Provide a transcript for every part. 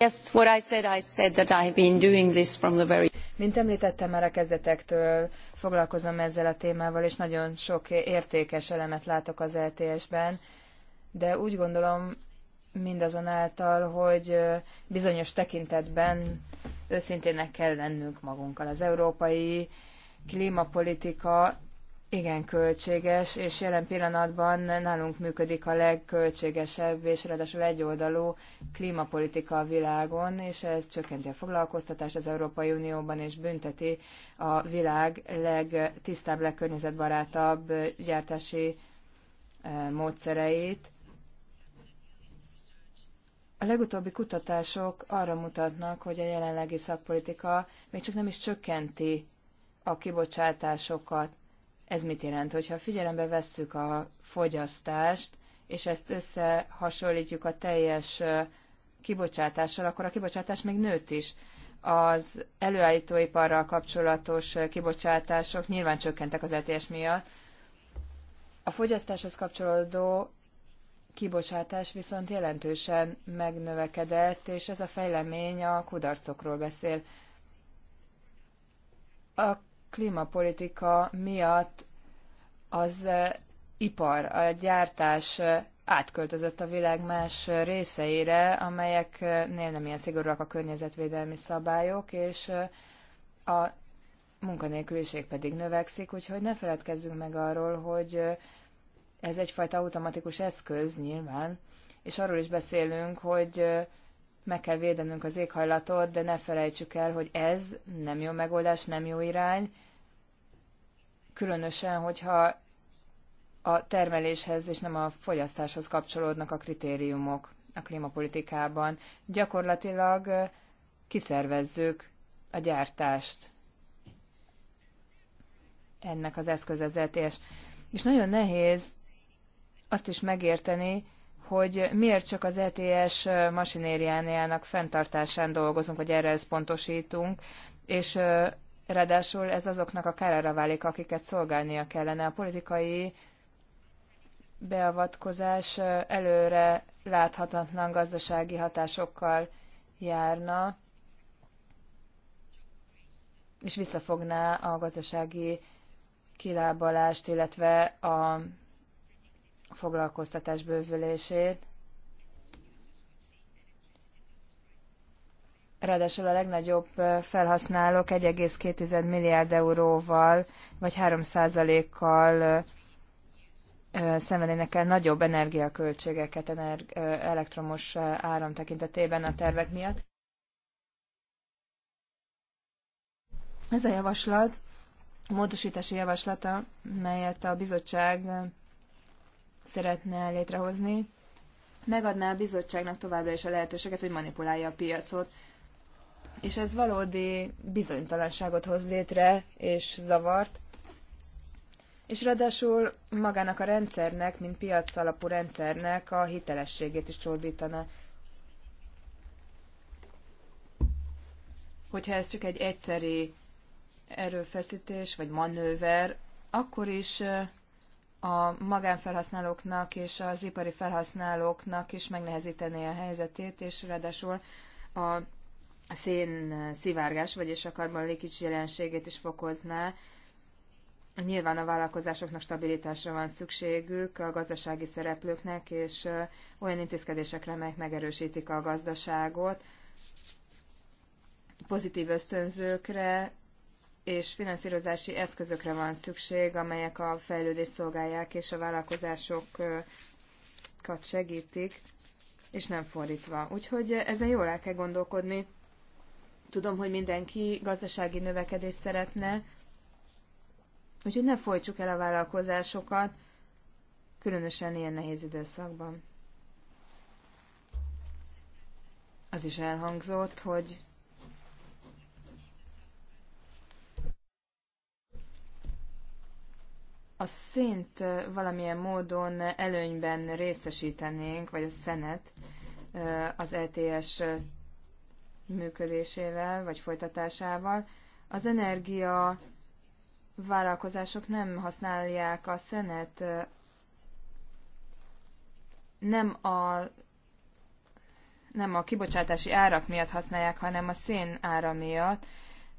Yes, what I said, I said that been doing this from the very... Mint említettem már a kezdetektől, foglalkozom ezzel a témával, és nagyon sok értékes elemet látok az LTS-ben, e de úgy gondolom mindazonáltal, hogy bizonyos tekintetben őszintének kell lennünk magunkkal. Az európai klímapolitika igen költséges, és jelen pillanatban nálunk működik a legköltségesebb és ráadásul egyoldalú klímapolitika a világon, és ez csökkenti a foglalkoztatást az Európai Unióban, és bünteti a világ legtisztább, legkörnyezetbarátabb gyártási e, módszereit. A legutóbbi kutatások arra mutatnak, hogy a jelenlegi szakpolitika még csak nem is csökkenti a kibocsátásokat ez mit jelent? Hogyha figyelembe vesszük a fogyasztást, és ezt összehasonlítjuk a teljes kibocsátással, akkor a kibocsátás még nőtt is. Az előállítóiparral kapcsolatos kibocsátások nyilván csökkentek az ETS miatt. A fogyasztáshoz kapcsolódó kibocsátás viszont jelentősen megnövekedett, és ez a fejlemény a kudarcokról beszél. A klímapolitika miatt az eh, ipar, a gyártás eh, átköltözött a világ más eh, részeire, amelyeknél nem ilyen szigorúak a környezetvédelmi szabályok, és a munkanélküliség pedig növekszik, úgyhogy ne feledkezzünk meg arról, hogy ez egyfajta automatikus eszköz nyilván, és arról is beszélünk, hogy meg kell védenünk az éghajlatot, de ne felejtsük el, hogy ez nem jó megoldás, nem jó irány, különösen, hogyha a termeléshez és nem a fogyasztáshoz kapcsolódnak a kritériumok a klímapolitikában. Gyakorlatilag kiszervezzük a gyártást ennek az eszközezetés. És nagyon nehéz azt is megérteni, hogy miért csak az ETS masinériájának fenntartásán dolgozunk, vagy erre összpontosítunk, és ráadásul ez azoknak a kárára válik, akiket szolgálnia kellene. A politikai beavatkozás előre láthatatlan gazdasági hatásokkal járna, és visszafogná a gazdasági kilábalást, illetve a foglalkoztatás bővülését. Ráadásul a legnagyobb felhasználók 1,2 milliárd euróval, vagy 3 kal szenvedének el nagyobb energiaköltségeket elektromos áram tekintetében a tervek miatt. Ez a javaslat, a módosítási javaslata, melyet a bizottság szeretne létrehozni, megadná a bizottságnak továbbra is a lehetőséget, hogy manipulálja a piacot. És ez valódi bizonytalanságot hoz létre, és zavart. És ráadásul magának a rendszernek, mint piac alapú rendszernek a hitelességét is csorbítana. Hogyha ez csak egy egyszeri erőfeszítés, vagy manőver, akkor is a magánfelhasználóknak és az ipari felhasználóknak is megnehezítené a helyzetét, és ráadásul a szén szivárgás, vagyis a karbonlékics jelenségét is fokozná. Nyilván a vállalkozásoknak stabilitásra van szükségük, a gazdasági szereplőknek, és olyan intézkedésekre, amelyek megerősítik a gazdaságot, pozitív ösztönzőkre, és finanszírozási eszközökre van szükség, amelyek a fejlődést szolgálják, és a vállalkozásokat segítik, és nem fordítva. Úgyhogy ezen jól el kell gondolkodni. Tudom, hogy mindenki gazdasági növekedést szeretne, úgyhogy ne folytsuk el a vállalkozásokat, különösen ilyen nehéz időszakban. Az is elhangzott, hogy a szint valamilyen módon előnyben részesítenénk, vagy a szenet az ETS működésével, vagy folytatásával, az energia vállalkozások nem használják a szenet, nem a, nem a kibocsátási árak miatt használják, hanem a szén ára miatt,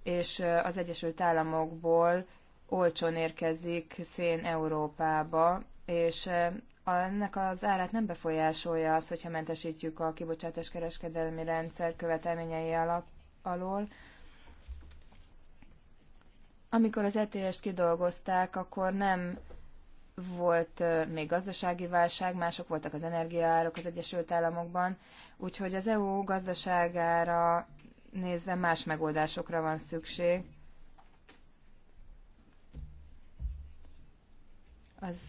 és az Egyesült Államokból olcsón érkezik szén Európába, és eh, ennek az árát nem befolyásolja az, hogyha mentesítjük a kibocsátás kereskedelmi rendszer követelményei alap, alól. Amikor az ETS-t kidolgozták, akkor nem volt eh, még gazdasági válság, mások voltak az energiaárok az Egyesült Államokban, úgyhogy az EU gazdaságára nézve más megoldásokra van szükség Az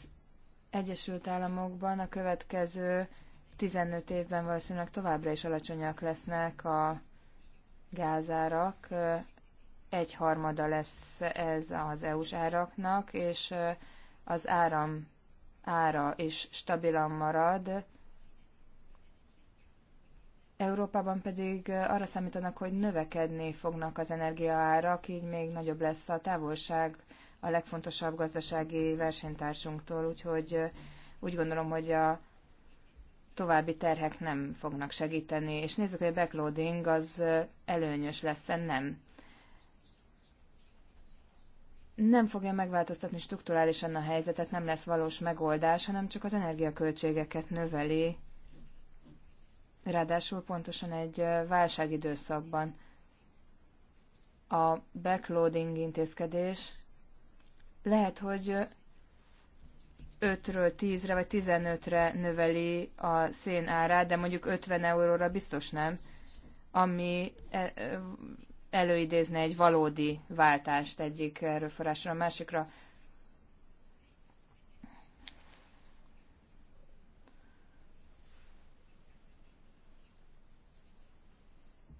Egyesült Államokban a következő 15 évben valószínűleg továbbra is alacsonyak lesznek a gázárak. Egy harmada lesz ez az EU-s áraknak, és az áram ára is stabilan marad. Európában pedig arra számítanak, hogy növekedni fognak az energiaárak, így még nagyobb lesz a távolság a legfontosabb gazdasági versenytársunktól, úgyhogy uh, úgy gondolom, hogy a további terhek nem fognak segíteni, és nézzük, hogy a backloading az uh, előnyös lesz-e, nem. Nem fogja megváltoztatni strukturálisan a helyzetet, nem lesz valós megoldás, hanem csak az energiaköltségeket növeli, ráadásul pontosan egy uh, válságidőszakban. A backloading intézkedés lehet, hogy 5-ről 10-re vagy 15-re növeli a szén árát, de mondjuk 50 euróra biztos nem, ami e, e, előidézne egy valódi váltást egyik erőforrásra a másikra.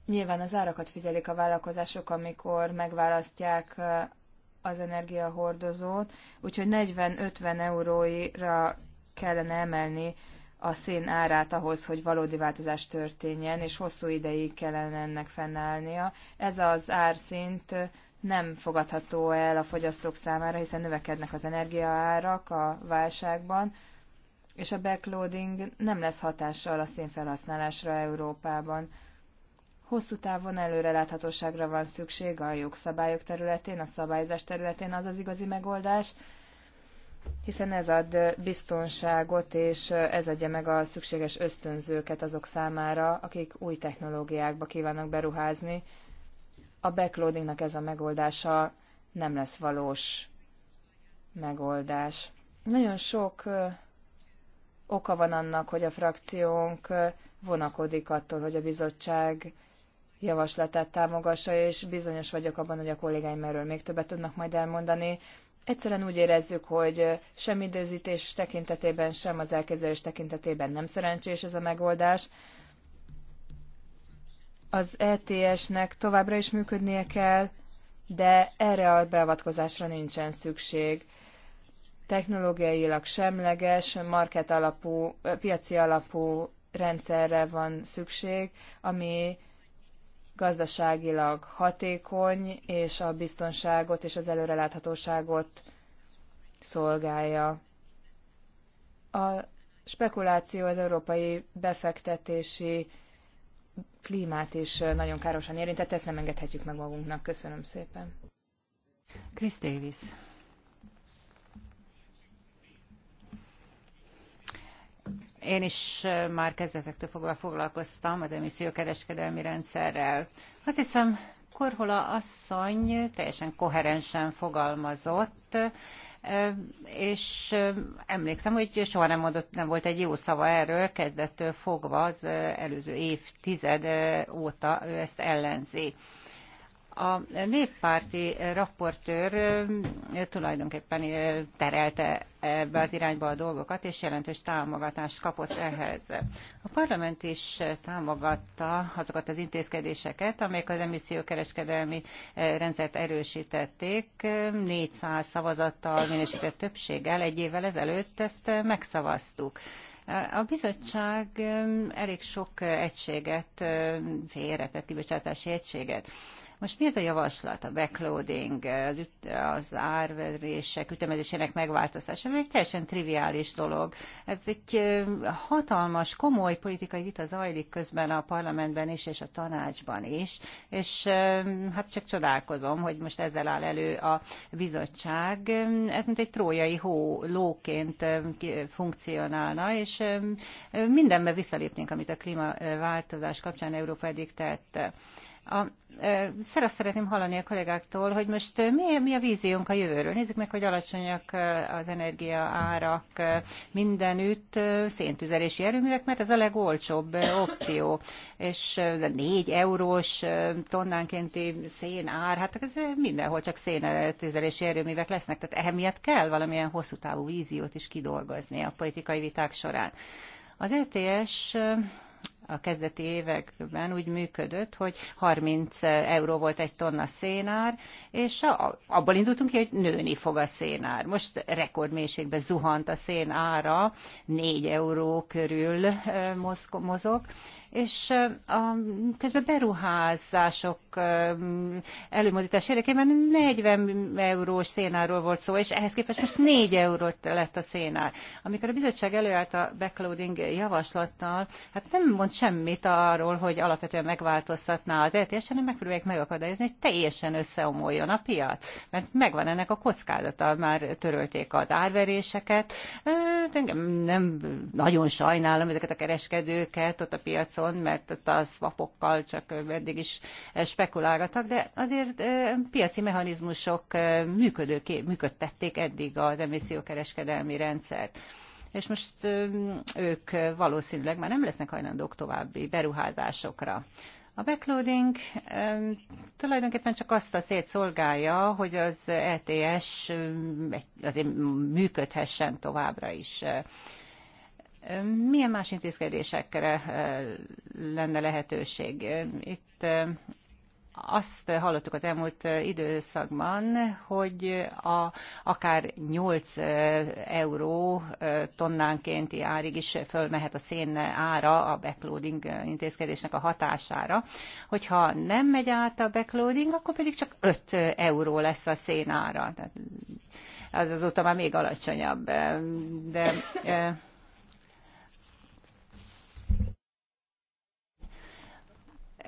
Nyilván az árakat figyelik a vállalkozások, amikor megválasztják az energiahordozót, úgyhogy 40-50 euróira kellene emelni a szén árát ahhoz, hogy valódi változás történjen, és hosszú ideig kellene ennek fennállnia. Ez az árszint nem fogadható el a fogyasztók számára, hiszen növekednek az energiaárak a válságban, és a backloading nem lesz hatással a szénfelhasználásra Európában. Hosszú távon előreláthatóságra van szükség a jogszabályok területén, a szabályzás területén az az igazi megoldás, hiszen ez ad biztonságot, és ez adja meg a szükséges ösztönzőket azok számára, akik új technológiákba kívánnak beruházni. A backloadingnak ez a megoldása nem lesz valós megoldás. Nagyon sok oka van annak, hogy a frakciónk vonakodik attól, hogy a bizottság javaslatát támogassa, és bizonyos vagyok abban, hogy a kollégáim erről még többet tudnak majd elmondani. Egyszerűen úgy érezzük, hogy sem időzítés tekintetében, sem az elképzelés tekintetében nem szerencsés ez a megoldás. Az ETS-nek továbbra is működnie kell, de erre a beavatkozásra nincsen szükség. Technológiailag semleges, market alapú, piaci alapú rendszerre van szükség, ami gazdaságilag hatékony, és a biztonságot és az előreláthatóságot szolgálja. A spekuláció az európai befektetési klímát is nagyon károsan érintett, ezt nem engedhetjük meg magunknak. Köszönöm szépen. Chris Davis. Én is már kezdetektől fogva foglalkoztam az emissziókereskedelmi rendszerrel. Azt hiszem, Korhola asszony teljesen koherensen fogalmazott, és emlékszem, hogy soha nem, mondott, nem volt egy jó szava erről, kezdettől fogva az előző évtized óta ő ezt ellenzi. A néppárti raportőr tulajdonképpen terelte ebbe az irányba a dolgokat, és jelentős támogatást kapott ehhez. A parlament is támogatta azokat az intézkedéseket, amelyek az emissziókereskedelmi rendszert erősítették. 400 szavazattal minősített többséggel egy évvel ezelőtt ezt megszavaztuk. A bizottság elég sok egységet félretett, kibocsátási egységet. Most mi ez a javaslat, a backloading, az, üt, az árverések ütemezésének megváltoztása? Ez egy teljesen triviális dolog. Ez egy hatalmas, komoly politikai vita zajlik közben a parlamentben is, és a tanácsban is, és hát csak csodálkozom, hogy most ezzel áll elő a bizottság. Ez mint egy trójai hó, lóként funkcionálna, és mindenbe visszalépnénk, amit a klímaváltozás kapcsán Európa eddig tett. A, azt szeretném hallani a kollégáktól, hogy most mi, mi a víziónk a jövőről. Nézzük meg, hogy alacsonyak az energia árak mindenütt széntüzelési erőművek, mert ez a legolcsóbb opció. És 4 eurós tonnánkénti szén ár, hát ez mindenhol csak széntüzelési erőművek lesznek, tehát emiatt kell valamilyen hosszú távú víziót is kidolgozni a politikai viták során. Az ETS a kezdeti években úgy működött, hogy 30 euró volt egy tonna szénár, és abból indultunk ki, hogy nőni fog a szénár. Most rekordmérségbe zuhant a szén ára, 4 euró körül mozog, és a közben beruházások előmozítás érdekében 40 eurós szénáról volt szó, és ehhez képest most 4 eurót lett a szénár. Amikor a bizottság előállt a backloading javaslattal, hát nem mond semmit arról, hogy alapvetően megváltoztatná az ETS, hanem megpróbálják megakadályozni, hogy teljesen összeomoljon a piac, mert megvan ennek a kockázata, már törölték az árveréseket, engem nem nagyon sajnálom ezeket a kereskedőket ott a piacon, mert ott a swapokkal csak eddig is spekulálgattak, de azért piaci mechanizmusok működőké, működtették eddig az emissziókereskedelmi rendszert és most ők valószínűleg már nem lesznek hajlandók további beruházásokra. A backloading tulajdonképpen csak azt a szét szolgálja, hogy az ETS azért működhessen továbbra is. Milyen más intézkedésekre lenne lehetőség? Itt azt hallottuk az elmúlt időszakban, hogy a, akár 8 euró tonnánkénti árig is fölmehet a szén ára a backloading intézkedésnek a hatására. Hogyha nem megy át a backloading, akkor pedig csak 5 euró lesz a szén ára. Tehát az azóta már még alacsonyabb. De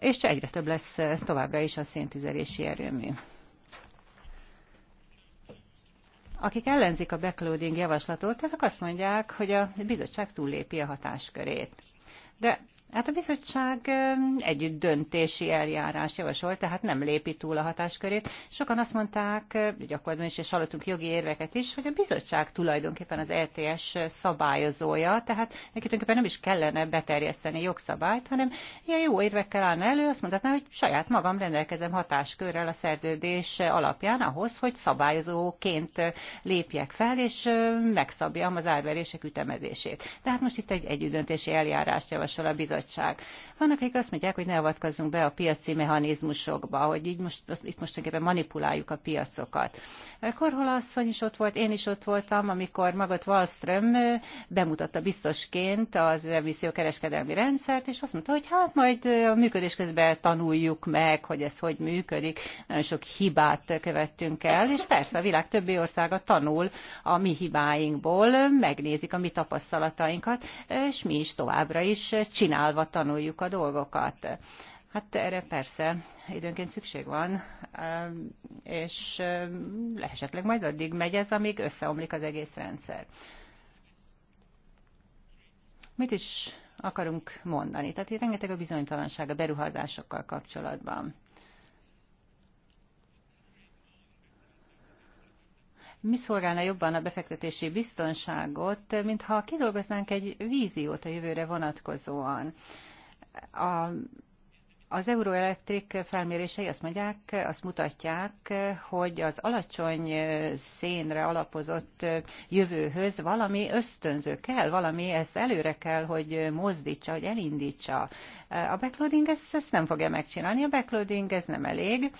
és egyre több lesz eh, továbbra is a széntüzelési erőmű. Akik ellenzik a backloading javaslatot, azok azt mondják, hogy a bizottság túllépi a hatáskörét. De Hát a bizottság együtt döntési eljárás javasolt, tehát nem lépi túl a hatáskörét. Sokan azt mondták, gyakorlatilag is, és hallottunk jogi érveket is, hogy a bizottság tulajdonképpen az LTS e szabályozója, tehát neki tulajdonképpen nem is kellene beterjeszteni jogszabályt, hanem ilyen jó érvekkel állna elő, azt mondhatná, hogy saját magam rendelkezem hatáskörrel a szerződés alapján ahhoz, hogy szabályozóként lépjek fel, és megszabjam az árverések ütemezését. Tehát most itt egy együttdöntési eljárást javasol a bizottság bizottság. Vannak, akik azt mondják, hogy ne avatkozzunk be a piaci mechanizmusokba, hogy így most, itt most tulajdonképpen manipuláljuk a piacokat. Korhol asszony is ott volt, én is ott voltam, amikor magat Wallström bemutatta biztosként az kereskedelmi rendszert, és azt mondta, hogy hát majd a működés közben tanuljuk meg, hogy ez hogy működik. Nagyon sok hibát követtünk el, és persze a világ többi országa tanul a mi hibáinkból, megnézik a mi tapasztalatainkat, és mi is továbbra is csinálunk állva tanuljuk a dolgokat. Hát erre persze időnként szükség van, és esetleg majd addig megy ez, amíg összeomlik az egész rendszer. Mit is akarunk mondani? Tehát itt rengeteg a bizonytalanság a beruházásokkal kapcsolatban. mi szolgálna jobban a befektetési biztonságot, mintha kidolgoznánk egy víziót a jövőre vonatkozóan. A, az Euroelektrik felmérései azt mondják, azt mutatják, hogy az alacsony szénre alapozott jövőhöz valami ösztönző kell, valami ezt előre kell, hogy mozdítsa, hogy elindítsa. A backloading ezt, ezt nem fogja megcsinálni, a backloading ez nem elég.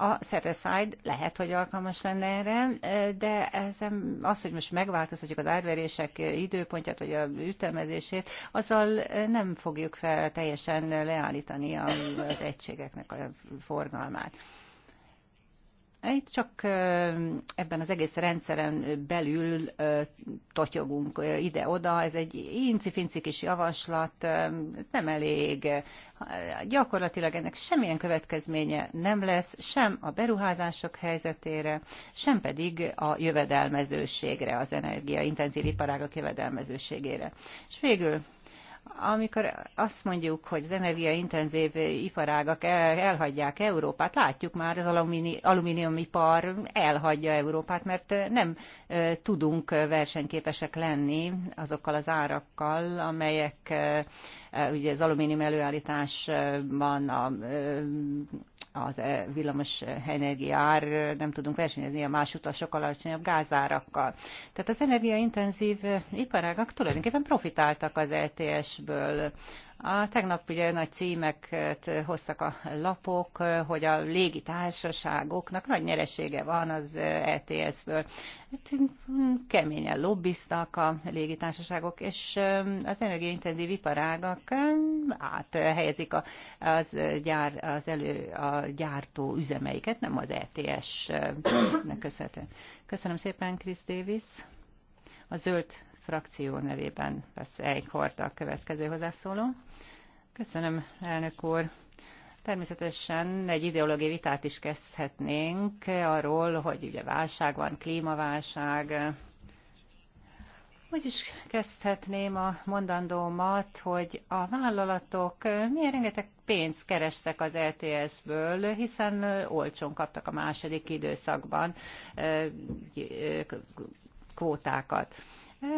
A set aside lehet, hogy alkalmas lenne erre, de ezen, az, hogy most megváltoztatjuk az árverések időpontját vagy a ütemezését, azzal nem fogjuk fel teljesen leállítani az egységeknek a forgalmát. Itt csak ebben az egész rendszeren belül totyogunk ide-oda, ez egy inci-finci kis javaslat, ez nem elég. Gyakorlatilag ennek semmilyen következménye nem lesz, sem a beruházások helyzetére, sem pedig a jövedelmezőségre, az energiaintenzív iparágak jövedelmezőségére. És végül amikor azt mondjuk, hogy az energiaintenzív iparágak elhagyják Európát, látjuk már, az alumíni, alumíniumipar elhagyja Európát, mert nem tudunk versenyképesek lenni azokkal az árakkal, amelyek ugye az alumínium előállításban a az eh, villamos ár eh, nem tudunk versenyezni a más utasokkal, alacsonyabb gázárakkal. Tehát az energiaintenzív eh, iparágak tulajdonképpen profitáltak az ETS-ből. A tegnap ugye nagy címeket hoztak a lapok, hogy a légitársaságoknak nagy nyeresége van az ETS-ből. Hát, mm, keményen lobbiztak a légitársaságok, és mm, az energiaintenzív iparágak mm, áthelyezik az, gyár, az elő, a gyártó üzemeiket, nem az ETS-nek köszönhetően. Köszönöm szépen, Chris Davis. A zöld frakció nevében lesz Eichhort a következő hozzászóló. Köszönöm, elnök úr. Természetesen egy ideológiai vitát is kezdhetnénk arról, hogy ugye válság van, klímaválság. Úgy is kezdhetném a mondandómat, hogy a vállalatok milyen rengeteg pénzt kerestek az LTS-ből, hiszen olcsón kaptak a második időszakban eh, eh, kvótákat.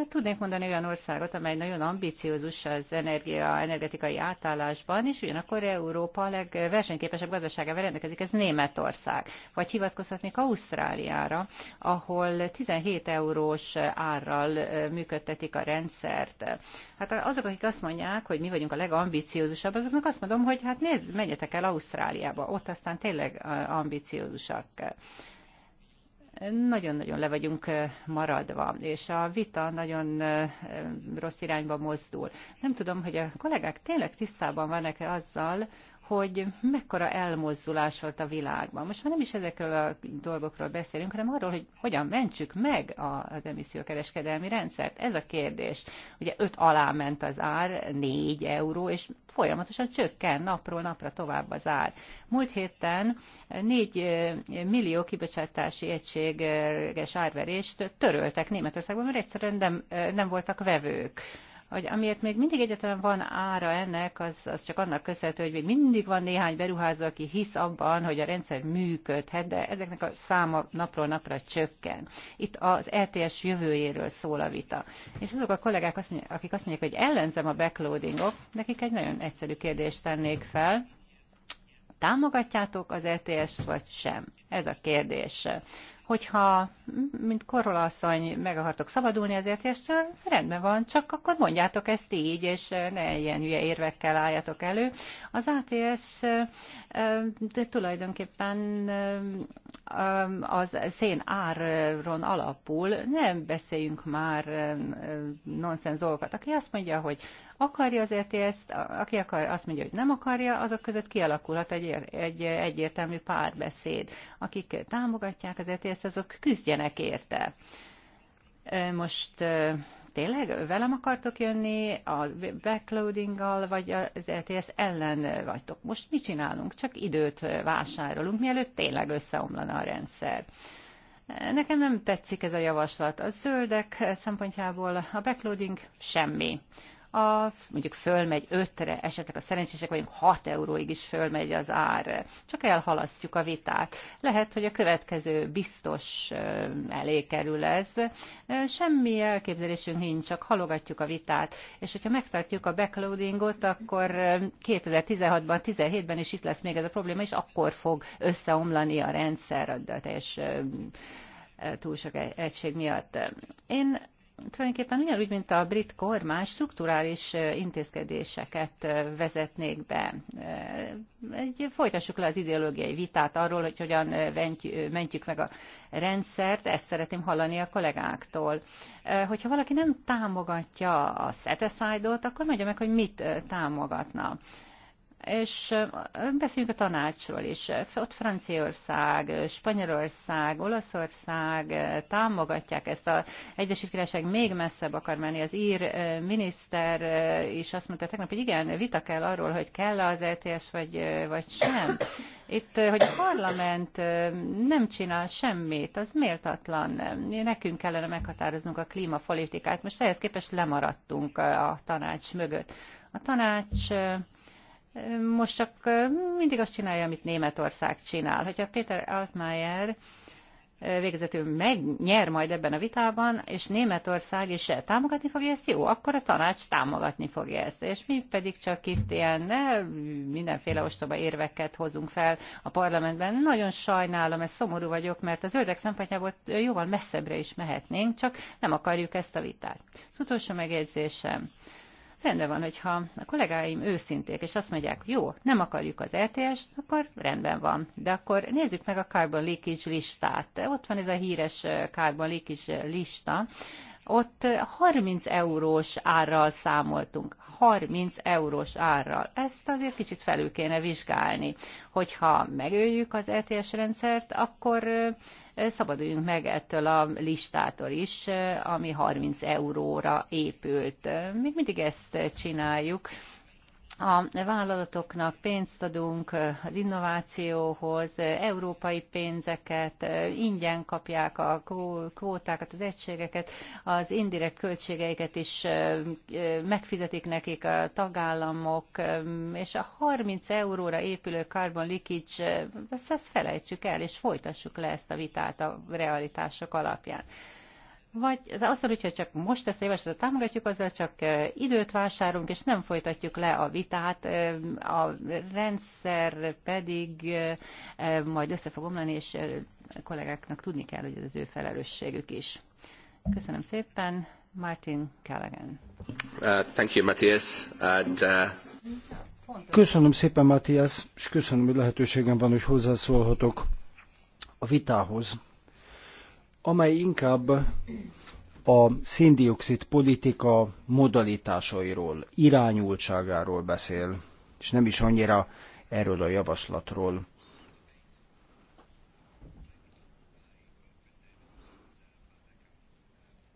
Tudnék mondani olyan országot, amely nagyon ambiciózus az energia, energetikai átállásban, és ugyanakkor Európa a legversenyképesebb gazdaságával rendelkezik, ez Németország. Vagy hivatkozhatnék Ausztráliára, ahol 17 eurós árral működtetik a rendszert. Hát azok, akik azt mondják, hogy mi vagyunk a legambiciózusabb, azoknak azt mondom, hogy hát nézd, menjetek el Ausztráliába, ott aztán tényleg ambiciózusak nagyon-nagyon le vagyunk maradva, és a vita nagyon rossz irányba mozdul. Nem tudom, hogy a kollégák tényleg tisztában vannak-e azzal, hogy mekkora elmozdulás volt a világban. Most már nem is ezekről a dolgokról beszélünk, hanem arról, hogy hogyan mentsük meg az emissziókereskedelmi rendszert. Ez a kérdés. Ugye 5 alá ment az ár, 4 euró, és folyamatosan csökken napról napra tovább az ár. Múlt héten 4 millió kibocsátási egységes árverést töröltek Németországban, mert egyszerűen nem, nem voltak vevők hogy amiért még mindig egyetlen van ára ennek, az, az csak annak köszönhető, hogy még mindig van néhány beruházó, aki hisz abban, hogy a rendszer működhet, de ezeknek a száma napról napra csökken. Itt az LTS e jövőjéről szól a vita. És azok a kollégák, azt mondják, akik azt mondják, hogy ellenzem a backloadingot, nekik egy nagyon egyszerű kérdést tennék fel, támogatjátok az ETS-t, vagy sem? Ez a kérdés hogyha, mint korolasszony, meg akartok szabadulni ezért, és rendben van, csak akkor mondjátok ezt így, és ne ilyen hülye érvekkel álljatok elő. Az ATS de tulajdonképpen az szén áron alapul, nem beszéljünk már nonsens dolgokat. Aki azt mondja, hogy akarja az ETS-t, aki akar, azt mondja, hogy nem akarja, azok között kialakulhat egy, egy egyértelmű párbeszéd. Akik támogatják az ETS-t, azok küzdjenek érte. Most tényleg velem akartok jönni a backloadinggal, vagy az ETS ellen vagytok? Most mit csinálunk? Csak időt vásárolunk, mielőtt tényleg összeomlana a rendszer. Nekem nem tetszik ez a javaslat. A zöldek szempontjából a backloading semmi a, mondjuk fölmegy ötre, esetleg a szerencsések vagyunk hat euróig is fölmegy az ár. Csak elhalasztjuk a vitát. Lehet, hogy a következő biztos elé kerül ez. Semmi elképzelésünk nincs, csak halogatjuk a vitát. És hogyha megtartjuk a backloadingot, akkor 2016-ban, 17-ben is itt lesz még ez a probléma, és akkor fog összeomlani a rendszer, a teljes túl sok egység miatt. Én tulajdonképpen ugyanúgy, mint a brit kormány, strukturális intézkedéseket vezetnék be. Egy, folytassuk le az ideológiai vitát arról, hogy hogyan mentjük meg a rendszert, ezt szeretném hallani a kollégáktól. Hogyha valaki nem támogatja a set aside akkor mondja meg, hogy mit támogatna és beszéljünk a tanácsról is. Ott Franciaország, Spanyolország, Olaszország támogatják ezt. A Egyesült Királyság még messzebb akar menni. Az ír miniszter is azt mondta tegnap, hogy igen, vita kell arról, hogy kell -e az ETS vagy, vagy sem. Itt, hogy a parlament nem csinál semmit, az méltatlan. Nekünk kellene meghatároznunk a klímapolitikát. Most ehhez képest lemaradtunk a tanács mögött. A tanács most csak mindig azt csinálja, amit Németország csinál. Hogyha Péter Altmaier végezetül megnyer majd ebben a vitában, és Németország is támogatni fogja ezt, jó, akkor a tanács támogatni fogja ezt. És mi pedig csak itt ilyen ne, mindenféle ostoba érveket hozunk fel a parlamentben. Nagyon sajnálom, ez szomorú vagyok, mert az ördög szempontjából jóval messzebbre is mehetnénk, csak nem akarjuk ezt a vitát. Az utolsó megjegyzésem. Rendben van, hogyha a kollégáim őszinték, és azt mondják, jó, nem akarjuk az RTS-t, e akkor rendben van. De akkor nézzük meg a carbon leakage listát. Ott van ez a híres carbon leakage lista, ott 30 eurós árral számoltunk. 30 eurós árral. Ezt azért kicsit felül kéne vizsgálni. Hogyha megöljük az ETS rendszert, akkor szabaduljunk meg ettől a listától is, ami 30 euróra épült. Még mindig ezt csináljuk a vállalatoknak pénzt adunk az innovációhoz, európai pénzeket, ingyen kapják a kvótákat, az egységeket, az indirekt költségeiket is megfizetik nekik a tagállamok, és a 30 euróra épülő carbon leakage, ezt, ezt felejtsük el, és folytassuk le ezt a vitát a realitások alapján vagy mondja, hogyha csak most ezt a javaslatot támogatjuk, azzal csak időt vásárolunk, és nem folytatjuk le a vitát, a rendszer pedig majd össze fog omlani, és kollégáknak tudni kell, hogy ez az ő felelősségük is. Köszönöm szépen, Martin Callaghan. Uh, thank you, Matthias. And, uh... Köszönöm szépen, Matthias, és köszönöm, hogy lehetőségem van, hogy hozzászólhatok a vitához amely inkább a széndiokszid politika modalitásairól, irányultságáról beszél, és nem is annyira erről a javaslatról.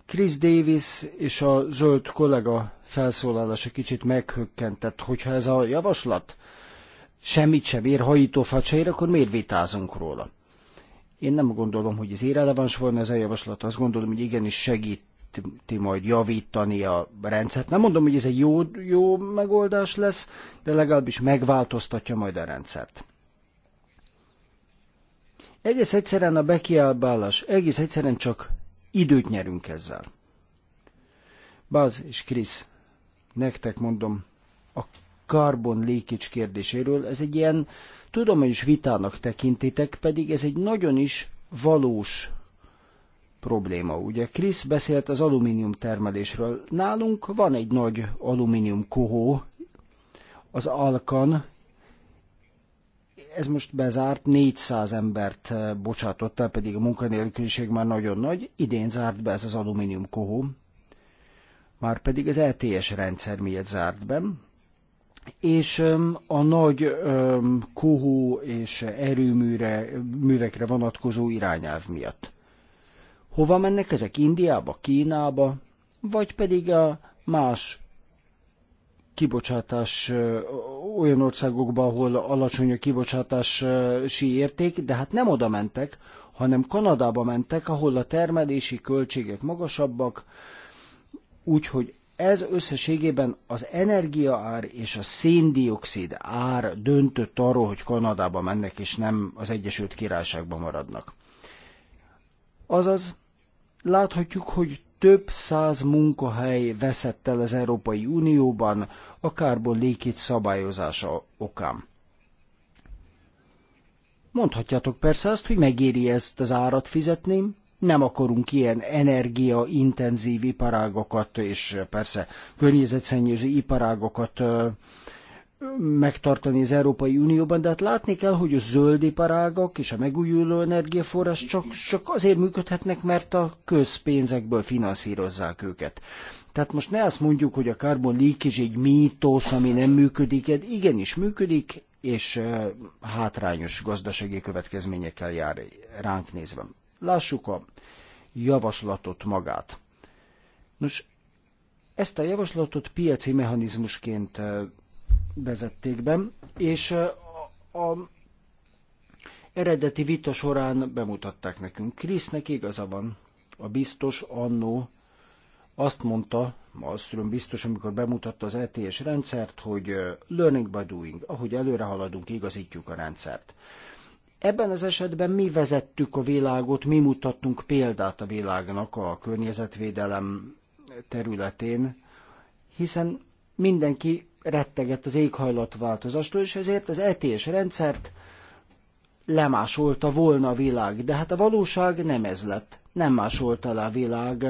Chris Davis és a zöld kollega felszólalása kicsit meghökkentett, hogyha ez a javaslat semmit sem ér hajítófacsaira, akkor miért vitázunk róla? Én nem gondolom, hogy ez irreleváns volna ez a javaslat, azt gondolom, hogy igenis segít majd javítani a rendszert. Nem mondom, hogy ez egy jó, jó megoldás lesz, de legalábbis megváltoztatja majd a rendszert. Egész egyszerűen a bekiállás, egész egyszerűen csak időt nyerünk ezzel. Baz és Krisz, nektek mondom, a carbon leakage kérdéséről, ez egy ilyen Tudom, hogy is vitának tekintitek, pedig ez egy nagyon is valós probléma. Ugye Krisz beszélt az alumínium termelésről. Nálunk van egy nagy alumínium kohó, az Alkan, ez most bezárt, 400 embert eh, bocsátott el, pedig a munkanélküliség már nagyon nagy. Idén zárt be ez az alumínium kohó, már pedig az LTS e rendszer miatt zárt be, és a nagy kohó és erőműre, művekre vonatkozó irányelv miatt. Hova mennek ezek? Indiába, Kínába, vagy pedig a más kibocsátás olyan országokba, ahol alacsony a kibocsátási érték, de hát nem oda mentek, hanem Kanadába mentek, ahol a termelési költségek magasabbak, úgyhogy ez összességében az energiaár és a széndiokszid ár döntött arról, hogy Kanadába mennek, és nem az Egyesült Királyságban maradnak. Azaz, láthatjuk, hogy több száz munkahely veszett el az Európai Unióban a kárbon lékét szabályozása okán. Mondhatjátok persze azt, hogy megéri ezt az árat fizetném, nem akarunk ilyen energiaintenzív iparágokat, és persze környezetszennyező iparágokat megtartani az Európai Unióban, de hát látni kell, hogy a zöld iparágak és a megújuló energiaforrás csak, csak azért működhetnek, mert a közpénzekből finanszírozzák őket. Tehát most ne azt mondjuk, hogy a carbon leakage egy mítosz, ami nem működik, de igenis működik, és hátrányos gazdasági következményekkel jár ránk nézve. Lássuk a javaslatot magát. Nos, ezt a javaslatot piaci mechanizmusként vezették be, és a eredeti vita során bemutatták nekünk. Krisznek igaza van, a biztos annó azt mondta, Malmström biztos, amikor bemutatta az ETS rendszert, hogy learning by doing, ahogy előre haladunk, igazítjuk a rendszert. Ebben az esetben mi vezettük a világot, mi mutattunk példát a világnak a környezetvédelem területén, hiszen mindenki rettegett az éghajlatváltozástól, és ezért az etés rendszert lemásolta volna a világ, de hát a valóság nem ez lett. Nem másolta le a világ.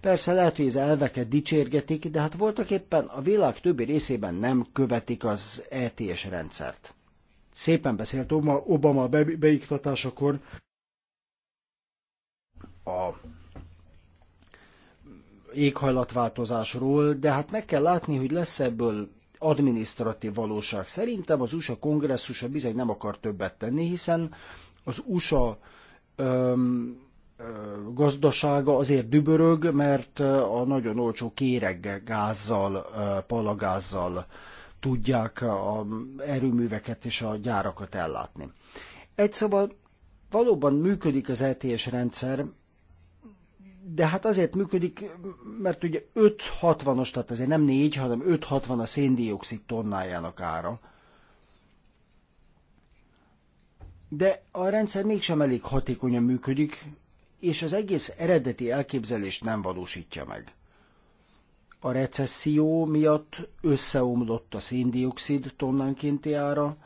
Persze lehet, hogy az elveket dicsérgetik, de hát voltak éppen a világ többi részében nem követik az ETS rendszert szépen beszélt Obama beiktatásakor a éghajlatváltozásról, de hát meg kell látni, hogy lesz ebből adminisztratív valóság. Szerintem az USA kongresszusa bizony nem akar többet tenni, hiszen az USA öm, gazdasága azért dübörög, mert a nagyon olcsó kéreggázzal, palagázzal tudják a erőműveket és a gyárakat ellátni. Egy szóval valóban működik az ETS rendszer, de hát azért működik, mert ugye 5-60-os, tehát azért nem 4, hanem 5-60 a széndiokszid tonnájának ára. De a rendszer mégsem elég hatékonyan működik, és az egész eredeti elképzelést nem valósítja meg a recesszió miatt összeomlott a széndiokszid tonnánkénti ára,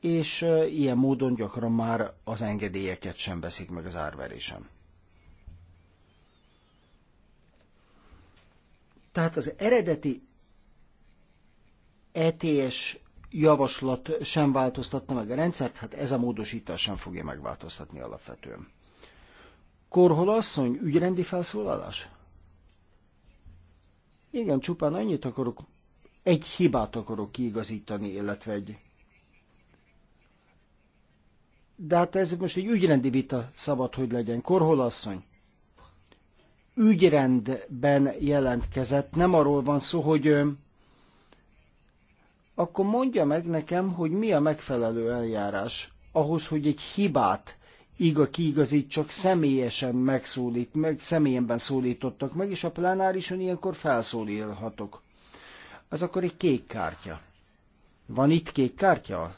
és ilyen módon gyakran már az engedélyeket sem veszik meg az árverésen. Tehát az eredeti ETS javaslat sem változtatta meg a rendszert, hát ez a módosítás sem fogja megváltoztatni alapvetően. Korhol asszony, ügyrendi felszólalás? Igen, csupán annyit akarok, egy hibát akarok kiigazítani, illetve egy de hát ez most egy ügyrendi vita szabad, hogy legyen. Korholasszony, ügyrendben jelentkezett, nem arról van szó, hogy akkor mondja meg nekem, hogy mi a megfelelő eljárás ahhoz, hogy egy hibát iga kiigazít, csak személyesen megszólít, meg személyemben szólítottak meg, és a plenárison ilyenkor felszólíthatok. Az akkor egy kék kártya. Van itt kék kártya?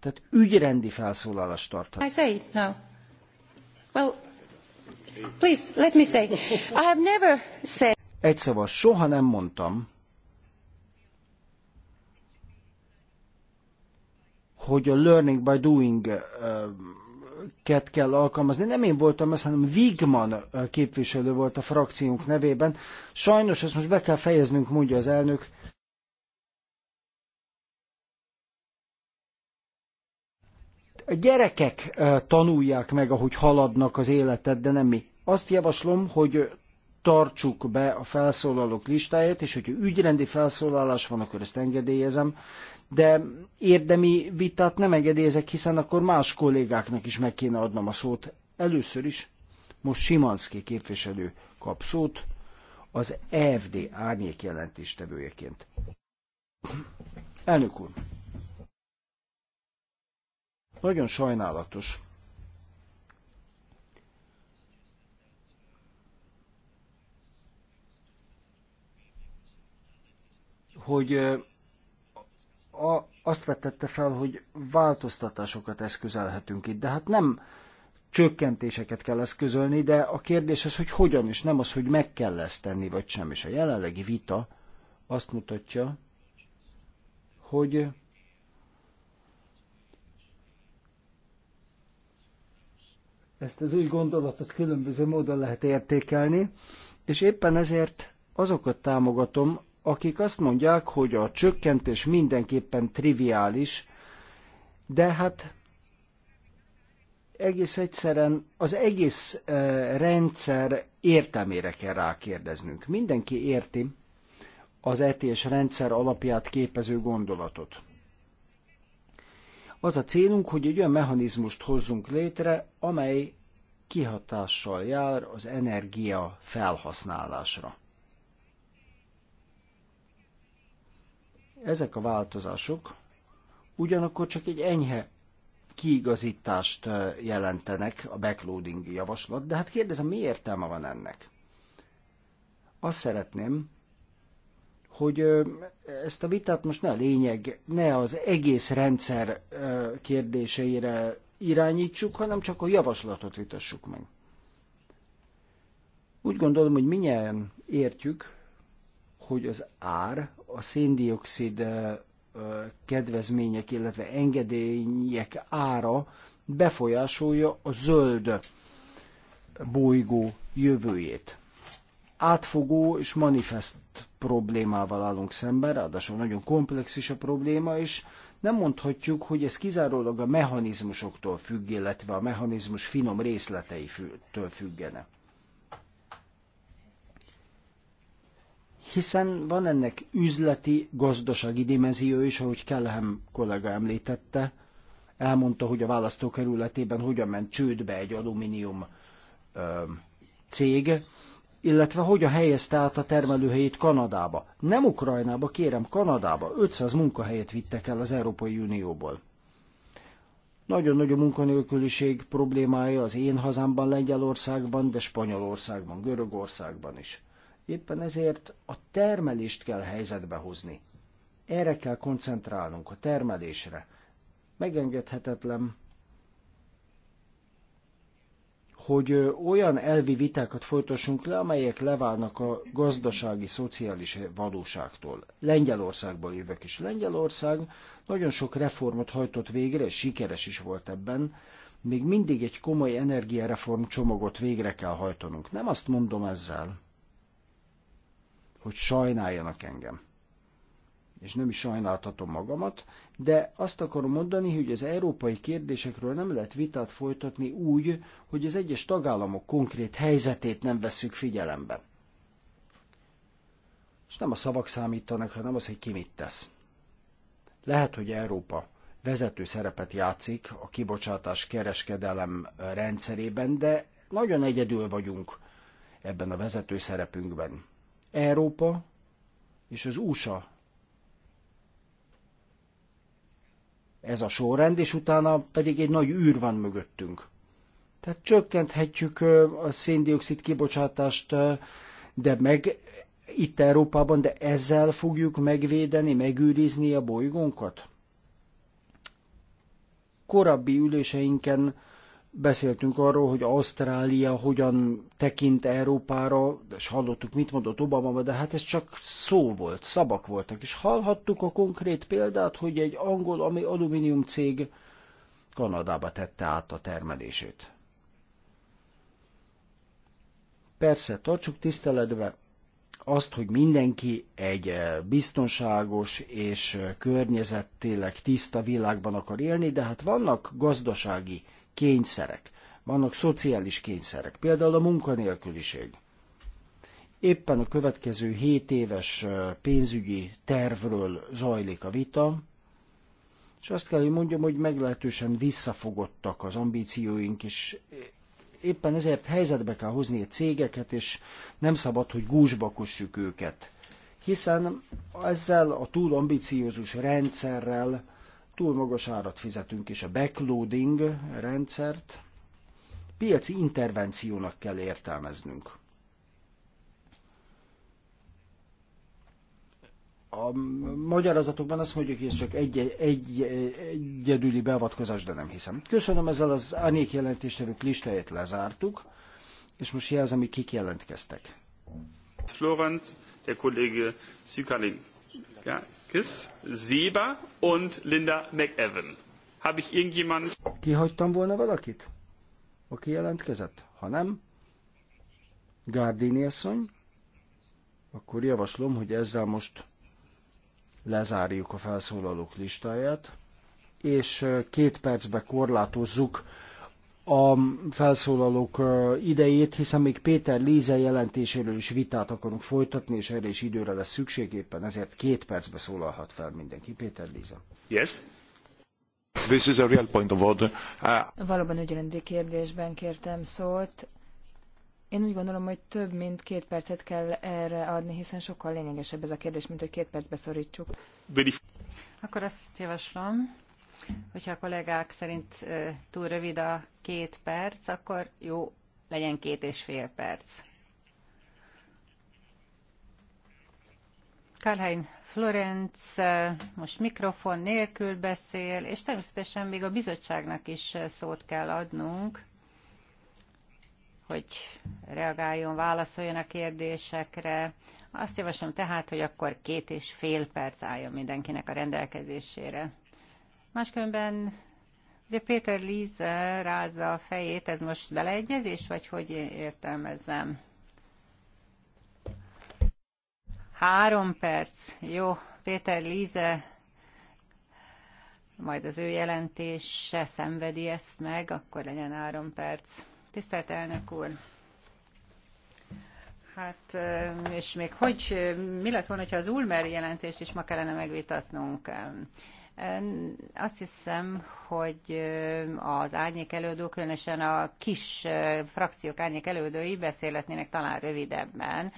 Tehát ügyrendi felszólalást tarthat. I say now. Well, please, let me say. I have never said... Egy szava, soha nem mondtam, hogy a learning by doing elveket kell alkalmazni. Nem én voltam ez, hanem Wigman képviselő volt a frakciónk nevében. Sajnos ezt most be kell fejeznünk, mondja az elnök. A gyerekek tanulják meg, ahogy haladnak az életet, de nem mi. Azt javaslom, hogy tartsuk be a felszólalók listáját, és hogyha ügyrendi felszólalás van, akkor ezt engedélyezem, de érdemi vitát nem engedélyezek, hiszen akkor más kollégáknak is meg kéne adnom a szót. Először is most Simanszki képviselő kap szót az EFD árnyék jelentéstevőjeként. Elnök úr, nagyon sajnálatos, hogy a, azt vetette fel, hogy változtatásokat eszközelhetünk itt, de hát nem csökkentéseket kell eszközölni, de a kérdés az, hogy hogyan, is, nem az, hogy meg kell ezt tenni, vagy sem. És a jelenlegi vita azt mutatja, hogy ezt az új gondolatot különböző módon lehet értékelni, és éppen ezért azokat támogatom, akik azt mondják, hogy a csökkentés mindenképpen triviális, de hát egész egyszerűen az egész e, rendszer értelmére kell rákérdeznünk. Mindenki érti az etés rendszer alapját képező gondolatot. Az a célunk, hogy egy olyan mechanizmust hozzunk létre, amely kihatással jár az energia felhasználásra. Ezek a változások ugyanakkor csak egy enyhe kiigazítást eh, jelentenek a backloading javaslat, de hát kérdezem, mi értelme van ennek? Azt szeretném, hogy eh, ezt a vitát most ne a lényeg, ne az egész rendszer eh, kérdéseire irányítsuk, hanem csak a javaslatot vitassuk meg. Úgy gondolom, hogy minnyien értjük, hogy az ár a széndiokszid kedvezmények, illetve engedélyek ára befolyásolja a zöld bolygó jövőjét. Átfogó és manifest problémával állunk szemben, ráadásul nagyon komplex is a probléma, és nem mondhatjuk, hogy ez kizárólag a mechanizmusoktól függ, illetve a mechanizmus finom részleteitől függene. hiszen van ennek üzleti, gazdasági dimenzió is, ahogy Kellehem kollega említette. Elmondta, hogy a választókerületében hogyan ment csődbe egy alumínium ö, cég, illetve hogyan helyezte át a termelőhelyét Kanadába. Nem Ukrajnába, kérem, Kanadába. 500 munkahelyet vittek el az Európai Unióból. Nagyon nagy a munkanélküliség problémája az én hazámban, Lengyelországban, de Spanyolországban, Görögországban is. Éppen ezért a termelést kell helyzetbe hozni. Erre kell koncentrálnunk, a termelésre. Megengedhetetlen, hogy olyan elvi vitákat folytassunk le, amelyek leválnak a gazdasági, szociális valóságtól. Lengyelországból jövök is. Lengyelország nagyon sok reformot hajtott végre, és sikeres is volt ebben. Még mindig egy komoly energiareform csomagot végre kell hajtanunk. Nem azt mondom ezzel, hogy sajnáljanak engem. És nem is sajnáltatom magamat, de azt akarom mondani, hogy az európai kérdésekről nem lehet vitát folytatni úgy, hogy az egyes tagállamok konkrét helyzetét nem veszük figyelembe. És nem a szavak számítanak, hanem az, hogy ki mit tesz. Lehet, hogy Európa vezető szerepet játszik a kibocsátás kereskedelem rendszerében, de nagyon egyedül vagyunk ebben a vezető szerepünkben. Európa és az USA. Ez a sorrend, és utána pedig egy nagy űr van mögöttünk. Tehát csökkenthetjük a széndiokszid kibocsátást, de meg itt Európában, de ezzel fogjuk megvédeni, megőrizni a bolygónkat? Korábbi üléseinken beszéltünk arról, hogy Ausztrália hogyan tekint Európára, és hallottuk, mit mondott Obama, de hát ez csak szó volt, szabak voltak. És hallhattuk a konkrét példát, hogy egy angol ami alumínium cég Kanadába tette át a termelését. Persze, tartsuk tiszteletbe azt, hogy mindenki egy eh, biztonságos és eh, környezetileg tiszta világban akar élni, de hát vannak gazdasági kényszerek, vannak szociális kényszerek, például a munkanélküliség. Éppen a következő 7 éves pénzügyi tervről zajlik a vita, és azt kell, hogy mondjam, hogy meglehetősen visszafogottak az ambícióink, és éppen ezért helyzetbe kell hozni a cégeket, és nem szabad, hogy gúzsba kössük őket. Hiszen ezzel a túl ambiciózus rendszerrel túl magas árat fizetünk, és a backloading rendszert piaci intervenciónak kell értelmeznünk. A magyarázatokban azt mondjuk, hogy ez csak egy, egy, egyedüli beavatkozás, de nem hiszem. Köszönöm, ezzel az anék jelentéstevők listáját lezártuk, és most jelzem, hogy kik jelentkeztek. Florence, der Kollege Szükalin. Gakis, Seba und Linda McEwan. Habe ich irgendjemand... Kihagytam volna valakit? Aki jelentkezett? Ha nem, Gardini asszony, akkor javaslom, hogy ezzel most lezárjuk a felszólalók listáját, és két percbe korlátozzuk a felszólalók idejét, hiszen még Péter Líze jelentéséről is vitát akarunk folytatni, és erre is időre lesz szükség, éppen ezért két percbe szólalhat fel mindenki. Péter Líza. Yes. This is a real point of order. Ah. Valóban ügyrendi kérdésben kértem szót. Én úgy gondolom, hogy több mint két percet kell erre adni, hiszen sokkal lényegesebb ez a kérdés, mint hogy két percbe szorítsuk. Akkor azt javaslom, Hogyha a kollégák szerint túl rövid a két perc, akkor jó, legyen két és fél perc. Karlhein Florenc most mikrofon nélkül beszél, és természetesen még a bizottságnak is szót kell adnunk, hogy reagáljon, válaszoljon a kérdésekre. Azt javaslom tehát, hogy akkor két és fél perc álljon mindenkinek a rendelkezésére. Máskülönben ugye Péter Líz rázza a fejét, ez most beleegyezés, vagy hogy értelmezzem? Három perc. Jó, Péter Líze, majd az ő jelentése szenvedi ezt meg, akkor legyen három perc. Tisztelt elnök úr! Hát, és még hogy, mi lett volna, ha az Ulmer jelentést is ma kellene megvitatnunk? Azt hiszem, hogy az árnyék előadó, különösen a kis frakciók árnyék előadói beszélhetnének talán rövidebben.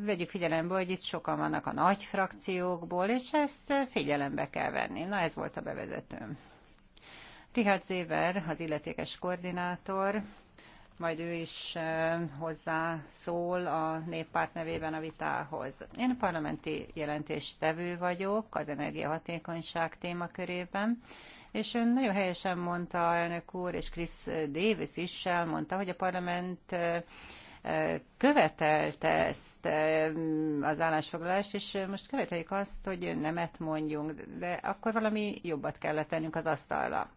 Vegyük figyelembe, hogy itt sokan vannak a nagy frakciókból, és ezt figyelembe kell venni. Na, ez volt a bevezetőm. Richard Zéver, az illetékes koordinátor, majd ő is hozzá szól a néppárt nevében a vitához. Én a parlamenti jelentéstevő vagyok az energiahatékonyság témakörében, és ön nagyon helyesen mondta, elnök úr, és Chris Davis is elmondta, hogy a parlament követelte ezt az állásfoglalást, és most követeljük azt, hogy nemet mondjunk, de akkor valami jobbat kellett tennünk az asztalra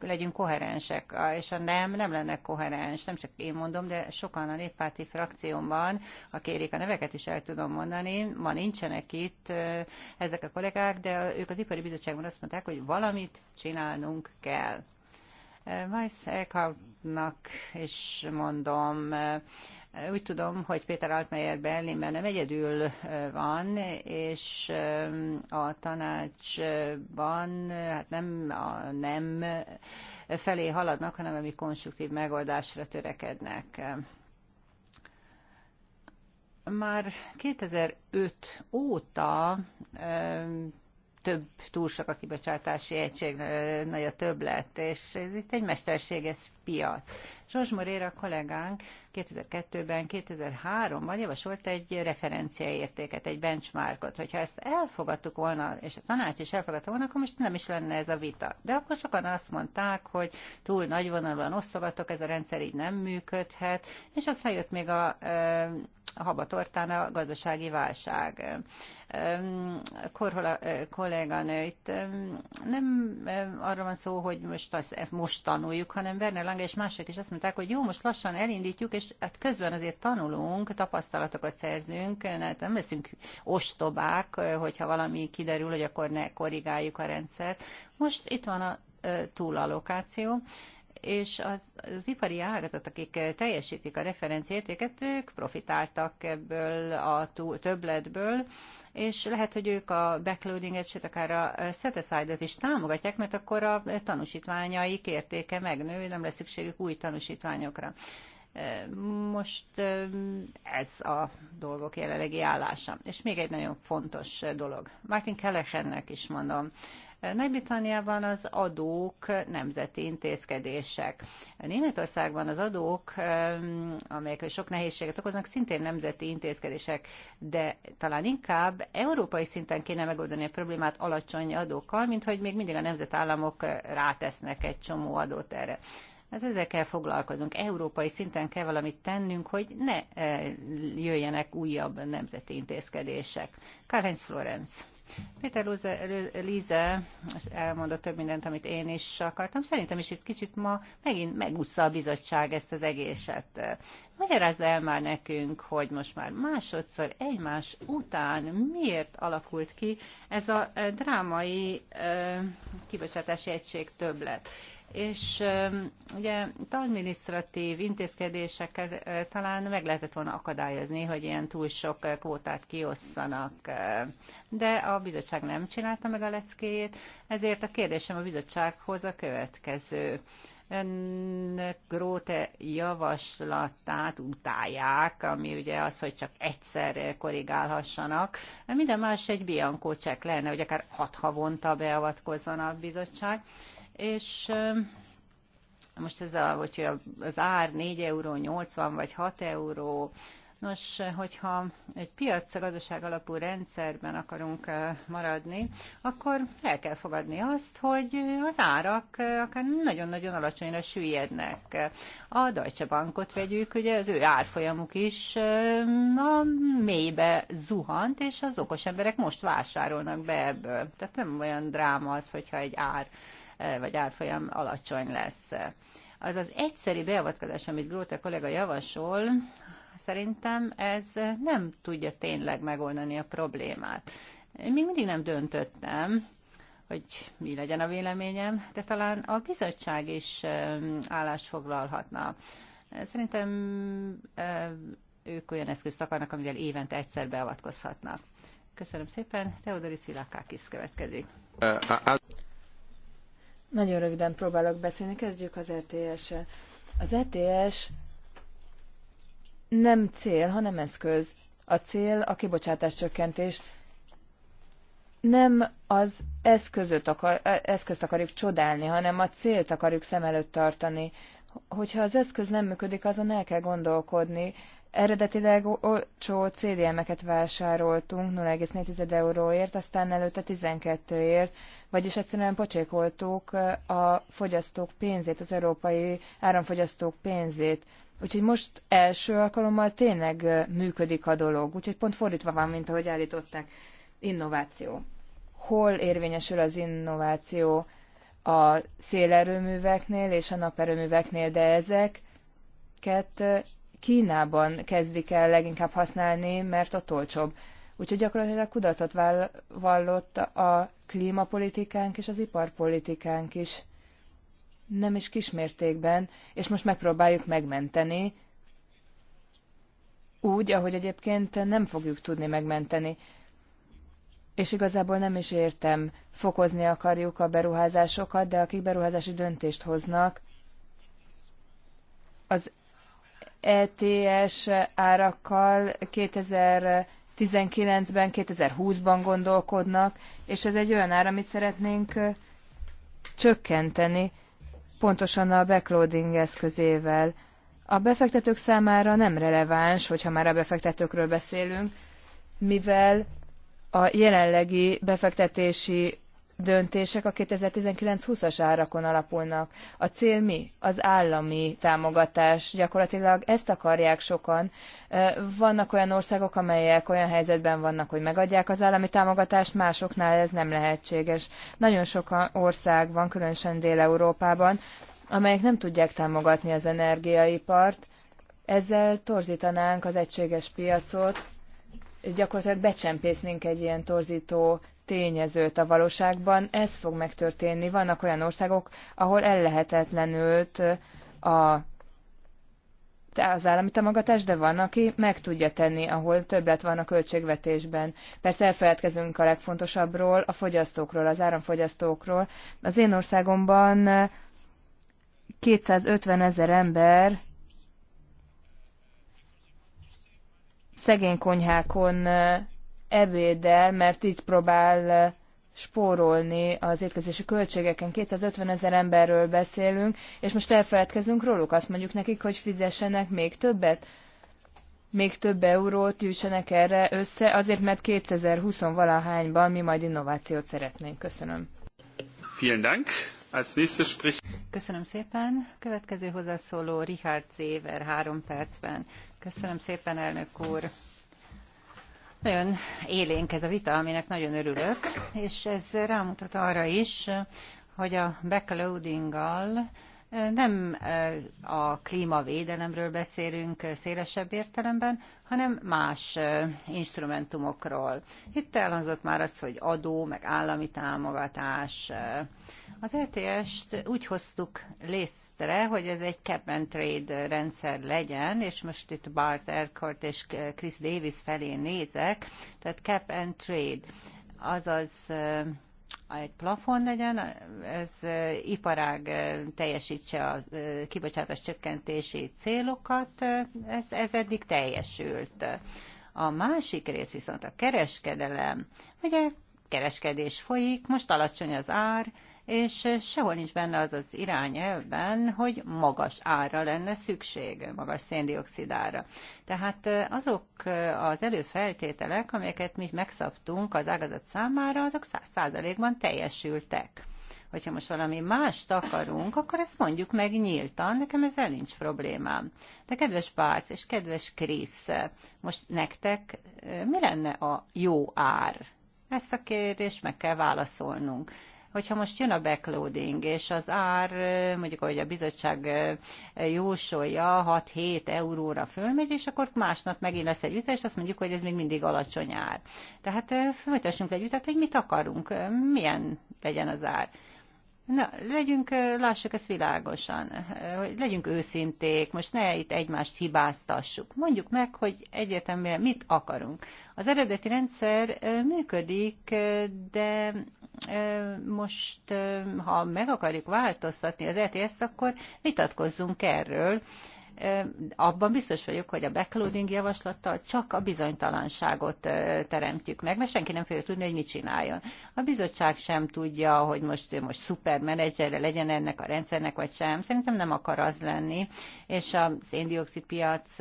legyünk koherensek, és a nem, nem lenne koherens, nem csak én mondom, de sokan a néppárti frakciómban, ha kérik a neveket is el tudom mondani, ma nincsenek itt ezek a kollégák, de ők az Ipari Bizottságban azt mondták, hogy valamit csinálnunk kell. Weiss Eckhartnak is mondom, úgy tudom, hogy Péter Altmaier Berlinben nem egyedül van, és a tanácsban hát nem, a, nem felé haladnak, hanem ami konstruktív megoldásra törekednek. Már 2005 óta több túlsak a kibocsátási egység, nagy a többlet, és ez itt egy mesterséges piac. Zsors Moréra kollégánk 2002-ben, 2003-ban javasolt egy referenciaértéket, egy benchmarkot. Hogyha ezt elfogadtuk volna, és a tanács is elfogadta volna, akkor most nem is lenne ez a vita. De akkor sokan azt mondták, hogy túl vonalban osztogatok, ez a rendszer így nem működhet, és aztán jött még a, a habatortán a gazdasági válság. Korhola kolléganő, itt nem arra van szó, hogy most azt, ezt most tanuljuk, hanem Werner Lange és mások is azt mondták, hogy jó, most lassan elindítjuk, és hát közben azért tanulunk, tapasztalatokat szerzünk, hát nem leszünk ostobák, hogyha valami kiderül, hogy akkor ne korrigáljuk a rendszert. Most itt van a túlallokáció, és az, az ipari ágazat, akik teljesítik a referenciértéket, ők profitáltak ebből a túl, többletből, és lehet, hogy ők a backloadinget, sőt akár a set is támogatják, mert akkor a tanúsítványaik értéke megnő, nem lesz szükségük új tanúsítványokra. Most ez a dolgok jelenlegi állása. És még egy nagyon fontos dolog. Martin Kellechennek is mondom, nagy-Britanniában az adók nemzeti intézkedések. Németországban az adók, amelyek sok nehézséget okoznak, szintén nemzeti intézkedések, de talán inkább európai szinten kéne megoldani a problémát alacsony adókkal, mint hogy még mindig a nemzetállamok rátesznek egy csomó adót erre. Hát ezekkel foglalkozunk. Európai szinten kell valamit tennünk, hogy ne eh, jöjjenek újabb nemzeti intézkedések. Karenz Florence. Péter Líze elmondott több mindent, amit én is akartam. Szerintem is itt kicsit ma megint megúszta a bizottság ezt az egészet. Magyarázza el már nekünk, hogy most már másodszor egymás után miért alakult ki ez a eh, drámai eh, kibocsátási egység többlet és ugye adminisztratív intézkedésekkel talán meg lehetett volna akadályozni, hogy ilyen túl sok kvótát kiosszanak, de a bizottság nem csinálta meg a leckéjét, ezért a kérdésem a bizottsághoz a következő. Önök Gróte javaslatát utálják, ami ugye az, hogy csak egyszer korrigálhassanak. Minden más egy biankócsek lenne, hogy akár hat havonta beavatkozzon a bizottság és most ez a, hogy az ár 4 euró, 80 vagy 6 euró, Nos, hogyha egy gazdaság alapú rendszerben akarunk maradni, akkor el kell fogadni azt, hogy az árak akár nagyon-nagyon alacsonyra süllyednek. A Deutsche Bankot vegyük, ugye az ő árfolyamuk is a mélybe zuhant, és az okos emberek most vásárolnak be ebből. Tehát nem olyan dráma az, hogyha egy ár vagy árfolyam alacsony lesz. Az az egyszeri beavatkozás, amit Gróta kollega javasol, szerintem ez nem tudja tényleg megoldani a problémát. Én még mindig nem döntöttem, hogy mi legyen a véleményem, de talán a bizottság is állást foglalhatna. Szerintem ők olyan eszközt akarnak, amivel évente egyszer beavatkozhatnak. Köszönöm szépen, Teodoris Vilákákis következik. Nagyon röviden próbálok beszélni, kezdjük az ETS-sel. Az ETS nem cél, hanem eszköz. A cél a kibocsátás csökkentés. Nem az eszközöt akar, e, eszközt akarjuk csodálni, hanem a célt akarjuk szem előtt tartani. Hogyha az eszköz nem működik, azon el kell gondolkodni, Eredetileg olcsó CDM-eket vásároltunk 0,4 euróért, aztán előtte 12-ért, vagyis egyszerűen pocsékoltuk a fogyasztók pénzét, az európai áramfogyasztók pénzét. Úgyhogy most első alkalommal tényleg működik a dolog, úgyhogy pont fordítva van, mint ahogy állították. Innováció. Hol érvényesül az innováció? A szélerőműveknél és a naperőműveknél, de ezeket Kínában kezdik el leginkább használni, mert ott olcsóbb. Úgyhogy gyakorlatilag kudarcot vallott a klímapolitikánk és az iparpolitikánk is. Nem is kismértékben, és most megpróbáljuk megmenteni, úgy, ahogy egyébként nem fogjuk tudni megmenteni. És igazából nem is értem, fokozni akarjuk a beruházásokat, de akik beruházási döntést hoznak, az ETS árakkal 2019-ben, 2020-ban gondolkodnak, és ez egy olyan ár, amit szeretnénk csökkenteni, pontosan a backloading eszközével. A befektetők számára nem releváns, hogyha már a befektetőkről beszélünk, mivel a jelenlegi befektetési döntések a 2019-20-as árakon alapulnak. A cél mi? Az állami támogatás. Gyakorlatilag ezt akarják sokan. Vannak olyan országok, amelyek olyan helyzetben vannak, hogy megadják az állami támogatást, másoknál ez nem lehetséges. Nagyon sok ország van, különösen Dél-Európában, amelyek nem tudják támogatni az energiaipart, ezzel torzítanánk az egységes piacot, gyakorlatilag becsempésznénk egy ilyen torzító tényezőt a valóságban. Ez fog megtörténni. Vannak olyan országok, ahol ellehetetlenült a az állami támogatás, de van, aki meg tudja tenni, ahol többet van a költségvetésben. Persze elfeledkezünk a legfontosabbról, a fogyasztókról, az áramfogyasztókról. Az én országomban 250 ezer ember szegény konyhákon ebéddel, mert így próbál spórolni az étkezési költségeken. 250 ezer emberről beszélünk, és most elfeledkezünk róluk. Azt mondjuk nekik, hogy fizessenek még többet, még több eurót gyűjtsenek erre össze, azért mert 2020-valahányban mi majd innovációt szeretnénk. Köszönöm. Vielen Dank. Als nächstes spricht... Köszönöm szépen. Következő hozzászóló Richard Zéver három percben. Köszönöm szépen, elnök úr. Nagyon élénk ez a vita, aminek nagyon örülök, és ez rámutat arra is, hogy a backloadinggal nem a klímavédelemről beszélünk szélesebb értelemben, hanem más instrumentumokról. Itt elhangzott már az, hogy adó, meg állami támogatás. Az ETS-t úgy hoztuk létre, hogy ez egy cap and trade rendszer legyen, és most itt Bart Erkort és Chris Davis felé nézek, tehát cap and trade, azaz egy plafon legyen, ez iparág teljesítse a kibocsátás csökkentési célokat, ez, ez eddig teljesült. A másik rész viszont a kereskedelem. Ugye kereskedés folyik, most alacsony az ár, és eh, sehol nincs benne az az irányelvben, hogy magas ára lenne szükség, magas széndiokszidára. Tehát eh, azok eh, az előfeltételek, amelyeket mi megszabtunk az ágazat számára, azok száz százalékban teljesültek. Hogyha most valami mást akarunk, akkor ezt mondjuk meg nyíltan, nekem ezzel nincs problémám. De kedves Bárc és kedves Krisz, most nektek mi lenne a jó ár? Ezt a kérdést meg kell válaszolnunk. Hogyha most jön a backloading, és az ár, mondjuk ahogy a bizottság jósolja, 6-7 euróra fölmegy, és akkor másnap megint lesz egy vita, és azt mondjuk, hogy ez még mindig alacsony ár. Tehát folytassunk egy ütet, hogy mit akarunk, milyen legyen az ár. Na, legyünk, lássuk ezt világosan, hogy legyünk őszinték, most ne itt egymást hibáztassuk. Mondjuk meg, hogy egyértelműen mit akarunk. Az eredeti rendszer működik, de most, ha meg akarjuk változtatni az ETS-t, akkor vitatkozzunk erről, abban biztos vagyok, hogy a backloading javaslattal csak a bizonytalanságot teremtjük meg, mert senki nem fogja tudni, hogy mit csináljon. A bizottság sem tudja, hogy most, most szuper menedzserre legyen ennek a rendszernek, vagy sem. Szerintem nem akar az lenni, és a széndiokszid piac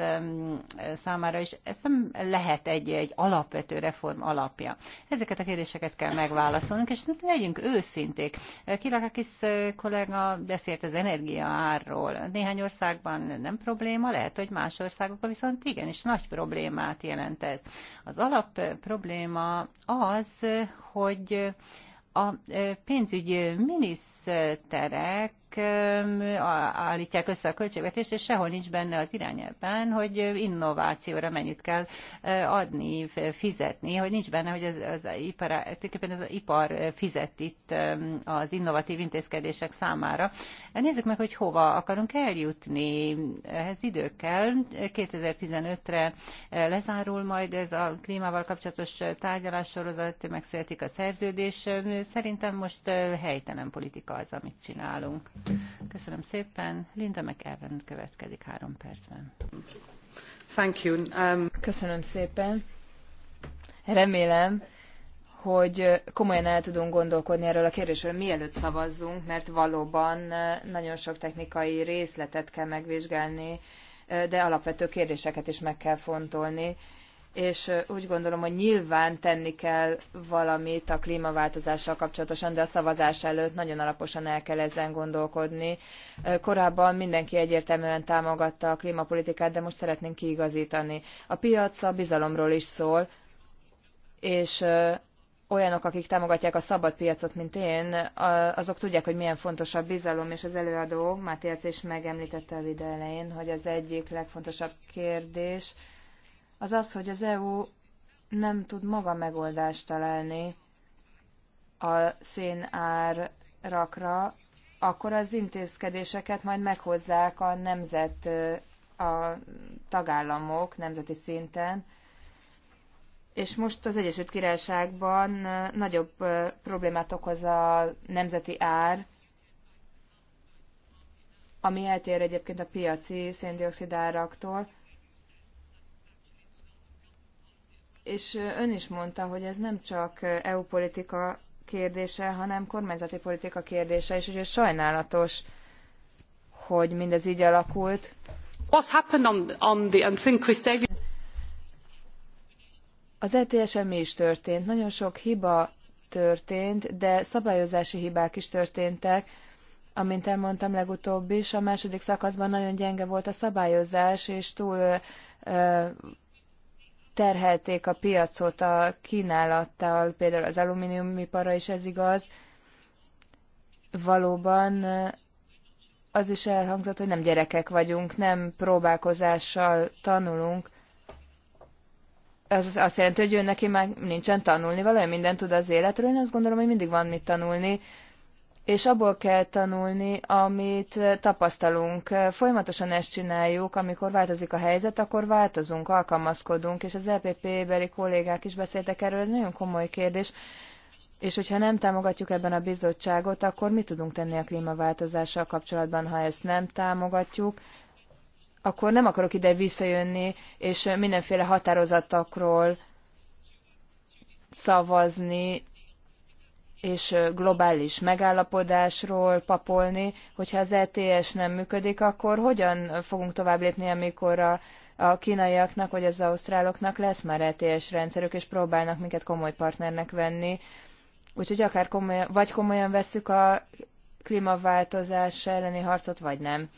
számára is ez nem lehet egy, egy alapvető reform alapja. Ezeket a kérdéseket kell megválaszolnunk, és hát legyünk őszinték. Kirakakis kollega beszélt az energiaárról. Néhány országban nem probléma, lehet, hogy más országokban viszont igenis nagy problémát jelent ez. Az alap probléma az, hogy a pénzügyi miniszterek állítják össze a költségvetést, és sehol nincs benne az irányában, hogy innovációra mennyit kell adni, fizetni, hogy nincs benne, hogy az, az, ipar, az ipar fizet itt az innovatív intézkedések számára. Nézzük meg, hogy hova akarunk eljutni. Ez idő kell. 2015-re lezárul majd ez a klímával kapcsolatos tárgyalássorozat, megszületik a szerződés. Szerintem most helytelen politika az, amit csinálunk. Köszönöm szépen. Linda McEwen következik három percben. Thank you. Um... Köszönöm szépen. Remélem, hogy komolyan el tudunk gondolkodni erről a kérdésről, mielőtt szavazzunk, mert valóban uh, nagyon sok technikai részletet kell megvizsgálni, uh, de alapvető kérdéseket is meg kell fontolni és úgy gondolom, hogy nyilván tenni kell valamit a klímaváltozással kapcsolatosan, de a szavazás előtt nagyon alaposan el kell ezen gondolkodni. Korábban mindenki egyértelműen támogatta a klímapolitikát, de most szeretnénk kiigazítani. A piac a bizalomról is szól, és olyanok, akik támogatják a szabad piacot, mint én, azok tudják, hogy milyen fontos a bizalom, és az előadó, Máté is megemlítette a videó elején, hogy az egyik legfontosabb kérdés, az az, hogy az EU nem tud maga megoldást találni a szénárakra, akkor az intézkedéseket majd meghozzák a nemzet, a tagállamok nemzeti szinten, és most az Egyesült Királyságban nagyobb problémát okoz a nemzeti ár, ami eltér egyébként a piaci széndiokszidáraktól, és ön is mondta, hogy ez nem csak EU politika kérdése, hanem kormányzati politika kérdése, és ugye sajnálatos, hogy mindez így alakult. What's happened on, on the, on the, on the Az ets mi is történt. Nagyon sok hiba történt, de szabályozási hibák is történtek. Amint elmondtam legutóbb is, a második szakaszban nagyon gyenge volt a szabályozás, és túl terhelték a piacot a kínálattal, például az alumíniumipara is ez igaz. Valóban eh, az is elhangzott, hogy nem gyerekek vagyunk, nem próbálkozással tanulunk. Ez azt jelenti, hogy ő neki már nincsen tanulni valami, mindent tud az életről. Én azt gondolom, hogy mindig van mit tanulni és abból kell tanulni, amit tapasztalunk. Folyamatosan ezt csináljuk, amikor változik a helyzet, akkor változunk, alkalmazkodunk, és az EPP-beli kollégák is beszéltek erről, ez nagyon komoly kérdés. És hogyha nem támogatjuk ebben a bizottságot, akkor mit tudunk tenni a klímaváltozással kapcsolatban, ha ezt nem támogatjuk? Akkor nem akarok ide visszajönni, és mindenféle határozatokról szavazni, és globális megállapodásról papolni, hogyha az ETS nem működik, akkor hogyan fogunk tovább lépni, amikor a, a kínaiaknak vagy az ausztráloknak lesz már ETS rendszerük, és próbálnak minket komoly partnernek venni. Úgyhogy akár komolyan, vagy komolyan vesszük a klímaváltozás elleni harcot, vagy nem.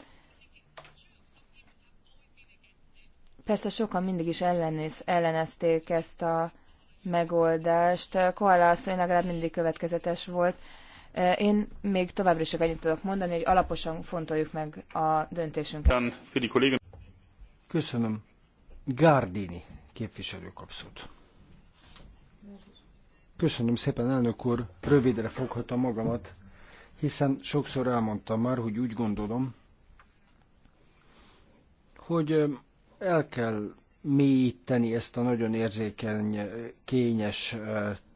Persze sokan mindig is ellenéz, ellenezték ezt a megoldást. Koala asszony legalább mindig következetes volt. Én még továbbra is csak annyit tudok mondani, hogy alaposan fontoljuk meg a döntésünket. Köszönöm. Gárdini képviselő kapszót. Köszönöm szépen, elnök úr. Rövidre foghatom magamat, hiszen sokszor elmondtam már, hogy úgy gondolom, hogy el kell mélyíteni ezt a nagyon érzékeny, kényes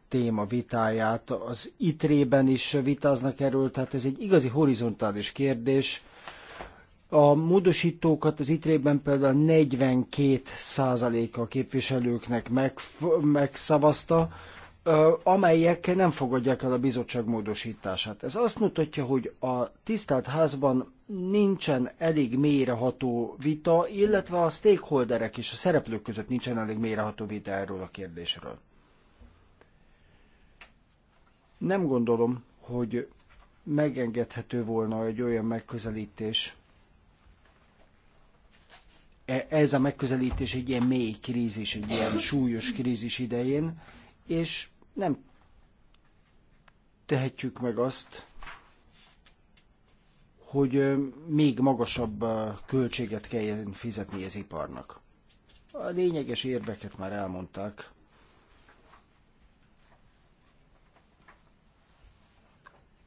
téma vitáját. Az ITRE-ben is vitáznak erről, tehát ez egy igazi horizontális kérdés. A módosítókat az ITRE-ben például 42 a képviselőknek meg, megszavazta, amelyek nem fogadják el a bizottság módosítását. Ez azt mutatja, hogy a tisztelt házban nincsen elég mélyreható vita, illetve a stakeholderek és a szereplők között nincsen elég mélyreható vita erről a kérdésről. Nem gondolom, hogy megengedhető volna egy olyan megközelítés, e, ez a megközelítés egy ilyen mély krízis, egy ilyen súlyos krízis idején, és nem tehetjük meg azt, hogy még magasabb költséget kelljen fizetni az iparnak. A lényeges érveket már elmondták.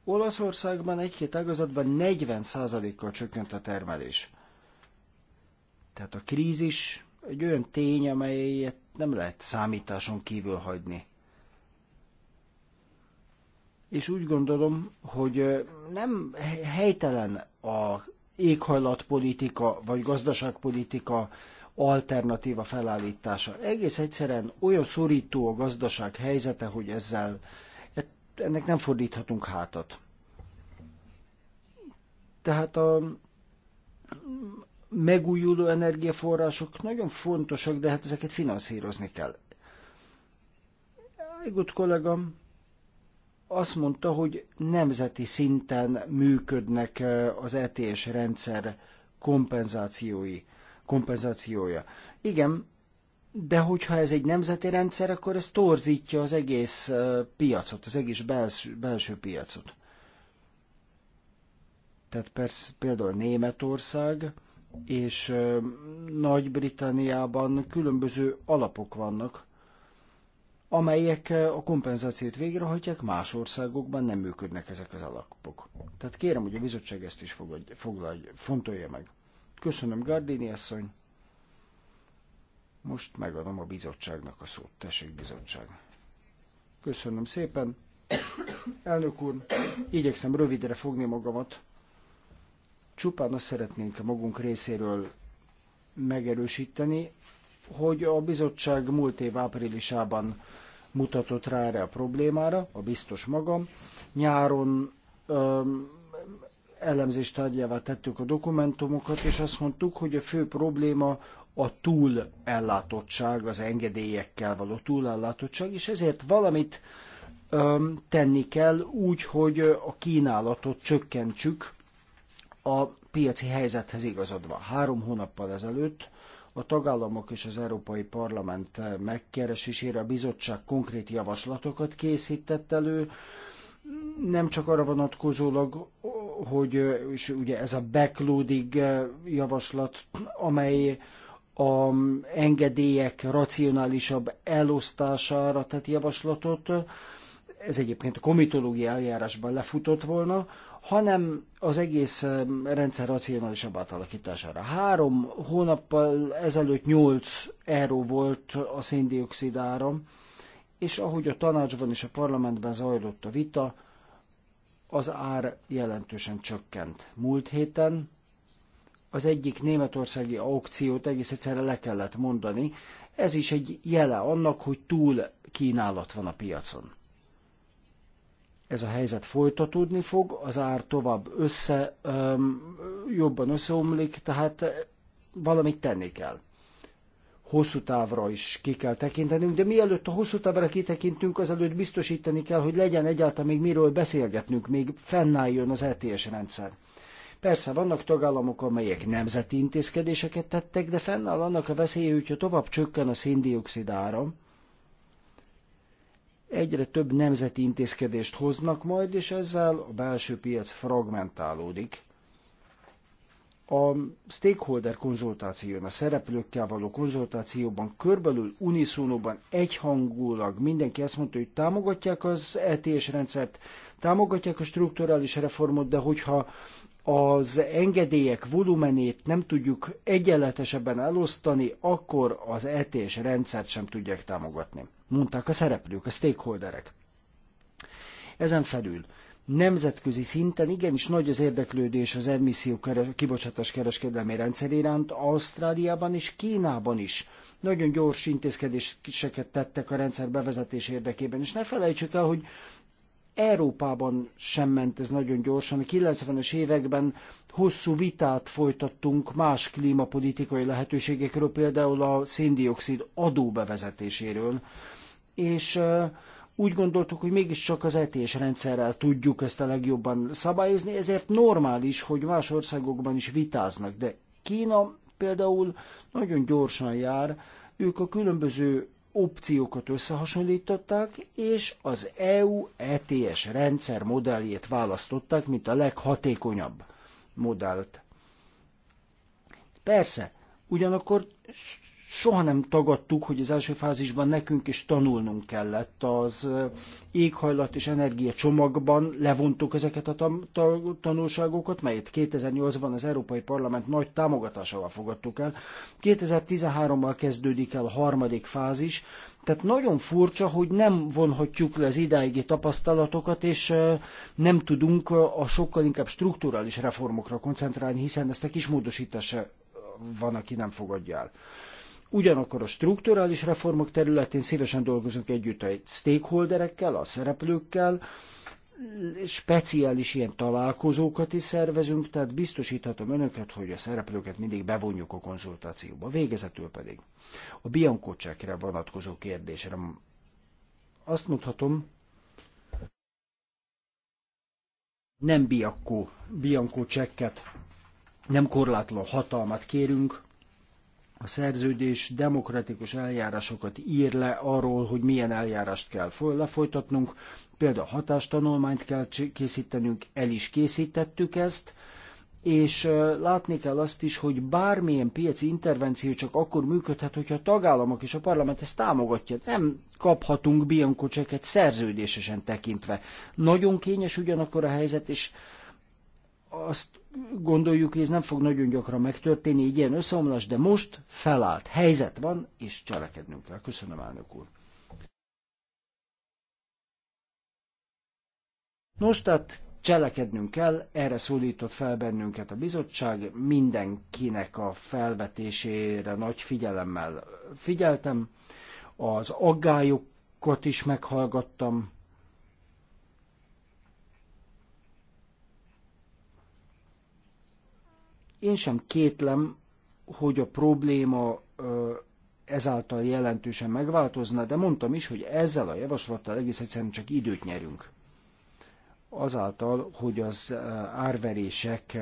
Olaszországban egy-két ágazatban 40%-kal csökkent a termelés. Tehát a krízis egy olyan tény, amelyet nem lehet számításon kívül hagyni és úgy gondolom, hogy nem helytelen a éghajlatpolitika vagy gazdaságpolitika alternatíva felállítása. Egész egyszerűen olyan szorító a gazdaság helyzete, hogy ezzel ennek nem fordíthatunk hátat. Tehát a megújuló energiaforrások nagyon fontosak, de hát ezeket finanszírozni kell. Egy kollega azt mondta, hogy nemzeti szinten működnek az ETS rendszer kompenzációi, kompenzációja. Igen, de hogyha ez egy nemzeti rendszer, akkor ez torzítja az egész piacot, az egész belső, belső piacot. Tehát persze, például Németország és Nagy-Britanniában különböző alapok vannak, amelyek eh, a kompenzációt végrehajtják, más országokban nem működnek ezek az alapok. Tehát kérem, hogy a bizottság ezt is fogadj, foglalj, fontolja meg. Köszönöm, Gardini asszony. Most megadom a bizottságnak a szót. Tessék, bizottság. Köszönöm szépen. Elnök úr, igyekszem rövidre fogni magamat. Csupán azt szeretnénk magunk részéről megerősíteni, hogy a bizottság múlt év áprilisában mutatott rá erre a problémára, a biztos magam. Nyáron öm, elemzést tárgyává tettük a dokumentumokat, és azt mondtuk, hogy a fő probléma a túlellátottság, az engedélyekkel való túlellátottság, és ezért valamit öm, tenni kell úgy, hogy a kínálatot csökkentsük a piaci helyzethez igazodva. Három hónappal ezelőtt a tagállamok és az Európai Parlament megkeresésére a bizottság konkrét javaslatokat készített elő, nem csak arra vonatkozólag, hogy és ugye ez a backloading javaslat, amely a engedélyek racionálisabb elosztására tett javaslatot, ez egyébként a komitológiai eljárásban lefutott volna, hanem az egész rendszer racionálisabb átalakítására. Három hónappal ezelőtt 8 euró volt a széndiokszid áram, és ahogy a tanácsban és a parlamentben zajlott a vita, az ár jelentősen csökkent. Múlt héten az egyik németországi aukciót egész egyszerre le kellett mondani. Ez is egy jele annak, hogy túl kínálat van a piacon ez a helyzet folytatódni fog, az ár tovább össze, jobban összeomlik, tehát valamit tenni kell. Hosszú távra is ki kell tekintenünk, de mielőtt a hosszú távra kitekintünk, azelőtt biztosítani kell, hogy legyen egyáltalán még miről beszélgetnünk, még fennálljon az ETS rendszer. Persze vannak tagállamok, amelyek nemzeti intézkedéseket tettek, de fennáll annak a veszélye, hogyha tovább csökken a széndiokszid egyre több nemzeti intézkedést hoznak majd, és ezzel a belső piac fragmentálódik. A stakeholder konzultáción, a szereplőkkel való konzultációban körbelül uniszónóban egyhangulag mindenki azt mondta, hogy támogatják az ETS rendszert, támogatják a strukturális reformot, de hogyha az engedélyek volumenét nem tudjuk egyenletesebben elosztani, akkor az ETS rendszert sem tudják támogatni mondták a szereplők, a stakeholderek. Ezen felül nemzetközi szinten igenis nagy az érdeklődés az emisszió keres, kibocsátás kereskedelmi rendszer iránt, Ausztráliában és Kínában is. Nagyon gyors intézkedéseket tettek a rendszer bevezetés érdekében, és ne felejtsük el, hogy Európában sem ment ez nagyon gyorsan. A 90-es években hosszú vitát folytattunk más klímapolitikai lehetőségekről, például a széndiokszid adóbevezetéséről, és úgy gondoltuk, hogy mégiscsak az ETS rendszerrel tudjuk ezt a legjobban szabályozni, ezért normális, hogy más országokban is vitáznak, de Kína például nagyon gyorsan jár, ők a különböző opciókat összehasonlították, és az EU ETS rendszer modelljét választották, mint a leghatékonyabb modellt. Persze, ugyanakkor soha nem tagadtuk, hogy az első fázisban nekünk is tanulnunk kellett. Az éghajlat és energia csomagban levontuk ezeket a tanulságokat, melyet 2008-ban az Európai Parlament nagy támogatásával fogadtuk el. 2013-mal kezdődik el a harmadik fázis, tehát nagyon furcsa, hogy nem vonhatjuk le az idáigi tapasztalatokat, és nem tudunk a sokkal inkább strukturális reformokra koncentrálni, hiszen ezt a kis módosítás van, aki nem fogadja el. Ugyanakkor a strukturális reformok területén szívesen dolgozunk együtt a stakeholderekkel, a szereplőkkel, speciális ilyen találkozókat is szervezünk, tehát biztosíthatom önöket, hogy a szereplőket mindig bevonjuk a konzultációba. Végezetül pedig a Bianco csekre vonatkozó kérdésre azt mondhatom, nem Bianco, Bianco csekket, nem korlátlan hatalmat kérünk, a szerződés demokratikus eljárásokat ír le arról, hogy milyen eljárást kell lefolytatnunk. Például hatástanulmányt kell készítenünk, el is készítettük ezt, és látni kell azt is, hogy bármilyen piaci intervenció csak akkor működhet, hogyha a tagállamok és a parlament ezt támogatja. Nem kaphatunk biankocseket szerződésesen tekintve. Nagyon kényes ugyanakkor a helyzet, és azt gondoljuk, hogy ez nem fog nagyon gyakran megtörténni, így ilyen összeomlás, de most felállt helyzet van, és cselekednünk kell. Köszönöm, elnök úr. Nos, tehát cselekednünk kell, erre szólított fel bennünket a bizottság, mindenkinek a felvetésére nagy figyelemmel figyeltem, az aggályokat is meghallgattam, Én sem kétlem, hogy a probléma ezáltal jelentősen megváltozna, de mondtam is, hogy ezzel a javaslattal egész egyszerűen csak időt nyerünk. Azáltal, hogy az árverések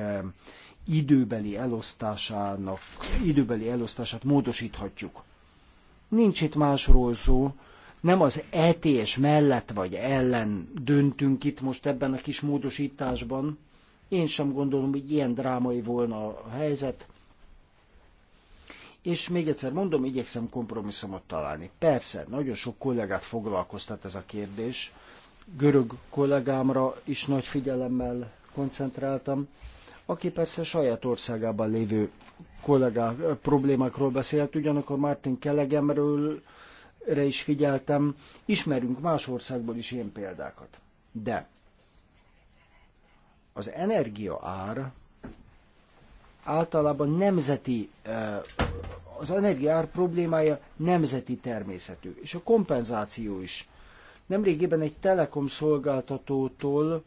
időbeli elosztásának, időbeli elosztását módosíthatjuk. Nincs itt másról szó, nem az ETS mellett vagy ellen döntünk itt most ebben a kis módosításban, én sem gondolom, hogy ilyen drámai volna a helyzet. És még egyszer mondom, igyekszem kompromisszumot találni. Persze, nagyon sok kollégát foglalkoztat ez a kérdés. Görög kollégámra is nagy figyelemmel koncentráltam, aki persze saját országában lévő kollégák problémákról beszélt, ugyanakkor Martin Kelegemről re is figyeltem, ismerünk más országból is ilyen példákat. De az energia ár általában nemzeti, eh, az energiaár problémája nemzeti természetű, és a kompenzáció is. Nemrégében egy telekom szolgáltatótól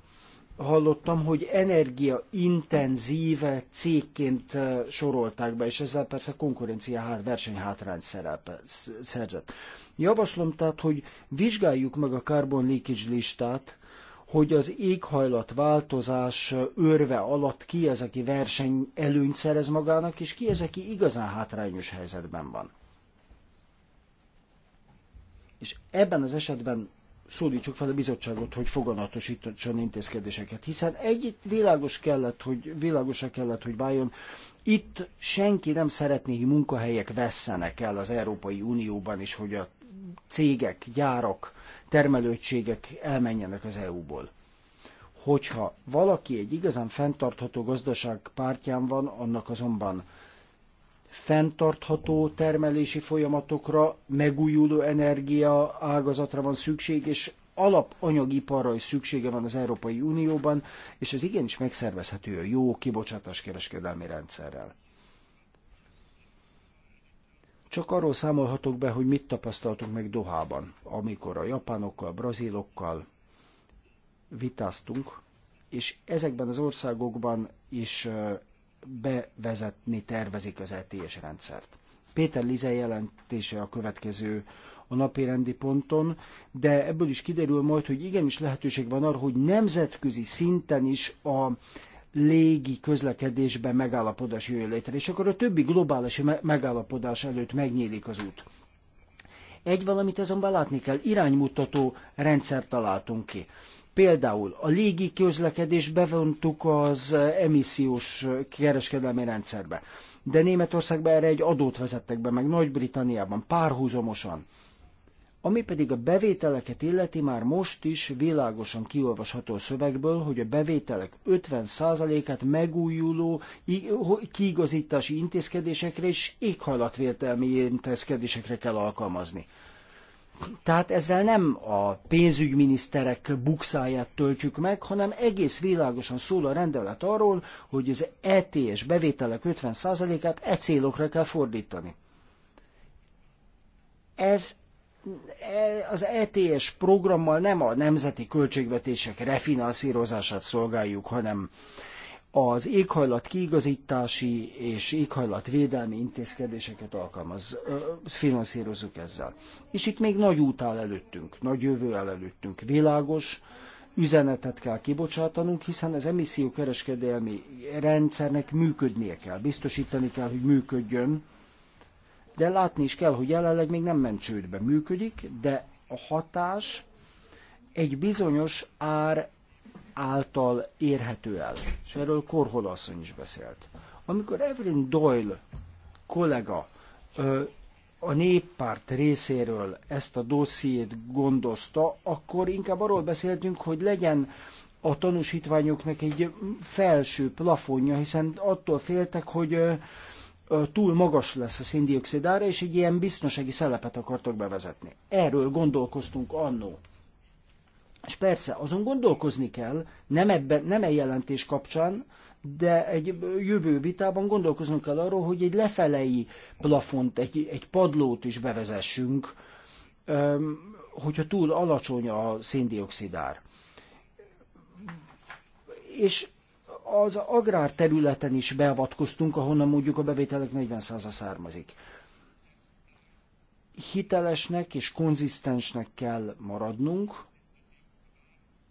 hallottam, hogy energia intenzíve cégként eh, sorolták be, és ezzel persze konkurencia hát, versenyhátrány szerzett. Javaslom tehát, hogy vizsgáljuk meg a carbon leakage listát, hogy az éghajlatváltozás örve alatt ki az, aki verseny előnyt szerez magának, és ki az, aki igazán hátrányos helyzetben van. És ebben az esetben szólítsuk fel a bizottságot, hogy foganatosítson intézkedéseket, hiszen egy világos kellett, hogy világosra kellett, hogy váljon. Itt senki nem szeretné, hogy munkahelyek vesszenek el az Európai Unióban, és hogy a cégek, gyárak termelőegységek elmenjenek az EU-ból. Hogyha valaki egy igazán fenntartható gazdaság pártján van, annak azonban fenntartható termelési folyamatokra, megújuló energia ágazatra van szükség, és alapanyagiparra is szüksége van az Európai Unióban, és ez igenis megszervezhető a jó kibocsátáskereskedelmi rendszerrel. Csak arról számolhatok be, hogy mit tapasztaltunk meg Dohában, amikor a japánokkal, a brazilokkal vitáztunk, és ezekben az országokban is bevezetni tervezik az ETS rendszert. Péter Lize jelentése a következő a napi rendi ponton, de ebből is kiderül majd, hogy igenis lehetőség van arra, hogy nemzetközi szinten is a légi közlekedésben megállapodás jöjjön létre, és akkor a többi globális megállapodás előtt megnyílik az út. Egy valamit azonban látni kell, iránymutató rendszert találtunk ki. Például a légi közlekedés bevontuk az emissziós kereskedelmi rendszerbe, de Németországban erre egy adót vezettek be, meg Nagy-Britanniában párhuzamosan. Ami pedig a bevételeket illeti, már most is világosan kiolvasható a szövegből, hogy a bevételek 50%-át megújuló kiigazítási intézkedésekre és éghajlatvértelmi intézkedésekre kell alkalmazni. Tehát ezzel nem a pénzügyminiszterek bukszáját töltjük meg, hanem egész világosan szól a rendelet arról, hogy az ETS bevételek 50%-át e célokra kell fordítani. Ez az ETS programmal nem a nemzeti költségvetések refinanszírozását szolgáljuk, hanem az éghajlat kiigazítási és éghajlatvédelmi intézkedéseket alkalmaz, finanszírozunk ezzel. És itt még nagy út áll előttünk, nagy jövő áll előttünk. Világos üzenetet kell kibocsátanunk, hiszen az emissziókereskedelmi rendszernek működnie kell, biztosítani kell, hogy működjön, de látni is kell, hogy jelenleg még nem ment csődbe. Működik, de a hatás egy bizonyos ár által érhető el. És erről Korhol asszony is beszélt. Amikor Evelyn Doyle kollega a néppárt részéről ezt a dossziét gondozta, akkor inkább arról beszéltünk, hogy legyen a tanúsítványoknak egy felső plafonja, hiszen attól féltek, hogy túl magas lesz a széndiokszid ára, és egy ilyen biztonsági szelepet akartok bevezetni. Erről gondolkoztunk annó. És persze, azon gondolkozni kell, nem, ebben, nem e jelentés kapcsán, de egy jövő vitában gondolkoznunk kell arról, hogy egy lefelei plafont, egy, egy padlót is bevezessünk, hogyha túl alacsony a széndiokszidár. És az agrár területen is beavatkoztunk, ahonnan mondjuk a bevételek 40%-a származik. Hitelesnek és konzisztensnek kell maradnunk,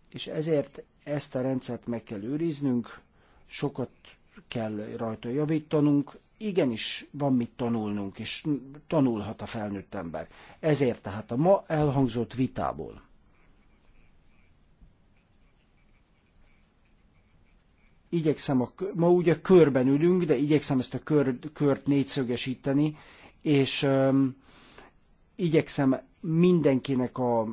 és ezért ezt a rendszert meg kell őriznünk, sokat kell rajta javítanunk, igenis van mit tanulnunk, és tanulhat a felnőtt ember. Ezért tehát a ma elhangzott vitából igyekszem, a, ma ugye körben ülünk, de igyekszem ezt a kör, kört négyszögesíteni, és um, igyekszem mindenkinek a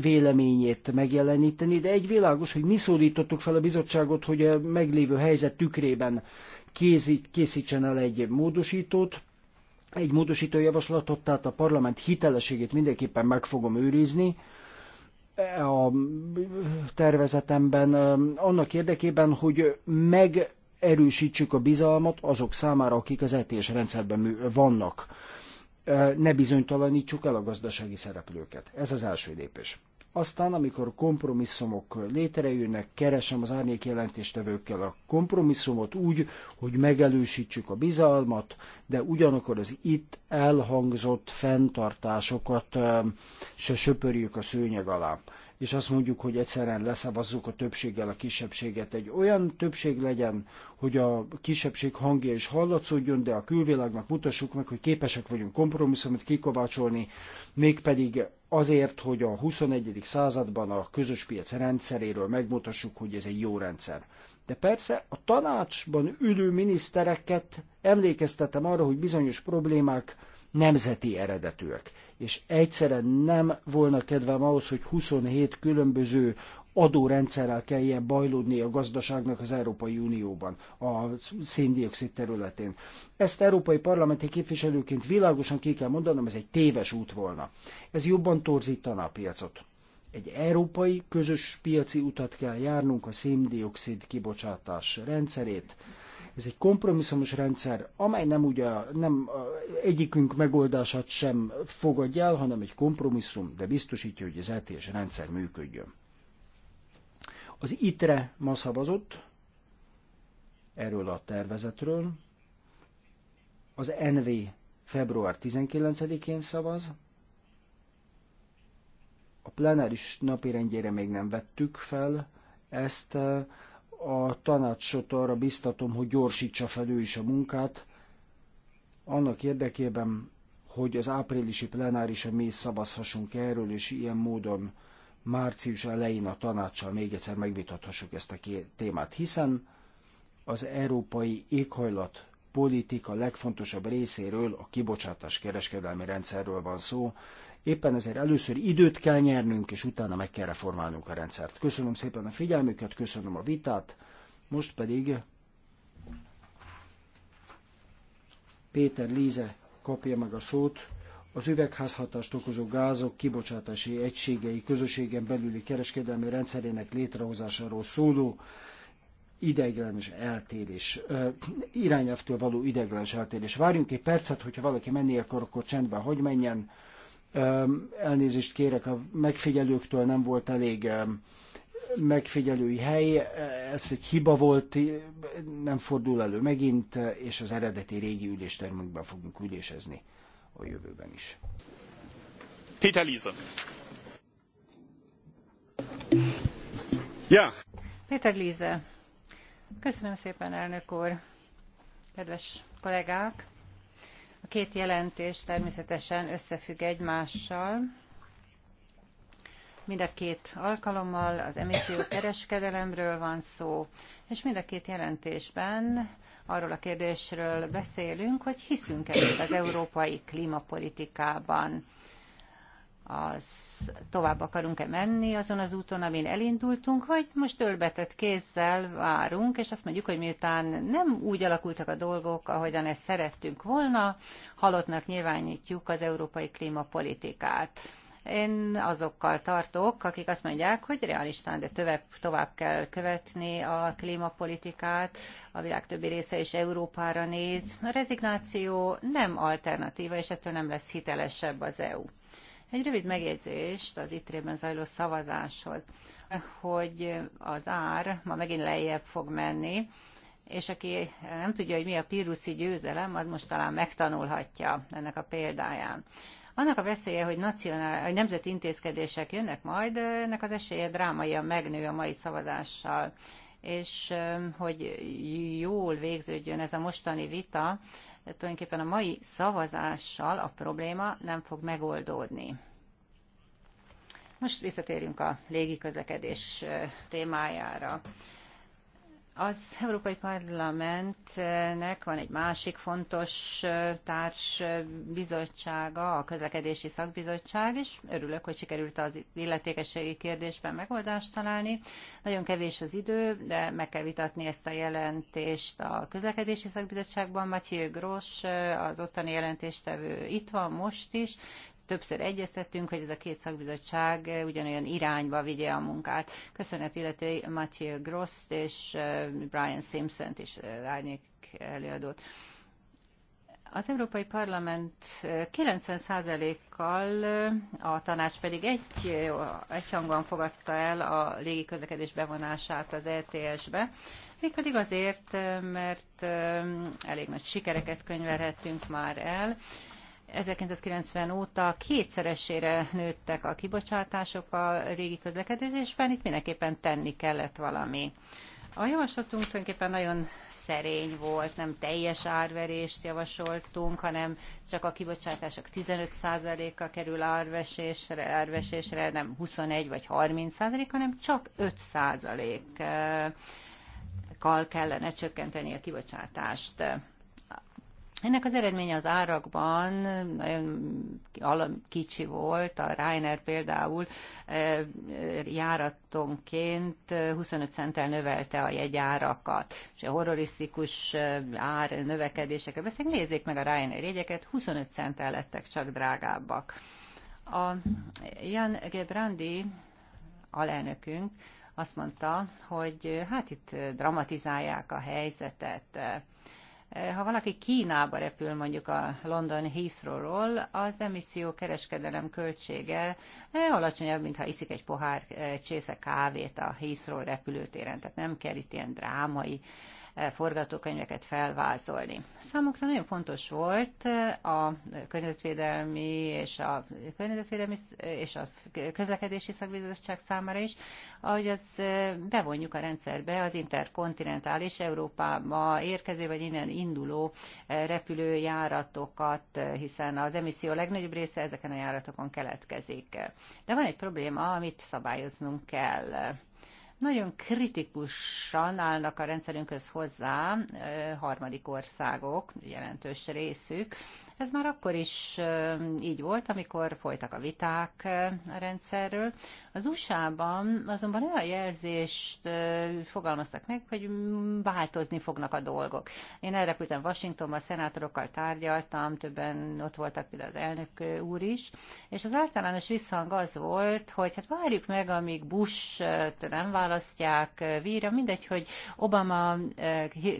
véleményét megjeleníteni, de egy világos, hogy mi szólítottuk fel a bizottságot, hogy a meglévő helyzet tükrében készít, készítsen el egy módosítót, egy módosító javaslatot, tehát a parlament hitelességét mindenképpen meg fogom őrizni, a tervezetemben annak érdekében, hogy megerősítsük a bizalmat azok számára, akik az ETS rendszerben vannak. Ne bizonytalanítsuk el a gazdasági szereplőket. Ez az első lépés. Aztán, amikor kompromisszumok létrejönnek, keresem az árnyék jelentéstevőkkel a kompromisszumot úgy, hogy megelősítsük a bizalmat, de ugyanakkor az itt elhangzott fenntartásokat se söpörjük a szőnyeg alá és azt mondjuk, hogy egyszerűen leszavazzuk a többséggel a kisebbséget. Egy olyan többség legyen, hogy a kisebbség hangja is hallatszódjon, de a külvilágnak mutassuk meg, hogy képesek vagyunk kompromisszumot kikovácsolni, mégpedig azért, hogy a 21. században a közös piac rendszeréről megmutassuk, hogy ez egy jó rendszer. De persze a tanácsban ülő minisztereket emlékeztetem arra, hogy bizonyos problémák nemzeti eredetűek. És egyszerűen nem volna kedvem ahhoz, hogy 27 különböző adórendszerrel kelljen bajlódni a gazdaságnak az Európai Unióban, a széndiokszid területén. Ezt európai parlamenti képviselőként világosan ki kell mondanom, ez egy téves út volna. Ez jobban torzítana a piacot. Egy európai közös piaci utat kell járnunk a széndiokszid kibocsátás rendszerét ez egy kompromisszumos rendszer, amely nem ugye nem egyikünk megoldását sem fogadja el, hanem egy kompromisszum, de biztosítja, hogy az ETS rendszer működjön. Az ITRE ma szavazott erről a tervezetről, az NV február 19-én szavaz, a plenáris napirendjére még nem vettük fel ezt, a tanácsot arra biztatom, hogy gyorsítsa fel ő is a munkát, annak érdekében, hogy az áprilisi plenárison mi is szavazhassunk erről, és ilyen módon március elején a tanácssal még egyszer megvitathassuk ezt a témát, hiszen az európai éghajlat politika legfontosabb részéről, a kibocsátás kereskedelmi rendszerről van szó, Éppen ezért először időt kell nyernünk, és utána meg kell reformálnunk a rendszert. Köszönöm szépen a figyelmüket, köszönöm a vitát, most pedig Péter Líze kapja meg a szót, az üvegházhatást okozó gázok kibocsátási egységei közösségen belüli kereskedelmi rendszerének létrehozásáról szóló ideiglenes eltérés, irányelvtől való ideiglenes eltérés. Várjunk egy percet, hogyha valaki menni akar, akkor csendben hagy menjen. Elnézést kérek, a megfigyelőktől nem volt elég megfigyelői hely, ez egy hiba volt, nem fordul elő megint, és az eredeti régi üléstermünkben fogunk ülésezni a jövőben is. Péter Líze. Ja. Péter Líze. Köszönöm szépen, elnök úr. Kedves kollégák, a két jelentés természetesen összefügg egymással. Mind a két alkalommal az emisszió kereskedelemről van szó, és mind a két jelentésben arról a kérdésről beszélünk, hogy hiszünk-e az európai klímapolitikában az tovább akarunk-e menni azon az úton, amin elindultunk, vagy most ölbetett kézzel várunk, és azt mondjuk, hogy miután nem úgy alakultak a dolgok, ahogyan ezt szerettünk volna, halottnak nyilvánítjuk az európai klímapolitikát. Én azokkal tartok, akik azt mondják, hogy realistán, de tövebb, tovább kell követni a klímapolitikát, a világ többi része is Európára néz. A rezignáció nem alternatíva, és ettől nem lesz hitelesebb az EU. Egy rövid megjegyzést az itrében zajló szavazáshoz, hogy az ár ma megint lejjebb fog menni, és aki nem tudja, hogy mi a píruszi győzelem, az most talán megtanulhatja ennek a példáján. Annak a veszélye, hogy, nacionál, hogy nemzeti intézkedések jönnek majd, ennek az esélye drámaian megnő a mai szavazással és hogy jól végződjön ez a mostani vita, tulajdonképpen a mai szavazással a probléma nem fog megoldódni. Most visszatérjünk a légiközlekedés témájára. Az Európai Parlamentnek van egy másik fontos társ bizottsága, a közlekedési szakbizottság, és örülök, hogy sikerült az illetékességi kérdésben megoldást találni. Nagyon kevés az idő, de meg kell vitatni ezt a jelentést a közlekedési szakbizottságban. Mathieu Gross, az ottani jelentéstevő itt van most is, többször egyeztettünk, hogy ez a két szakbizottság ugyanolyan irányba vigye a munkát. Köszönet illeti Mathieu gross és Brian Simpson-t is árnyék előadót. Az Európai Parlament 90%-kal, a tanács pedig egy, hangon fogadta el a légiközlekedés bevonását az ETS-be, mégpedig azért, mert elég nagy sikereket könyvelhettünk már el, 1990 óta kétszeresére nőttek a kibocsátások a régi közlekedésben, itt mindenképpen tenni kellett valami. A javaslatunk tulajdonképpen nagyon szerény volt, nem teljes árverést javasoltunk, hanem csak a kibocsátások 15%-a kerül árvesésre, árvesésre, nem 21 vagy 30%, hanem csak 5%-kal kellene csökkenteni a kibocsátást. Ennek az eredménye az árakban eh, nagyon kicsi volt, a Reiner például eh, járatonként 25 eh, centtel növelte a jegyárakat, és a horrorisztikus ár növekedésekre beszélünk, nézzék meg a Reiner jegyeket, 25 centtel lettek csak drágábbak. A Jan Gebrandi alelnökünk azt mondta, hogy hát itt dramatizálják a helyzetet, ha valaki Kínába repül mondjuk a London Heathrow-ról, az emisszió kereskedelem költsége eh, alacsonyabb, mint ha iszik egy pohár eh, csésze kávét a Heathrow repülőtéren, tehát nem kell itt ilyen drámai forgatókönyveket felvázolni. Számukra nagyon fontos volt a környezetvédelmi és a környezetvédelmi és a közlekedési szakbizottság számára is, ahogy az bevonjuk a rendszerbe az interkontinentális Európába érkező vagy innen induló repülőjáratokat, hiszen az emisszió legnagyobb része ezeken a járatokon keletkezik. De van egy probléma, amit szabályoznunk kell nagyon kritikusan állnak a rendszerünkhöz hozzá harmadik országok, jelentős részük, ez már akkor is így volt, amikor folytak a viták a rendszerről. Az USA-ban azonban olyan jelzést fogalmaztak meg, hogy változni fognak a dolgok. Én elrepültem Washingtonba, a szenátorokkal tárgyaltam, többen ott voltak például az elnök úr is, és az általános visszhang az volt, hogy hát várjuk meg, amíg Bush nem választják víra, mindegy, hogy Obama,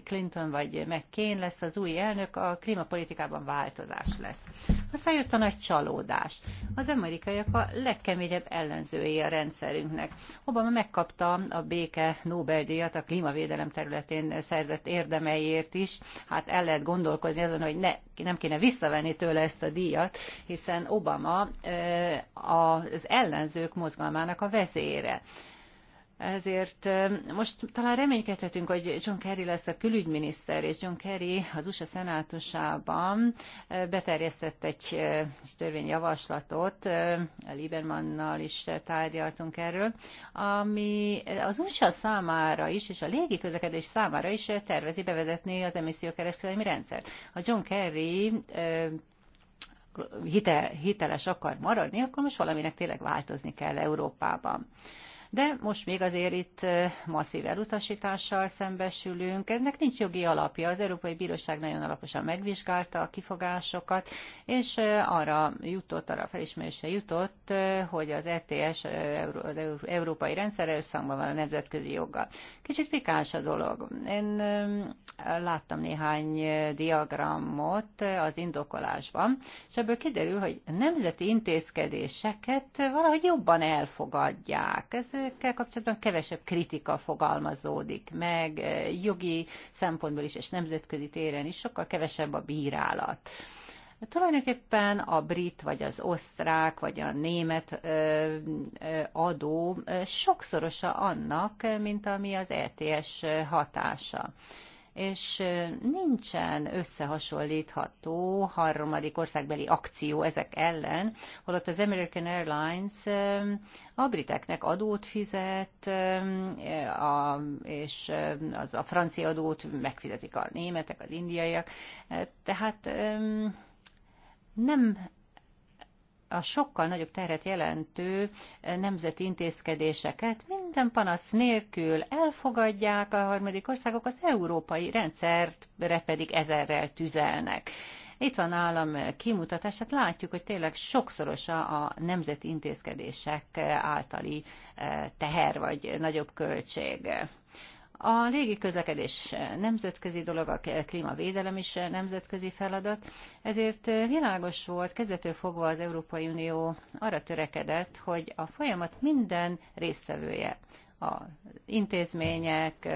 Clinton vagy McCain lesz az új elnök, a klímapolitikában változás lesz. Aztán jött a nagy csalódás. Az amerikaiak a legkeményebb ellenzői a rendszerünknek. Obama megkapta a béke Nobel-díjat a klímavédelem területén szerzett érdemeiért is. Hát el lehet gondolkozni azon, hogy ne, nem kéne visszavenni tőle ezt a díjat, hiszen Obama az ellenzők mozgalmának a vezére ezért most talán reménykedhetünk, hogy John Kerry lesz a külügyminiszter, és John Kerry az USA szenátusában beterjesztett egy törvényjavaslatot, Liebermannnal is tárgyaltunk erről, ami az USA számára is, és a légi közlekedés számára is tervezi bevezetni az emissziókereskedelmi rendszert. A John Kerry hiteles akar maradni, akkor most valaminek tényleg változni kell Európában de most még azért itt masszív elutasítással szembesülünk. Ennek nincs jogi alapja. Az Európai Bíróság nagyon alaposan megvizsgálta a kifogásokat, és arra jutott, arra felismerése jutott, hogy az ETS az európai rendszer összhangban van a nemzetközi joggal. Kicsit pikás a dolog. Én láttam néhány diagramot az indokolásban, és ebből kiderül, hogy nemzeti intézkedéseket valahogy jobban elfogadják. Ez ezekkel kapcsolatban kevesebb kritika fogalmazódik meg, eh, jogi szempontból is és nemzetközi téren is sokkal kevesebb a bírálat. Tulajdonképpen a brit, vagy az osztrák, vagy a német eh, eh, adó sokszorosa annak, mint ami az ETS hatása és nincsen összehasonlítható harmadik országbeli akció ezek ellen, holott az American Airlines a briteknek adót fizet, a, és az a francia adót megfizetik a németek, az indiaiak, tehát nem a sokkal nagyobb terhet jelentő eh, nemzeti intézkedéseket minden panasz nélkül elfogadják a harmadik országok, az európai rendszerre pedig ezerrel tüzelnek. Itt van állam kimutatás, tehát látjuk, hogy tényleg sokszoros a, a nemzeti intézkedések eh, általi eh, teher vagy nagyobb költség. A légi közlekedés nemzetközi dolog, a klímavédelem is nemzetközi feladat, ezért világos volt, kezdetől fogva az Európai Unió arra törekedett, hogy a folyamat minden résztvevője, a intézmények,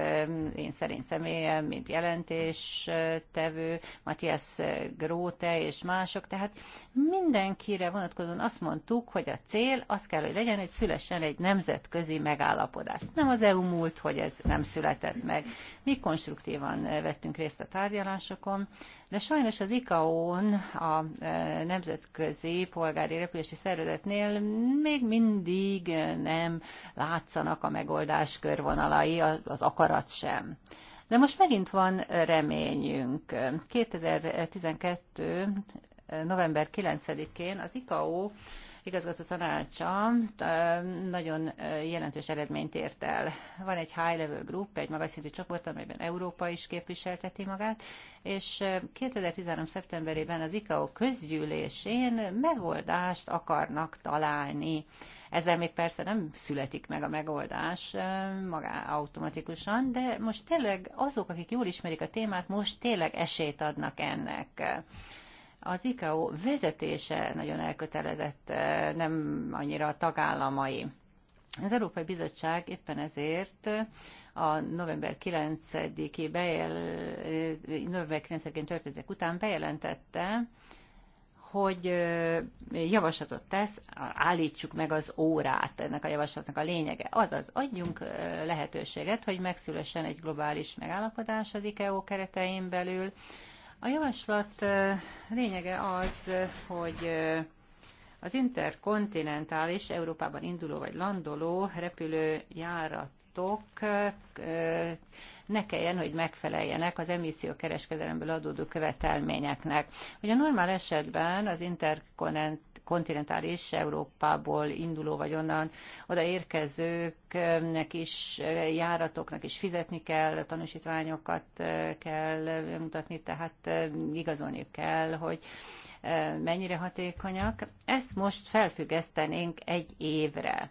én szerint személyem, mint jelentéstevő, Matthias Gróte és mások, tehát mindenkire vonatkozóan azt mondtuk, hogy a cél az kell, hogy legyen, hogy szülessen egy nemzetközi megállapodás. Nem az EU múlt, hogy ez nem született meg. Mi konstruktívan vettünk részt a tárgyalásokon, de sajnos az ICAO-n, a e, Nemzetközi Polgári Repülési Szervezetnél még mindig nem látszanak a megoldás körvonalai, az akarat sem. De most megint van reményünk. 2012. november 9-én az ICAO igazgató tanácsa nagyon jelentős eredményt ért el. Van egy high level group, egy magas szintű csoport, amelyben Európa is képviselteti magát, és 2013. szeptemberében az ICAO közgyűlésén megoldást akarnak találni. Ezzel még persze nem születik meg a megoldás magá automatikusan, de most tényleg azok, akik jól ismerik a témát, most tényleg esélyt adnak ennek. Az ICAO vezetése nagyon elkötelezett, eh, nem annyira a tagállamai. Az Európai Bizottság éppen ezért eh, a november 9-i bejel, eh, november 9-én történtek után bejelentette, hogy javaslatot tesz, állítsuk meg az órát, ennek a javaslatnak a lényege. Azaz, adjunk lehetőséget, hogy megszülessen egy globális megállapodás az ICAO keretein belül, a javaslat lényege az, hogy az interkontinentális Európában induló vagy landoló repülőjáratok ne kelljen, hogy megfeleljenek az emissziókereskedelemből adódó követelményeknek. Ugye normál esetben az interkonent kontinentális Európából induló vagy onnan oda érkezőknek is, járatoknak is fizetni kell, tanúsítványokat eh, kell mutatni, tehát eh, igazolni kell, hogy eh, mennyire hatékonyak. Ezt most felfüggesztenénk egy évre.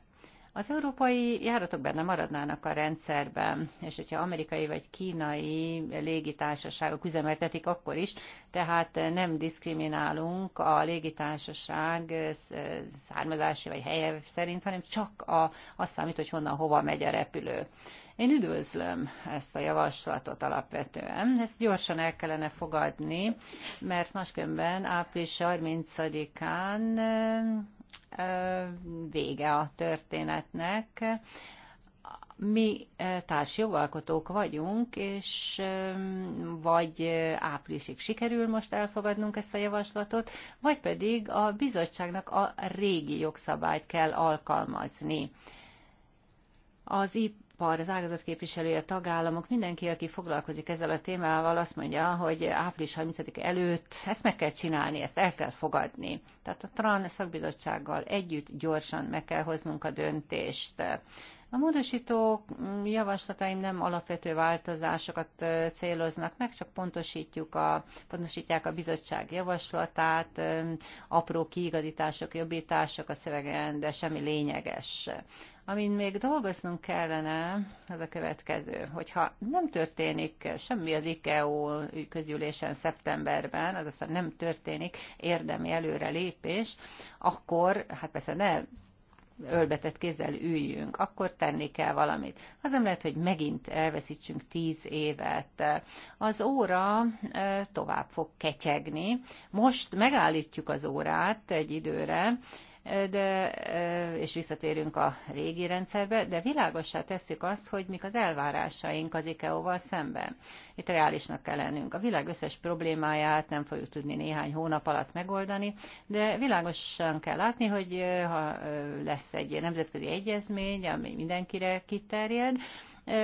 Az európai járatok benne maradnának a rendszerben, és hogyha amerikai vagy kínai légitársaságok üzemeltetik akkor is, tehát nem diszkriminálunk a légitársaság származási vagy helye szerint, hanem csak a, azt számít, hogy honnan hova megy a repülő. Én üdvözlöm ezt a javaslatot alapvetően. Ezt gyorsan el kellene fogadni, mert máskönben április 30-án vége a történetnek. Mi társ jogalkotók vagyunk, és vagy áprilisig sikerül most elfogadnunk ezt a javaslatot, vagy pedig a bizottságnak a régi jogszabályt kell alkalmazni. Az ipar, az ágazat képviselője, a tagállamok, mindenki, aki foglalkozik ezzel a témával, azt mondja, hogy április 30 előtt ezt meg kell csinálni, ezt el kell fogadni. Tehát a TRAN szakbizottsággal együtt gyorsan meg kell hoznunk a döntést. A módosító mm, javaslataim nem alapvető változásokat céloznak meg, csak pontosítjuk a, pontosítják a bizottság javaslatát, apró kiigazítások, jobbítások a szövegen, de semmi lényeges. Amin még dolgoznunk kellene, az a következő, hogyha nem történik semmi az IKEO közgyűlésen szeptemberben, azaz nem történik érdemi előrelépés, akkor, hát persze ne ölbetett kézzel üljünk, akkor tenni kell valamit. Az nem lehet, hogy megint elveszítsünk tíz évet. Az óra tovább fog ketyegni. Most megállítjuk az órát egy időre, de, és visszatérünk a régi rendszerbe, de világosá tesszük azt, hogy mik az elvárásaink az ICAO-val szemben. Itt reálisnak kell lennünk. A világ összes problémáját nem fogjuk tudni néhány hónap alatt megoldani, de világosan kell látni, hogy ha lesz egy nemzetközi egyezmény, ami mindenkire kiterjed,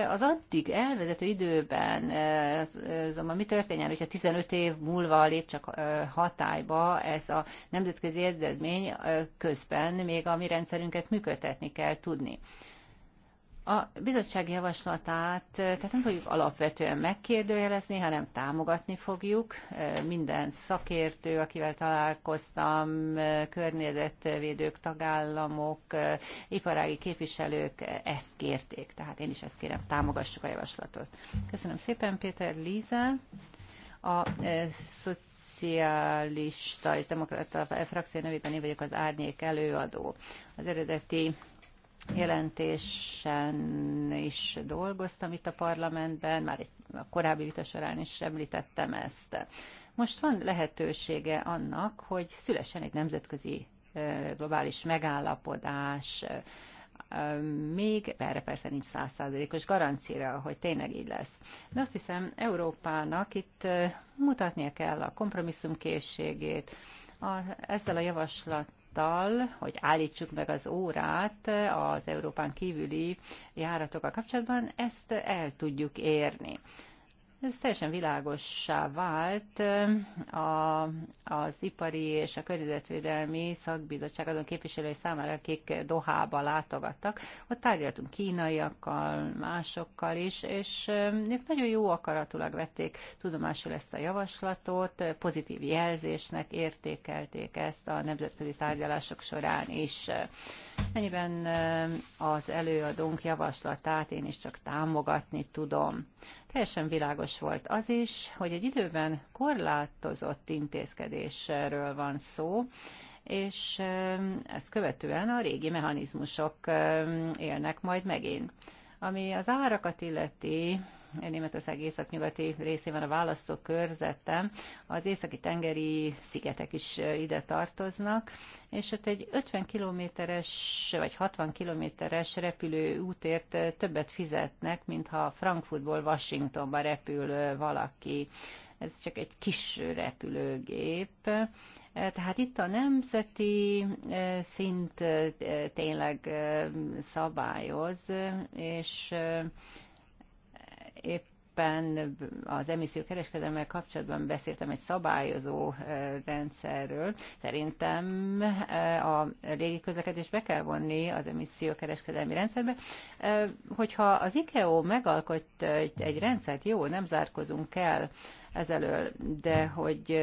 az addig elvezető időben, ez, mi történjen, hogyha 15 év múlva lép csak hatályba ez a nemzetközi egyezmény, közben még a mi rendszerünket működtetni kell tudni. A bizottság javaslatát, tehát nem fogjuk alapvetően megkérdőjelezni, hanem támogatni fogjuk. Minden szakértő, akivel találkoztam, környezetvédők, tagállamok, iparági képviselők ezt kérték. Tehát én is ezt kérem, támogassuk a javaslatot. Köszönöm szépen, Péter Líza. A e, szocialista és demokrata frakció nevében én vagyok az árnyék előadó. Az eredeti jelentésen is dolgoztam itt a parlamentben, már egy a korábbi vita során is említettem ezt. Most van lehetősége annak, hogy szülessen egy nemzetközi globális megállapodás, még erre persze nincs százszázalékos garancia, hogy tényleg így lesz. De azt hiszem, Európának itt mutatnia kell a kompromisszumkészségét, a, ezzel a javaslat javaslattal, hogy állítsuk meg az órát az Európán kívüli járatokkal kapcsolatban, ezt el tudjuk érni. Ez teljesen világossá vált a, az ipari és a környezetvédelmi szakbizottság azon képviselői számára, akik Dohába látogattak. Ott tárgyaltunk kínaiakkal, másokkal is, és ők nagyon jó akaratulag vették tudomásul ezt a javaslatot, pozitív jelzésnek értékelték ezt a nemzetközi tárgyalások során is. Ennyiben az előadónk javaslatát én is csak támogatni tudom. Teljesen világos volt az is, hogy egy időben korlátozott intézkedésről van szó, és ezt követően a régi mechanizmusok élnek majd megint. Ami az árakat illeti, Németország északnyugati részében a választó körzetem, az északi tengeri szigetek is ide tartoznak, és ott egy 50 kilométeres vagy 60 kilométeres repülő útért többet fizetnek, mintha Frankfurtból Washingtonba repül valaki. Ez csak egy kis repülőgép, tehát itt a nemzeti szint tényleg szabályoz, és éppen az emisszió kereskedelmel kapcsolatban beszéltem egy szabályozó eh, rendszerről. Szerintem eh, a légi közlekedést be kell vonni az emisszió kereskedelmi rendszerbe. Eh, hogyha az ICAO megalkott egy rendszert, jó, nem zárkozunk el, ezelől, de hogy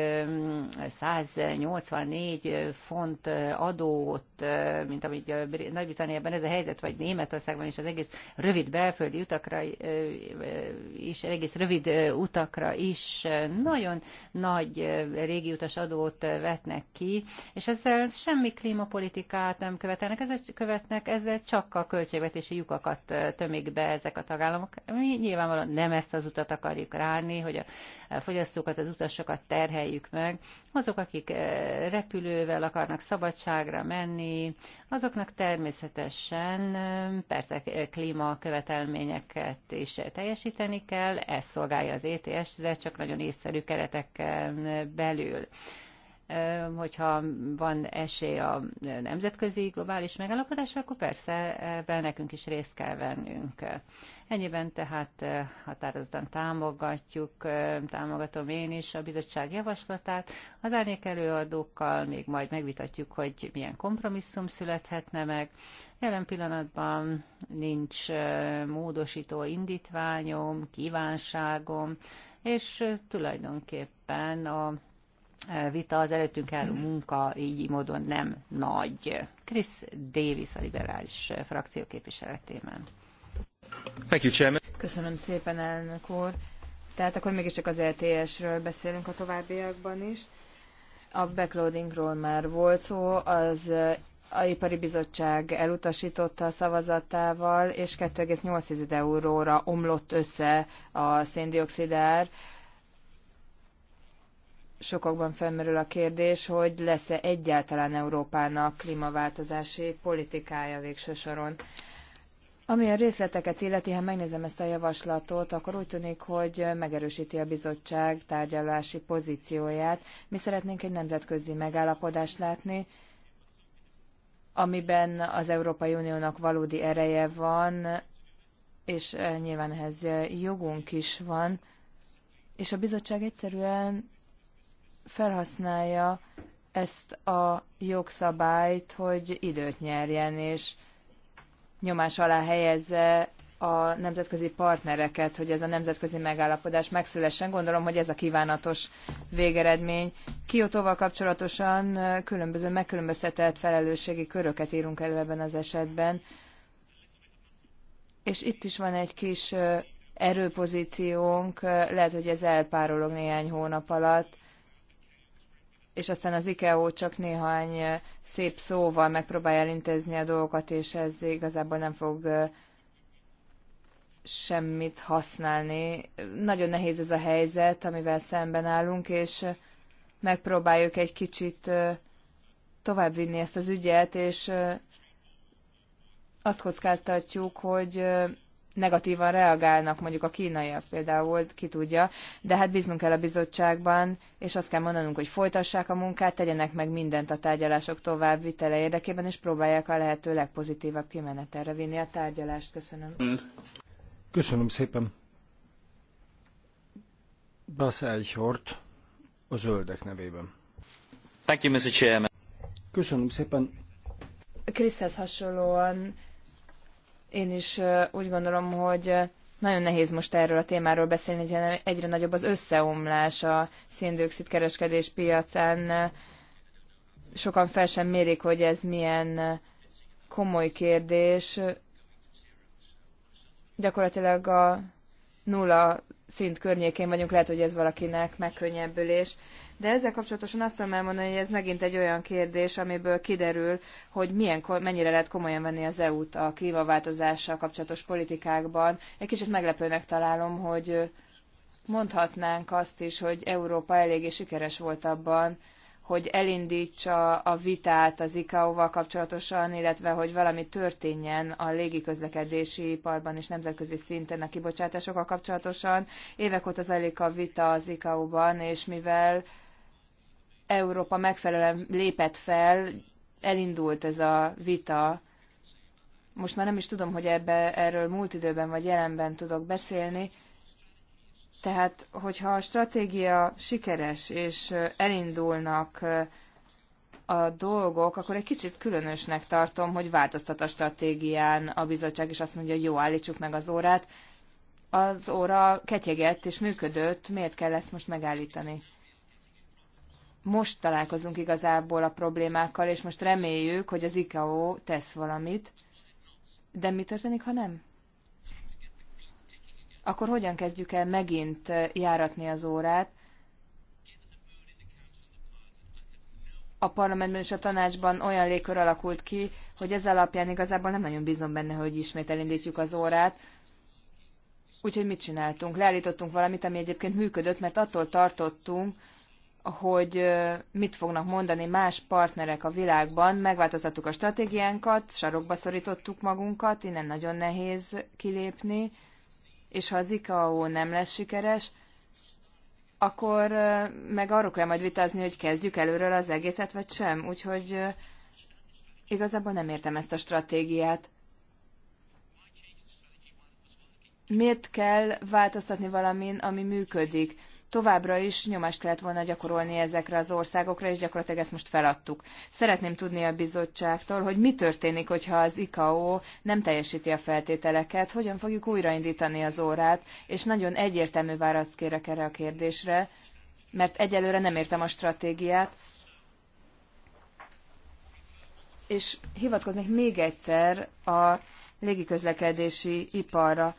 184 font adót, mint amit Nagy-Britanniában ez a helyzet, vagy Németországban is az egész rövid belföldi utakra is, egész rövid utakra is nagyon nagy régiutas adót vetnek ki, és ezzel semmi klímapolitikát nem követelnek, ezzel követnek, ezzel csak a költségvetési lyukakat tömik be ezek a tagállamok. Mi nyilvánvalóan nem ezt az utat akarjuk rárni, hogy a fogyasztókat, az utasokat terheljük meg. Azok, akik eh, repülővel akarnak szabadságra menni, azoknak természetesen eh, persze eh, klíma követelményeket is teljesíteni kell, ez szolgálja az ETS, de csak nagyon észszerű keretek belül hogyha van esély a nemzetközi, globális megállapodásra, akkor persze ebben nekünk is részt kell vennünk. Ennyiben tehát határozottan támogatjuk, támogatom én is a bizottság javaslatát. Az árnyék előadókkal még majd megvitatjuk, hogy milyen kompromisszum születhetne meg. Jelen pillanatban nincs módosító indítványom, kívánságom, és tulajdonképpen a vita, az előttünk álló munka így módon nem nagy. Chris Davis, a liberális frakció képviseletében. Köszönöm szépen, elnök úr. Tehát akkor mégiscsak az LTS-ről e beszélünk a továbbiakban is. A backloadingról már volt szó, az a Ipari Bizottság elutasította a szavazatával, és 2,8 euróra omlott össze a széndiokszidár. ár sokakban felmerül a kérdés, hogy lesz-e egyáltalán Európának klímaváltozási politikája végső soron. Ami a részleteket illeti, ha megnézem ezt a javaslatot, akkor úgy tűnik, hogy megerősíti a bizottság tárgyalási pozícióját. Mi szeretnénk egy nemzetközi megállapodást látni, amiben az Európai Uniónak valódi ereje van, és eh, nyilván ehhez jogunk is van, és a bizottság egyszerűen felhasználja ezt a jogszabályt, hogy időt nyerjen, és nyomás alá helyezze a nemzetközi partnereket, hogy ez a nemzetközi megállapodás megszülessen. Gondolom, hogy ez a kívánatos végeredmény. Kiotóval kapcsolatosan különböző megkülönböztetett felelősségi köröket írunk elő ebben az esetben. És itt is van egy kis erőpozíciónk, lehet, hogy ez elpárolog néhány hónap alatt, és aztán az IKEO csak néhány szép szóval megpróbálja elintézni a dolgokat, és ez igazából nem fog semmit használni. Nagyon nehéz ez a helyzet, amivel szemben állunk, és megpróbáljuk egy kicsit továbbvinni ezt az ügyet, és azt kockáztatjuk, hogy negatívan reagálnak, mondjuk a kínaiak például, ki tudja, de hát bíznunk kell a bizottságban, és azt kell mondanunk, hogy folytassák a munkát, tegyenek meg mindent a tárgyalások továbbvitele érdekében, és próbálják a lehető legpozitívabb kimenetelre vinni a tárgyalást. Köszönöm. Köszönöm szépen. Bas Eichhort a zöldek nevében. Thank you, Mr. Chairman. Köszönöm szépen. Kriszhez hasonlóan én is úgy gondolom, hogy nagyon nehéz most erről a témáról beszélni, hogy egyre nagyobb az összeomlás a széndiokszid kereskedés piacán. Sokan fel sem mérik, hogy ez milyen komoly kérdés. Gyakorlatilag a nulla szint környékén vagyunk, lehet, hogy ez valakinek megkönnyebbülés. De ezzel kapcsolatosan azt tudom elmondani, hogy ez megint egy olyan kérdés, amiből kiderül, hogy milyen, mennyire lehet komolyan venni az EU-t a klímaváltozással kapcsolatos politikákban. Egy kicsit meglepőnek találom, hogy mondhatnánk azt is, hogy Európa eléggé sikeres volt abban, hogy elindítsa a vitát az ICAO-val kapcsolatosan, illetve hogy valami történjen a légiközlekedési iparban és nemzetközi szinten a kibocsátásokkal kapcsolatosan. Évek óta zajlik a vita az ICAO-ban, és mivel Európa megfelelően lépett fel, elindult ez a vita. Most már nem is tudom, hogy ebbe, erről múlt időben vagy jelenben tudok beszélni. Tehát, hogyha a stratégia sikeres, és elindulnak a dolgok, akkor egy kicsit különösnek tartom, hogy változtat a stratégián a bizottság, és azt mondja, hogy jó, állítsuk meg az órát. Az óra ketyegett és működött, miért kell ezt most megállítani? most találkozunk igazából a problémákkal, és most reméljük, hogy az ICAO tesz valamit. De mi történik, ha nem? Akkor hogyan kezdjük el megint eh, járatni az órát? A parlamentben és a tanácsban olyan légkör alakult ki, hogy ez alapján igazából nem nagyon bízom benne, hogy ismét elindítjuk az órát. Úgyhogy mit csináltunk? Leállítottunk valamit, ami egyébként működött, mert attól tartottunk, hogy mit fognak mondani más partnerek a világban. Megváltoztattuk a stratégiánkat, sarokba szorítottuk magunkat, innen nagyon nehéz kilépni, és ha az IKAO nem lesz sikeres, akkor meg arról kell majd vitázni, hogy kezdjük előről az egészet, vagy sem. Úgyhogy igazából nem értem ezt a stratégiát. Miért kell változtatni valamin, ami működik? továbbra is nyomást kellett volna gyakorolni ezekre az országokra, és gyakorlatilag ezt most feladtuk. Szeretném tudni a bizottságtól, hogy mi történik, hogyha az ICAO nem teljesíti a feltételeket, hogyan fogjuk újraindítani az órát, és nagyon egyértelmű választ kérek erre a kérdésre, mert egyelőre nem értem a stratégiát, és hivatkoznék még egyszer a légiközlekedési iparra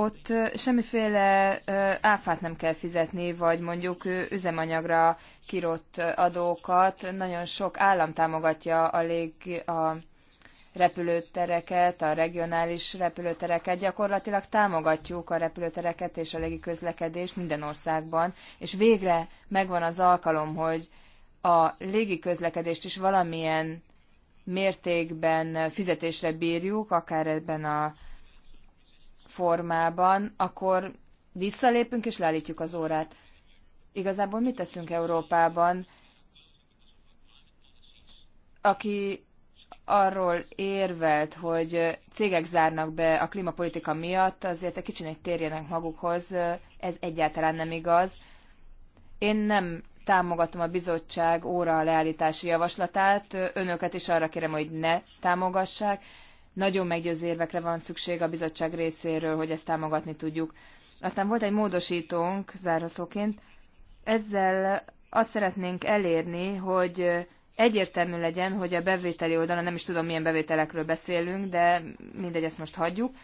ott semmiféle áfát nem kell fizetni, vagy mondjuk üzemanyagra kirott adókat. Nagyon sok állam támogatja a, lég, a repülőtereket, a regionális repülőtereket. Gyakorlatilag támogatjuk a repülőtereket és a légi közlekedést minden országban, és végre megvan az alkalom, hogy a légi közlekedést is valamilyen mértékben fizetésre bírjuk, akár ebben a formában, akkor visszalépünk és leállítjuk az órát. Igazából mit teszünk Európában? Aki arról érvelt, hogy cégek zárnak be a klímapolitika miatt, azért egy kicsinek térjenek magukhoz, ez egyáltalán nem igaz. Én nem támogatom a bizottság óra leállítási javaslatát, önöket is arra kérem, hogy ne támogassák. Nagyon meggyőző érvekre van szükség a bizottság részéről, hogy ezt támogatni tudjuk. Aztán volt egy módosítónk, zárhaszóként. Ezzel azt szeretnénk elérni, hogy egyértelmű legyen, hogy a bevételi oldalon, nem is tudom, milyen bevételekről beszélünk, de mindegy, ezt most hagyjuk.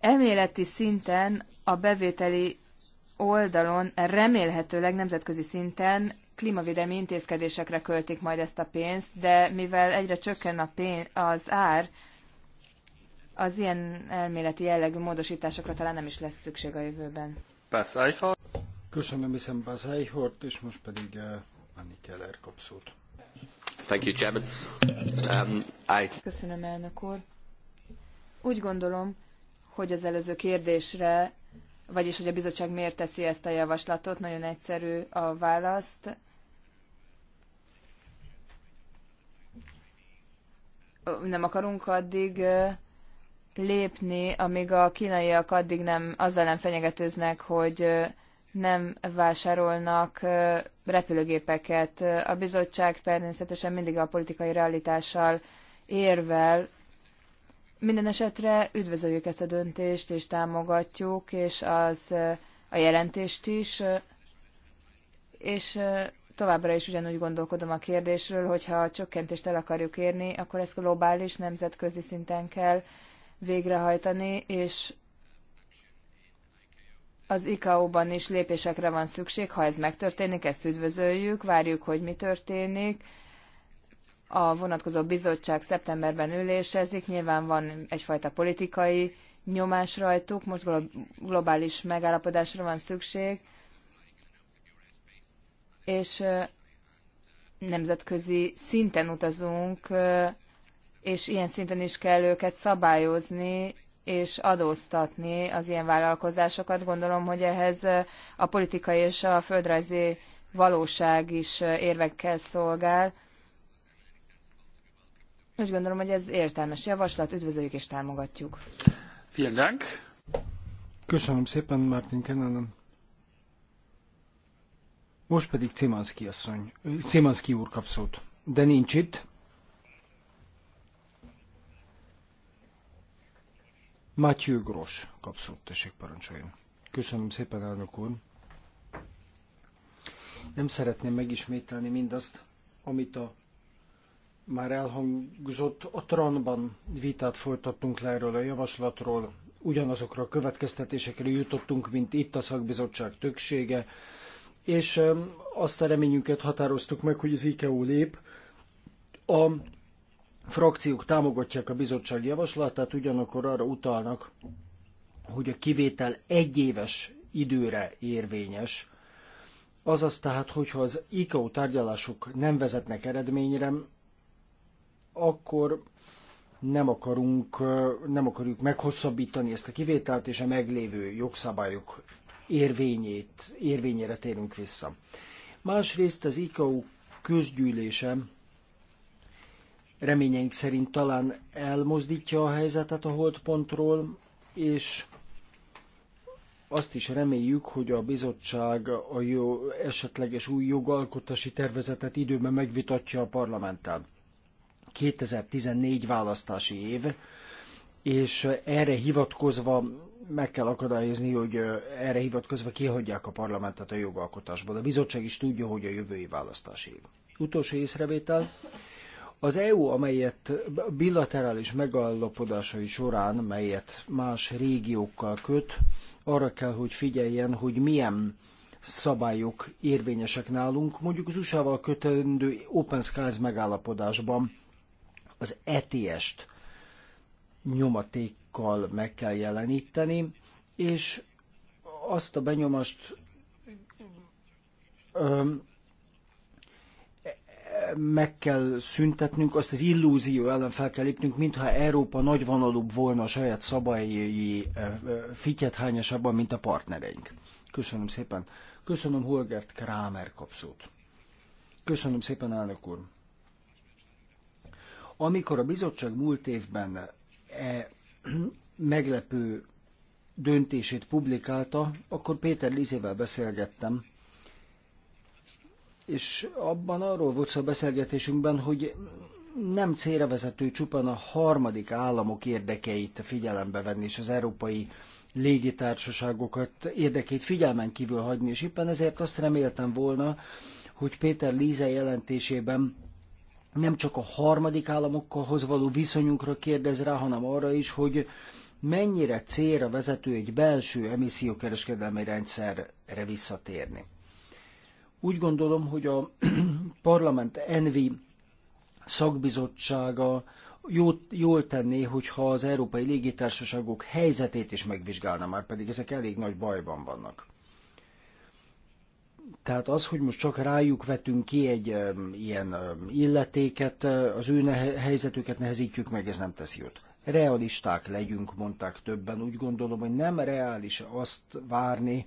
Elméleti szinten a bevételi oldalon remélhetőleg nemzetközi szinten klímavédelmi intézkedésekre költik majd ezt a pénzt, de mivel egyre csökken a pénz, az ár, az ilyen elméleti jellegű módosításokra talán nem is lesz szükség a jövőben. Köszönöm, hiszem Bazájhort, és most pedig uh, Anni Keller kap szót. Thank you, Chairman. Um, I... Köszönöm, elnök úr. Úgy gondolom, hogy az előző kérdésre vagyis hogy a bizottság miért teszi ezt a javaslatot, nagyon egyszerű a választ. nem akarunk addig lépni, amíg a kínaiak addig nem azzal nem fenyegetőznek, hogy nem vásárolnak repülőgépeket. A bizottság természetesen mindig a politikai realitással érvel. Minden esetre üdvözöljük ezt a döntést, és támogatjuk, és az a jelentést is, és továbbra is ugyanúgy gondolkodom a kérdésről, hogyha a csökkentést el akarjuk érni, akkor ezt globális, nemzetközi szinten kell végrehajtani, és az ICAO-ban is lépésekre van szükség, ha ez megtörténik, ezt üdvözöljük, várjuk, hogy mi történik. A vonatkozó bizottság szeptemberben ülésezik, nyilván van egyfajta politikai nyomás rajtuk, most globális megállapodásra van szükség, és nemzetközi szinten utazunk, és ilyen szinten is kell őket szabályozni, és adóztatni az ilyen vállalkozásokat. Gondolom, hogy ehhez a politikai és a földrajzi valóság is érvekkel szolgál. Úgy gondolom, hogy ez értelmes javaslat, üdvözöljük és támogatjuk. Vielen Dank. Köszönöm szépen, Martin Kennanen. Most pedig Cimanszki, asszony, Cimanszki úr kap szót, de nincs itt. Mathieu Gros kap szót, tessék parancsoljon. Köszönöm szépen, elnök úr. Nem szeretném megismételni mindazt, amit a már elhangzott a Tranban vitát folytattunk le erről a javaslatról, ugyanazokra a következtetésekre jutottunk, mint itt a szakbizottság többsége, és azt a reményünket határoztuk meg, hogy az IKEO lép. A frakciók támogatják a bizottság javaslatát, ugyanakkor arra utalnak, hogy a kivétel egyéves időre érvényes. Azaz tehát, hogyha az ICAO e tárgyalások nem vezetnek eredményre, akkor nem, akarunk, nem akarjuk meghosszabbítani ezt a kivételt, és a meglévő jogszabályok érvényét, érvényére térünk vissza. Másrészt az ICAO közgyűlése reményeink szerint talán elmozdítja a helyzetet a holdpontról, és azt is reméljük, hogy a bizottság a jó esetleges új jogalkotási tervezetet időben megvitatja a parlamenttel. 2014 választási év, és erre hivatkozva meg kell akadályozni, hogy erre hivatkozva kihagyják a parlamentet a jogalkotásból. A bizottság is tudja, hogy a jövői választás év. Utolsó észrevétel. Az EU, amelyet bilaterális megállapodásai során, melyet más régiókkal köt, arra kell, hogy figyeljen, hogy milyen szabályok érvényesek nálunk. Mondjuk az USA-val kötendő Open Skies megállapodásban az ETS-t nyomaték sokkal meg kell jeleníteni, és azt a benyomást öm, meg kell szüntetnünk, azt az illúzió ellen fel kell lépnünk, mintha Európa nagyvonalúbb volna a saját szabályi fityethányosabban, mint a partnereink. Köszönöm szépen. Köszönöm Holgert Kramer kapszót. Köszönöm szépen, elnök úr. Amikor a bizottság múlt évben e meglepő döntését publikálta, akkor Péter Lizével beszélgettem, és abban arról volt szó a beszélgetésünkben, hogy nem célra vezető csupán a harmadik államok érdekeit figyelembe venni, és az európai légitársaságokat érdekét figyelmen kívül hagyni, és éppen ezért azt reméltem volna, hogy Péter Líze jelentésében nem csak a harmadik államokhoz való viszonyunkra kérdez rá, hanem arra is, hogy mennyire célra vezető egy belső emissziókereskedelmi rendszerre visszatérni. Úgy gondolom, hogy a parlament envi szakbizottsága jól tenné, hogyha az európai légitársaságok helyzetét is megvizsgálna, már pedig ezek elég nagy bajban vannak. Tehát az, hogy most csak rájuk vetünk ki egy um, ilyen um, illetéket, az ő nehe- helyzetüket nehezítjük meg, ez nem teszi jót. Realisták legyünk, mondták többen. Úgy gondolom, hogy nem reális azt várni,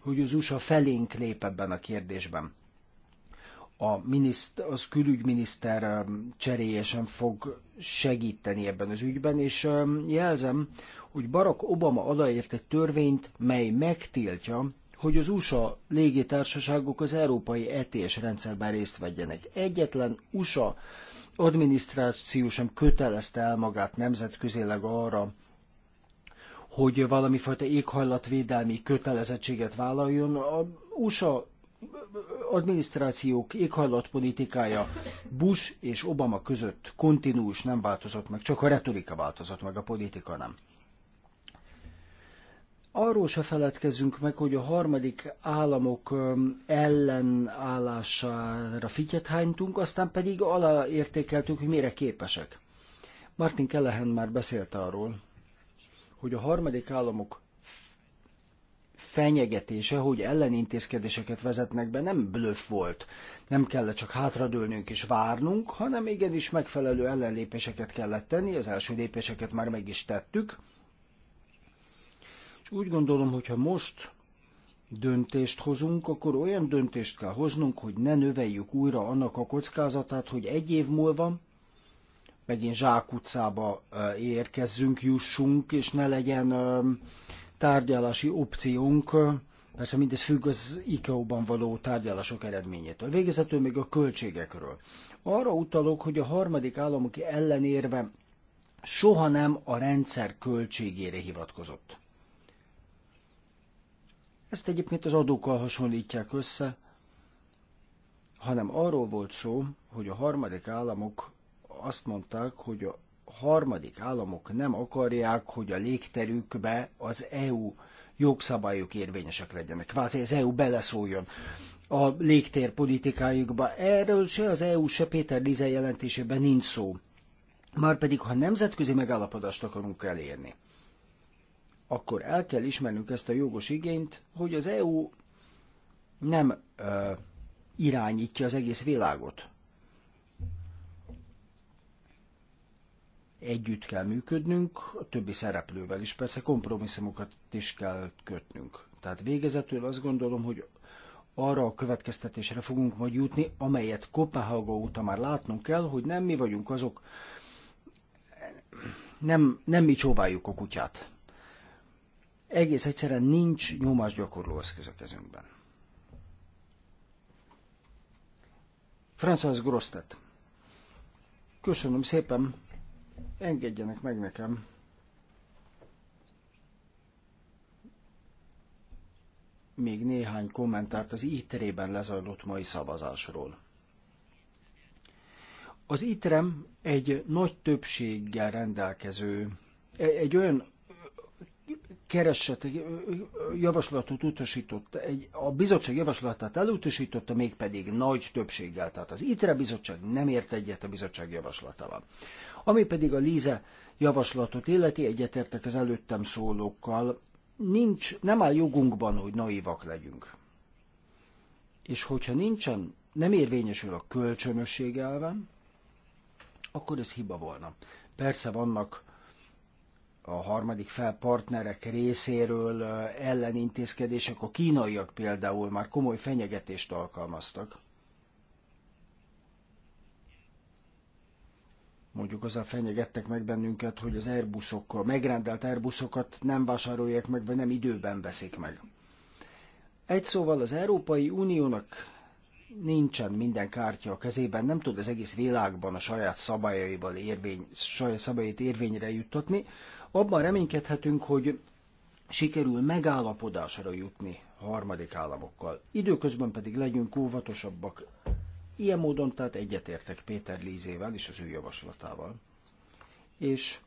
hogy az USA felénk lép ebben a kérdésben. A miniszt, az külügyminiszter cseréjesen fog segíteni ebben az ügyben, és jelzem, hogy Barack Obama aláírt egy törvényt, mely megtiltja hogy az USA légitársaságok az európai ETS rendszerben részt vegyenek. Egyetlen USA adminisztráció sem kötelezte el magát nemzetközileg arra, hogy valami fajta éghajlatvédelmi kötelezettséget vállaljon. A USA adminisztrációk éghajlatpolitikája Bush és Obama között kontinús nem változott meg, csak a retorika változott meg, a politika nem. Arról se feledkezünk meg, hogy a harmadik államok ellenállására fityet hánytunk, aztán pedig alaértékeltük, hogy mire képesek. Martin Kelehen már beszélt arról, hogy a harmadik államok fenyegetése, hogy ellenintézkedéseket vezetnek be, nem blöff volt. Nem kellett csak hátradőlnünk és várnunk, hanem igenis megfelelő ellenlépéseket kellett tenni, az első lépéseket már meg is tettük, úgy gondolom, hogyha most döntést hozunk, akkor olyan döntést kell hoznunk, hogy ne növeljük újra annak a kockázatát, hogy egy év múlva megint zsákutcába érkezzünk, jussunk, és ne legyen tárgyalási opciónk. Persze mindez függ az ICAO-ban e való tárgyalások eredményétől. Végezetül még a költségekről. Arra utalok, hogy a harmadik államoki ellenérve soha nem a rendszer költségére hivatkozott. Ezt egyébként az adókkal hasonlítják össze, hanem arról volt szó, hogy a harmadik államok azt mondták, hogy a harmadik államok nem akarják, hogy a légterükbe az EU jogszabályok érvényesek legyenek. Kvázi az EU beleszóljon a légtérpolitikájukba. Erről se az EU, se Péter Lize jelentésében nincs szó. Márpedig, ha nemzetközi megállapodást akarunk elérni, akkor el kell ismernünk ezt a jogos igényt, hogy az EU nem ö, irányítja az egész világot. Együtt kell működnünk, a többi szereplővel is, persze kompromisszumokat is kell kötnünk. Tehát végezetül azt gondolom, hogy arra a következtetésre fogunk majd jutni, amelyet Kopenhaga óta már látnunk kell, hogy nem mi vagyunk azok, nem, nem mi csóváljuk a kutyát. Egész egyszerűen nincs gyakorló eszköz a kezünkben. Francis Grosztet. Köszönöm szépen, engedjenek meg nekem. Még néhány kommentárt az itre lezajlott mai szavazásról. Az ITREM egy nagy többséggel rendelkező, e- egy olyan keresett, javaslatot utasított egy, a bizottság javaslatát elutasította, mégpedig nagy többséggel. Tehát az ITRE bizottság nem ért egyet a bizottság javaslatával. Ami pedig a Líze javaslatot illeti, egyetértek az előttem szólókkal, nincs, nem áll jogunkban, hogy naivak legyünk. És hogyha nincsen, nem érvényesül a kölcsönösség elve, akkor ez hiba volna. Persze vannak a harmadik partnerek részéről ellenintézkedések, a kínaiak például már komoly fenyegetést alkalmaztak. Mondjuk azzal fenyegettek meg bennünket, hogy az Airbusokkal, megrendelt Airbusokat nem vásárolják meg, vagy nem időben veszik meg. Egy szóval az Európai Uniónak nincsen minden kártya a kezében, nem tud az egész világban a saját szabályaival érvény, saját szabályait érvényre juttatni, abban reménykedhetünk, hogy sikerül megállapodásra jutni harmadik államokkal. Időközben pedig legyünk óvatosabbak. Ilyen módon tehát egyetértek Péter Lízével és az ő javaslatával. És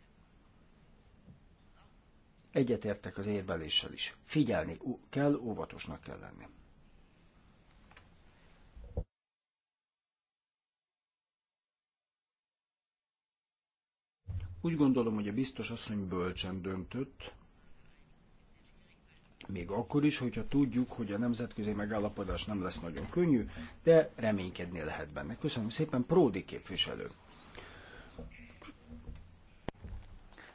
egyetértek az érveléssel is. Figyelni kell, óvatosnak kell lenni. Úgy gondolom, hogy a biztos asszony bölcsen döntött, még akkor is, hogyha tudjuk, hogy a nemzetközi megállapodás nem lesz nagyon könnyű, de reménykedni lehet benne. Köszönöm szépen, Pródi képviselő.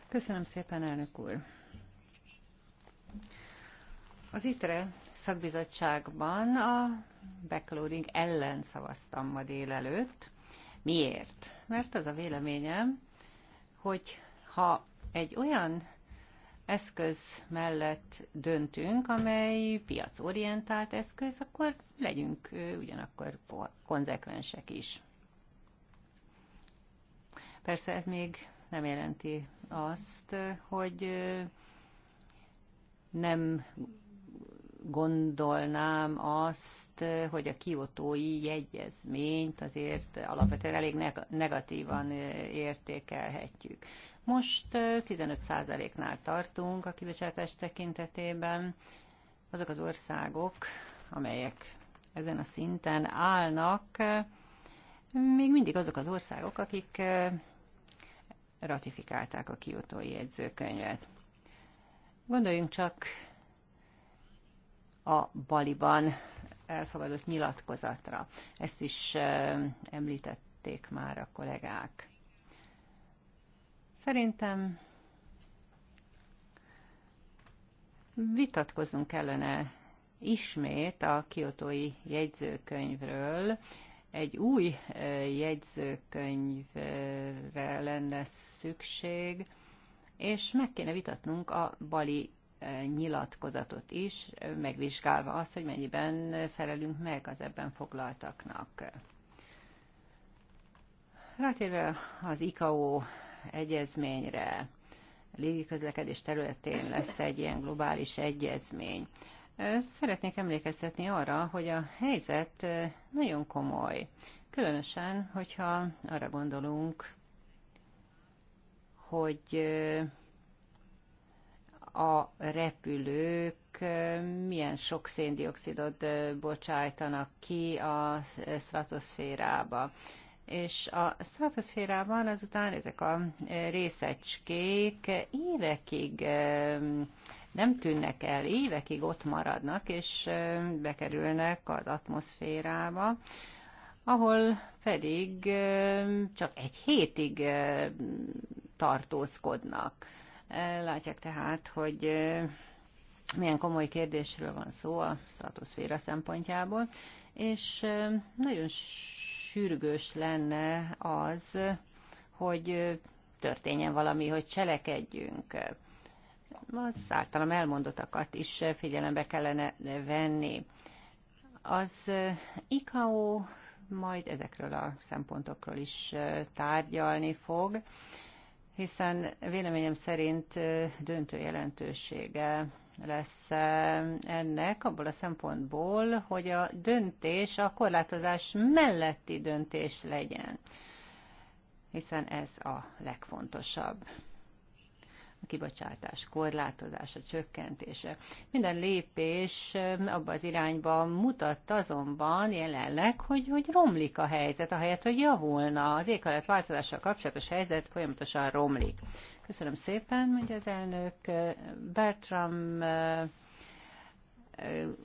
Köszönöm szépen, elnök úr. Az ITRE szakbizottságban a backloading ellen szavaztam ma délelőtt. Miért? Mert az a véleményem, hogy ha egy olyan eszköz mellett döntünk, amely piacorientált eszköz, akkor legyünk ugyanakkor konzekvensek is. Persze ez még nem jelenti azt, hogy nem gondolnám azt, hogy a kiotói jegyezményt azért alapvetően elég negatívan értékelhetjük. Most 15%-nál tartunk a kibocsátás tekintetében. Azok az országok, amelyek ezen a szinten állnak, még mindig azok az országok, akik ratifikálták a kiotói jegyzőkönyvet. Gondoljunk csak a Baliban elfogadott nyilatkozatra. Ezt is említették már a kollégák. Szerintem vitatkozunk kellene ismét a kiotói jegyzőkönyvről. Egy új jegyzőkönyvre lenne szükség, és meg kéne vitatnunk a bali nyilatkozatot is, megvizsgálva azt, hogy mennyiben felelünk meg az ebben foglaltaknak. Rátérve az ICAO egyezményre, légiközlekedés területén lesz egy ilyen globális egyezmény. Szeretnék emlékeztetni arra, hogy a helyzet nagyon komoly. Különösen, hogyha arra gondolunk, hogy a repülők milyen sok széndiokszidot bocsájtanak ki a stratoszférába. És a stratoszférában azután ezek a részecskék évekig nem tűnnek el, évekig ott maradnak, és bekerülnek az atmoszférába, ahol pedig csak egy hétig tartózkodnak. Látják tehát, hogy milyen komoly kérdésről van szó a stratoszféra szempontjából, és nagyon sürgős lenne az, hogy történjen valami, hogy cselekedjünk. Az általam elmondottakat is figyelembe kellene venni. Az ICAO majd ezekről a szempontokról is tárgyalni fog, hiszen véleményem szerint döntő jelentősége lesz ennek abból a szempontból, hogy a döntés a korlátozás melletti döntés legyen, hiszen ez a legfontosabb a kibocsátás korlátozása, csökkentése. Minden lépés abba az irányba mutat azonban jelenleg, hogy, hogy romlik a helyzet, ahelyett, hogy javulna. Az változással kapcsolatos helyzet folyamatosan romlik. Köszönöm szépen, mondja az elnök. Bertram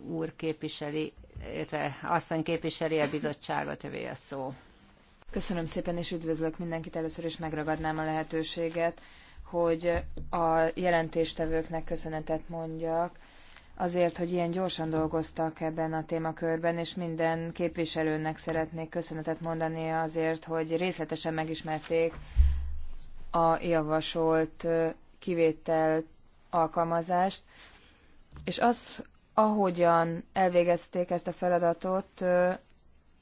úr képviseli, illetve asszony képviseli a bizottságot, övé a szó. Köszönöm szépen, és üdvözlök mindenkit. Először is megragadnám a lehetőséget, hogy a jelentéstevőknek köszönetet mondjak, azért, hogy ilyen gyorsan dolgoztak ebben a témakörben, és minden képviselőnek szeretnék köszönetet mondani azért, hogy részletesen megismerték a javasolt kivétel alkalmazást, és az, ahogyan elvégezték ezt a feladatot,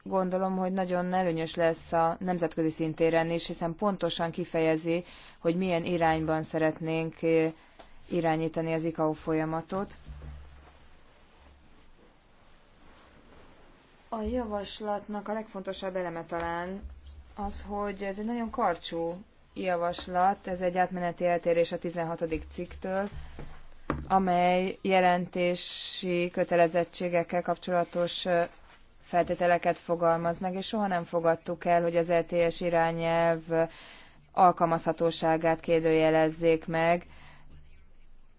gondolom, hogy nagyon előnyös lesz a nemzetközi szintéren is, hiszen pontosan kifejezi, hogy milyen irányban szeretnénk eh, irányítani az ICAO folyamatot. A javaslatnak a legfontosabb eleme talán az, hogy ez egy nagyon karcsú javaslat, ez egy átmeneti eltérés a 16. cikktől, amely jelentési kötelezettségekkel kapcsolatos eh, feltételeket fogalmaz meg, és soha nem fogadtuk el, hogy az LTS e irányelv alkalmazhatóságát kérdőjelezzék meg.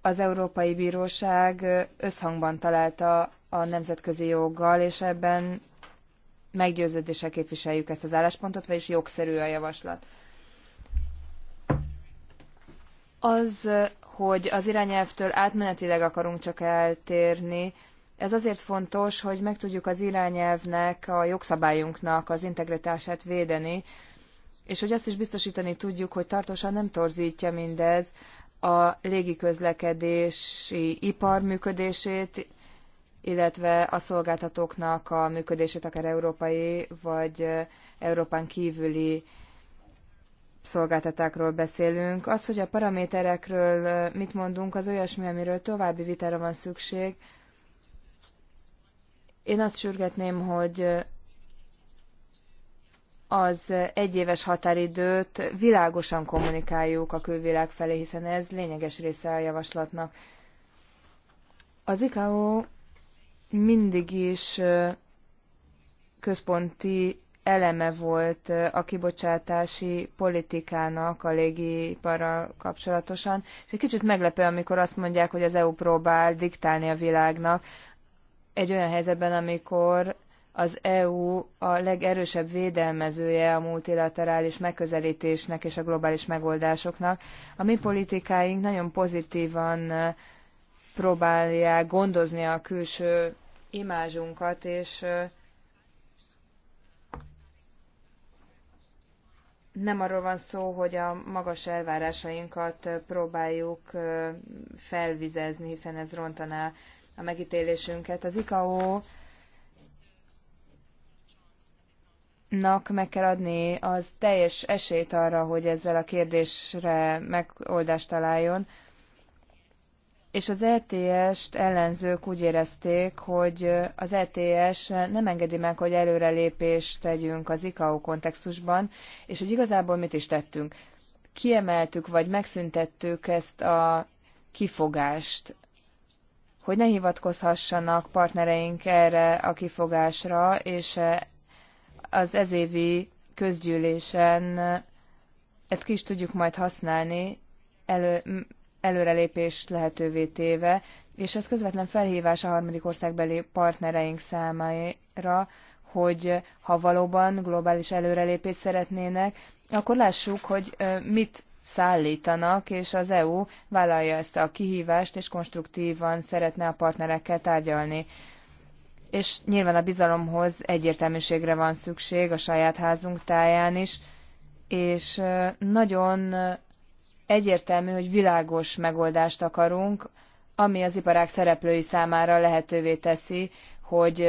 Az Európai Bíróság összhangban találta a nemzetközi joggal, és ebben meggyőződéssel képviseljük ezt az álláspontot, vagyis jogszerű a javaslat. Az, hogy az irányelvtől átmenetileg akarunk csak eltérni, ez azért fontos, hogy meg tudjuk az irányelvnek, a jogszabályunknak az integritását védeni, és hogy azt is biztosítani tudjuk, hogy tartósan nem torzítja mindez a légiközlekedési ipar működését, illetve a szolgáltatóknak a működését, akár európai vagy Európán kívüli szolgáltatákról beszélünk. Az, hogy a paraméterekről mit mondunk, az olyasmi, amiről további vitára van szükség, én azt sürgetném, hogy az egyéves határidőt világosan kommunikáljuk a külvilág felé, hiszen ez lényeges része a javaslatnak. Az ICAO mindig is központi eleme volt a kibocsátási politikának a légiparral kapcsolatosan, és egy kicsit meglepő, amikor azt mondják, hogy az EU próbál diktálni a világnak, egy olyan helyzetben, amikor az EU a legerősebb védelmezője a multilaterális megközelítésnek és a globális megoldásoknak. A mi politikáink nagyon pozitívan próbálják gondozni a külső imázsunkat, és nem arról van szó, hogy a magas elvárásainkat próbáljuk felvizezni, hiszen ez rontaná a megítélésünket. Az ICAO nak meg kell adni az teljes esélyt arra, hogy ezzel a kérdésre megoldást találjon. És az ETS-t ellenzők úgy érezték, hogy az ETS nem engedi meg, hogy előrelépést tegyünk az ICAO kontextusban, és hogy igazából mit is tettünk. Kiemeltük vagy megszüntettük ezt a kifogást hogy ne hivatkozhassanak partnereink erre a kifogásra, és eh, az ezévi közgyűlésen eh, ezt ki is tudjuk majd használni, elő, előrelépés lehetővé téve, és ez közvetlen felhívás a harmadik országbeli partnereink számára, hogy eh, ha valóban globális előrelépést szeretnének, akkor lássuk, hogy mit szállítanak, és az EU vállalja ezt a kihívást, és konstruktívan szeretne a partnerekkel tárgyalni. És nyilván a bizalomhoz egyértelműségre van szükség a saját házunk táján is, és nagyon egyértelmű, hogy világos megoldást akarunk, ami az iparág szereplői számára lehetővé teszi, hogy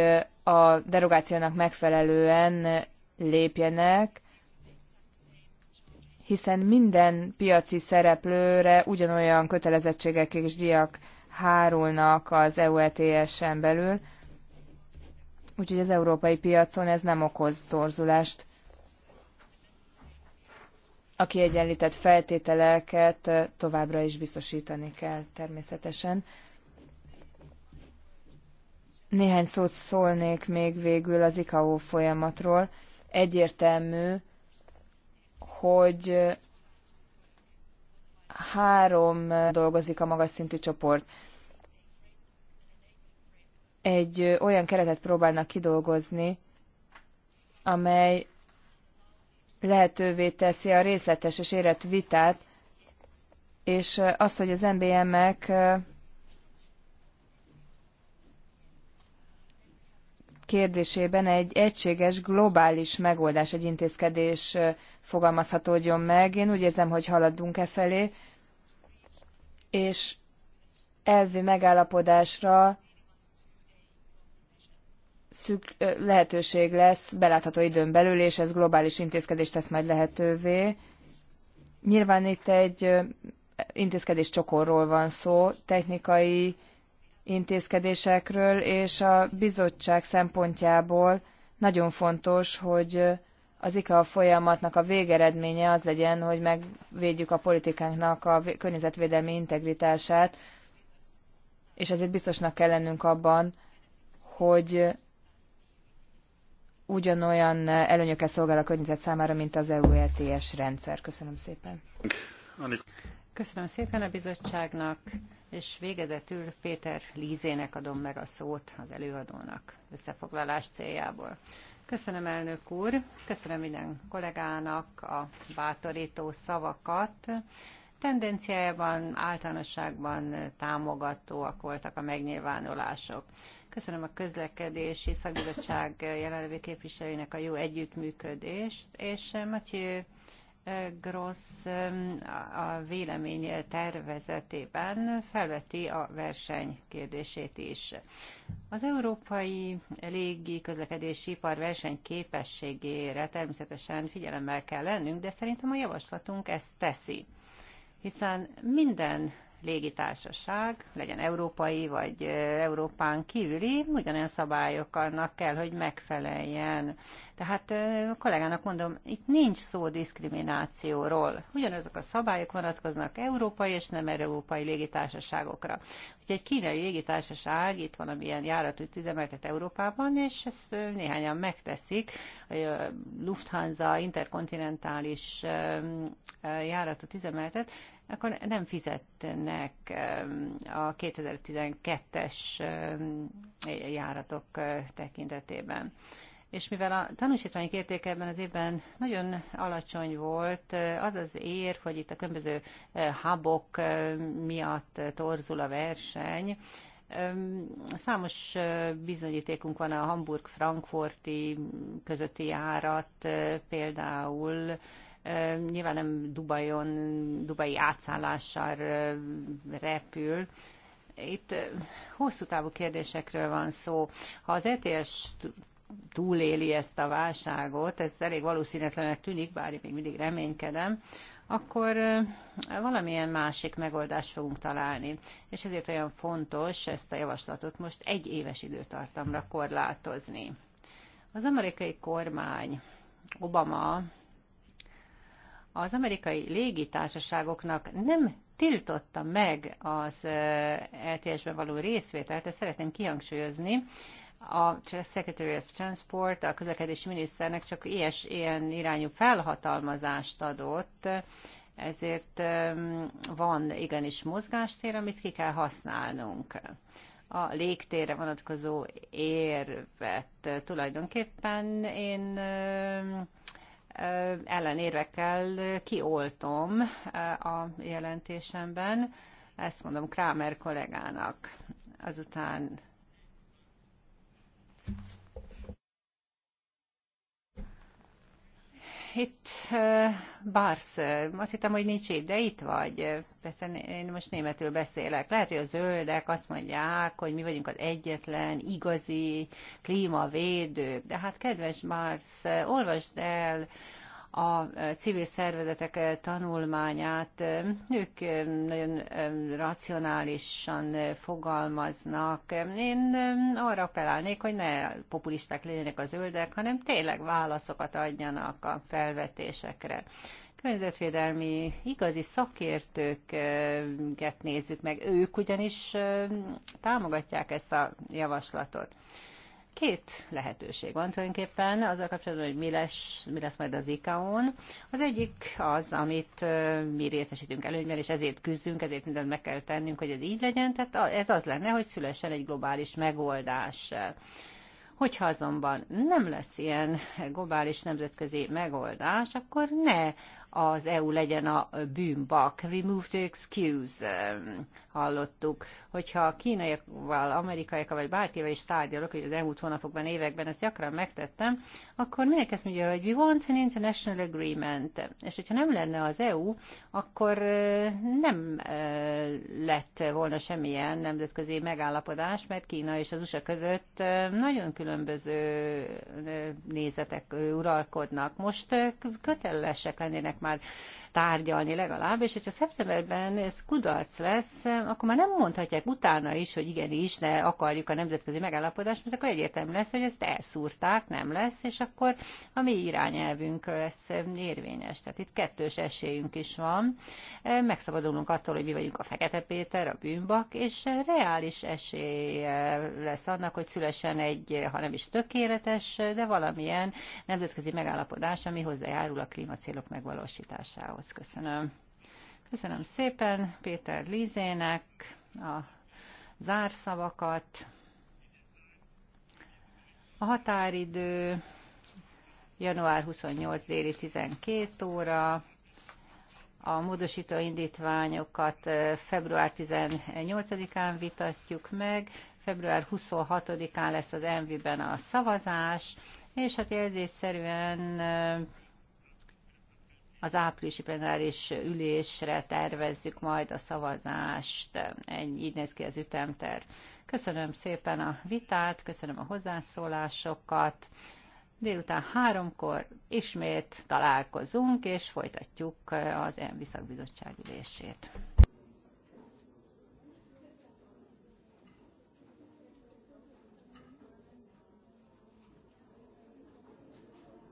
a derogációnak megfelelően lépjenek, hiszen minden piaci szereplőre ugyanolyan kötelezettségek és díjak hárulnak az EU ETS-en belül, úgyhogy az európai piacon ez nem okoz torzulást. A kiegyenlített feltételeket továbbra is biztosítani kell természetesen. Néhány szót szólnék még végül az ICAO folyamatról. Egyértelmű, hogy három dolgozik a magas szintű csoport. Egy olyan keretet próbálnak kidolgozni, amely lehetővé teszi a részletes és érett vitát, és azt, hogy az MBM-ek kérdésében egy egységes, globális megoldás, egy intézkedés fogalmazhatódjon meg. Én úgy érzem, hogy haladunk e felé, és elvi megállapodásra szük, lehetőség lesz belátható időn belül, és ez globális intézkedést tesz majd lehetővé. Nyilván itt egy intézkedés csokorról van szó, technikai intézkedésekről, és a bizottság szempontjából nagyon fontos, hogy az IKA folyamatnak a végeredménye az legyen, hogy megvédjük a politikánknak a környezetvédelmi integritását, és ezért biztosnak kell lennünk abban, hogy ugyanolyan előnyökkel szolgál a környezet számára, mint az EU ETS rendszer. Köszönöm szépen. Köszönöm szépen a bizottságnak. És végezetül Péter Lízének adom meg a szót az előadónak összefoglalás céljából. Köszönöm, elnök úr, köszönöm minden kollégának a bátorító szavakat. Tendenciájában, általánosságban támogatóak voltak a megnyilvánulások. Köszönöm a közlekedési szakbizottság jelenlevő képviselőinek a jó együttműködést, és Matyő Gross a vélemény tervezetében felveti a verseny kérdését is. Az európai légi közlekedési ipar képességére természetesen figyelemmel kell lennünk, de szerintem a javaslatunk ezt teszi hiszen minden légitársaság, legyen európai vagy Európán kívüli, ugyanolyan annak kell, hogy megfeleljen. Tehát a kollégának mondom, itt nincs szó diszkriminációról. Ugyanazok a szabályok vonatkoznak európai és nem európai légitársaságokra. Úgyhogy egy kínai légitársaság itt van, amilyen járatút üzemeltet Európában, és ezt néhányan megteszik. A Lufthansa interkontinentális járatot üzemeltet, akkor nem fizetnek a 2012-es járatok eh, tekintetében. És mivel a tanúsítványok értéke ebben az évben nagyon alacsony volt, eh, az az ér, hogy itt a különböző habok eh, miatt torzul a verseny, Számos bizonyítékunk van a Hamburg-Frankfurti közötti járat, például nyilván nem Dubajon, Dubai átszállással repül, itt hosszú távú kérdésekről van szó. Ha az ETS túléli ezt a válságot, ez elég valószínűtlenek tűnik, bár én még mindig reménykedem, akkor valamilyen másik megoldást fogunk találni. És ezért olyan fontos ezt a javaslatot most egy éves időtartamra korlátozni. Az amerikai kormány Obama az amerikai légitársaságoknak nem tiltotta meg az LTS-ben való részvételt, ezt szeretném kihangsúlyozni, a Secretary of Transport, a közlekedési miniszternek csak ilyes, ilyen irányú felhatalmazást adott, ezért van igenis mozgástér, amit ki kell használnunk. A légtérre vonatkozó érvet tulajdonképpen én ellenérvekkel kioltom a jelentésemben. Ezt mondom Kramer kollégának. Azután itt Barsz, azt hittem, hogy nincs itt, de itt vagy. Persze én most németül beszélek. Lehet, hogy a zöldek azt mondják, hogy mi vagyunk az egyetlen igazi klímavédők, de hát kedves Barsz, olvasd el a civil szervezetek eh, tanulmányát. Eh, ők eh, nagyon racionálisan fogalmaznak. Én arra felállnék, hogy ne populisták legyenek a zöldek, hanem tényleg válaszokat adjanak a felvetésekre környezetvédelmi igazi szakértőket nézzük meg. Ők ugyanis támogatják ezt a javaslatot. Két lehetőség van tulajdonképpen azzal kapcsolatban, hogy mi lesz, mi lesz majd az ICAO-n. Az egyik az, amit mi részesítünk előnyben, és ezért küzdünk, ezért mindent meg kell tennünk, hogy ez így legyen. Tehát ez az lenne, hogy szülessen egy globális megoldás. Hogyha azonban nem lesz ilyen globális nemzetközi megoldás, akkor ne az EU legyen a bűnbak. Remove the excuse, um, hallottuk. Hogyha a kínaiakval, amerikaiakkal vagy bárkivel is tárgyalok, hogy az elmúlt hónapokban, években ezt gyakran megtettem, akkor mindenki ezt mondja, hogy we want an international agreement. És hogyha nem lenne az EU, akkor uh, nem uh, lett volna semmilyen nemzetközi megállapodás, mert Kína és az USA között uh, nagyon különböző nézetek uralkodnak. Most kötelesek lennének már tárgyalni legalább, és hogyha szeptemberben ez kudarc lesz, akkor már nem mondhatják utána is, hogy igenis, ne akarjuk a nemzetközi megállapodást, mert akkor egyértelmű lesz, hogy ezt elszúrták, nem lesz, és akkor a mi irányelvünk lesz érvényes. Tehát itt kettős esélyünk is van. Megszabadulunk attól, hogy mi vagyunk a Fekete Péter, a bűnbak, és reális esély lesz annak, hogy szülessen egy, ha nem is tökéletes, de valamilyen nemzetközi megállapodás, ami hozzájárul a klímacélok megvalósításához munkához. Köszönöm. Köszönöm szépen Péter Lizének a zárszavakat. A határidő január 28 déli 12 óra, a módosító indítványokat február 18-án vitatjuk meg, február 26-án lesz az envi a szavazás, és hát jelzésszerűen az áprilisi plenáris ülésre tervezzük majd a szavazást. Ennyi, így néz ki az ütemterv. Köszönöm szépen a vitát, köszönöm a hozzászólásokat. Délután háromkor ismét találkozunk, és folytatjuk az ENVI szakbizottság ülését.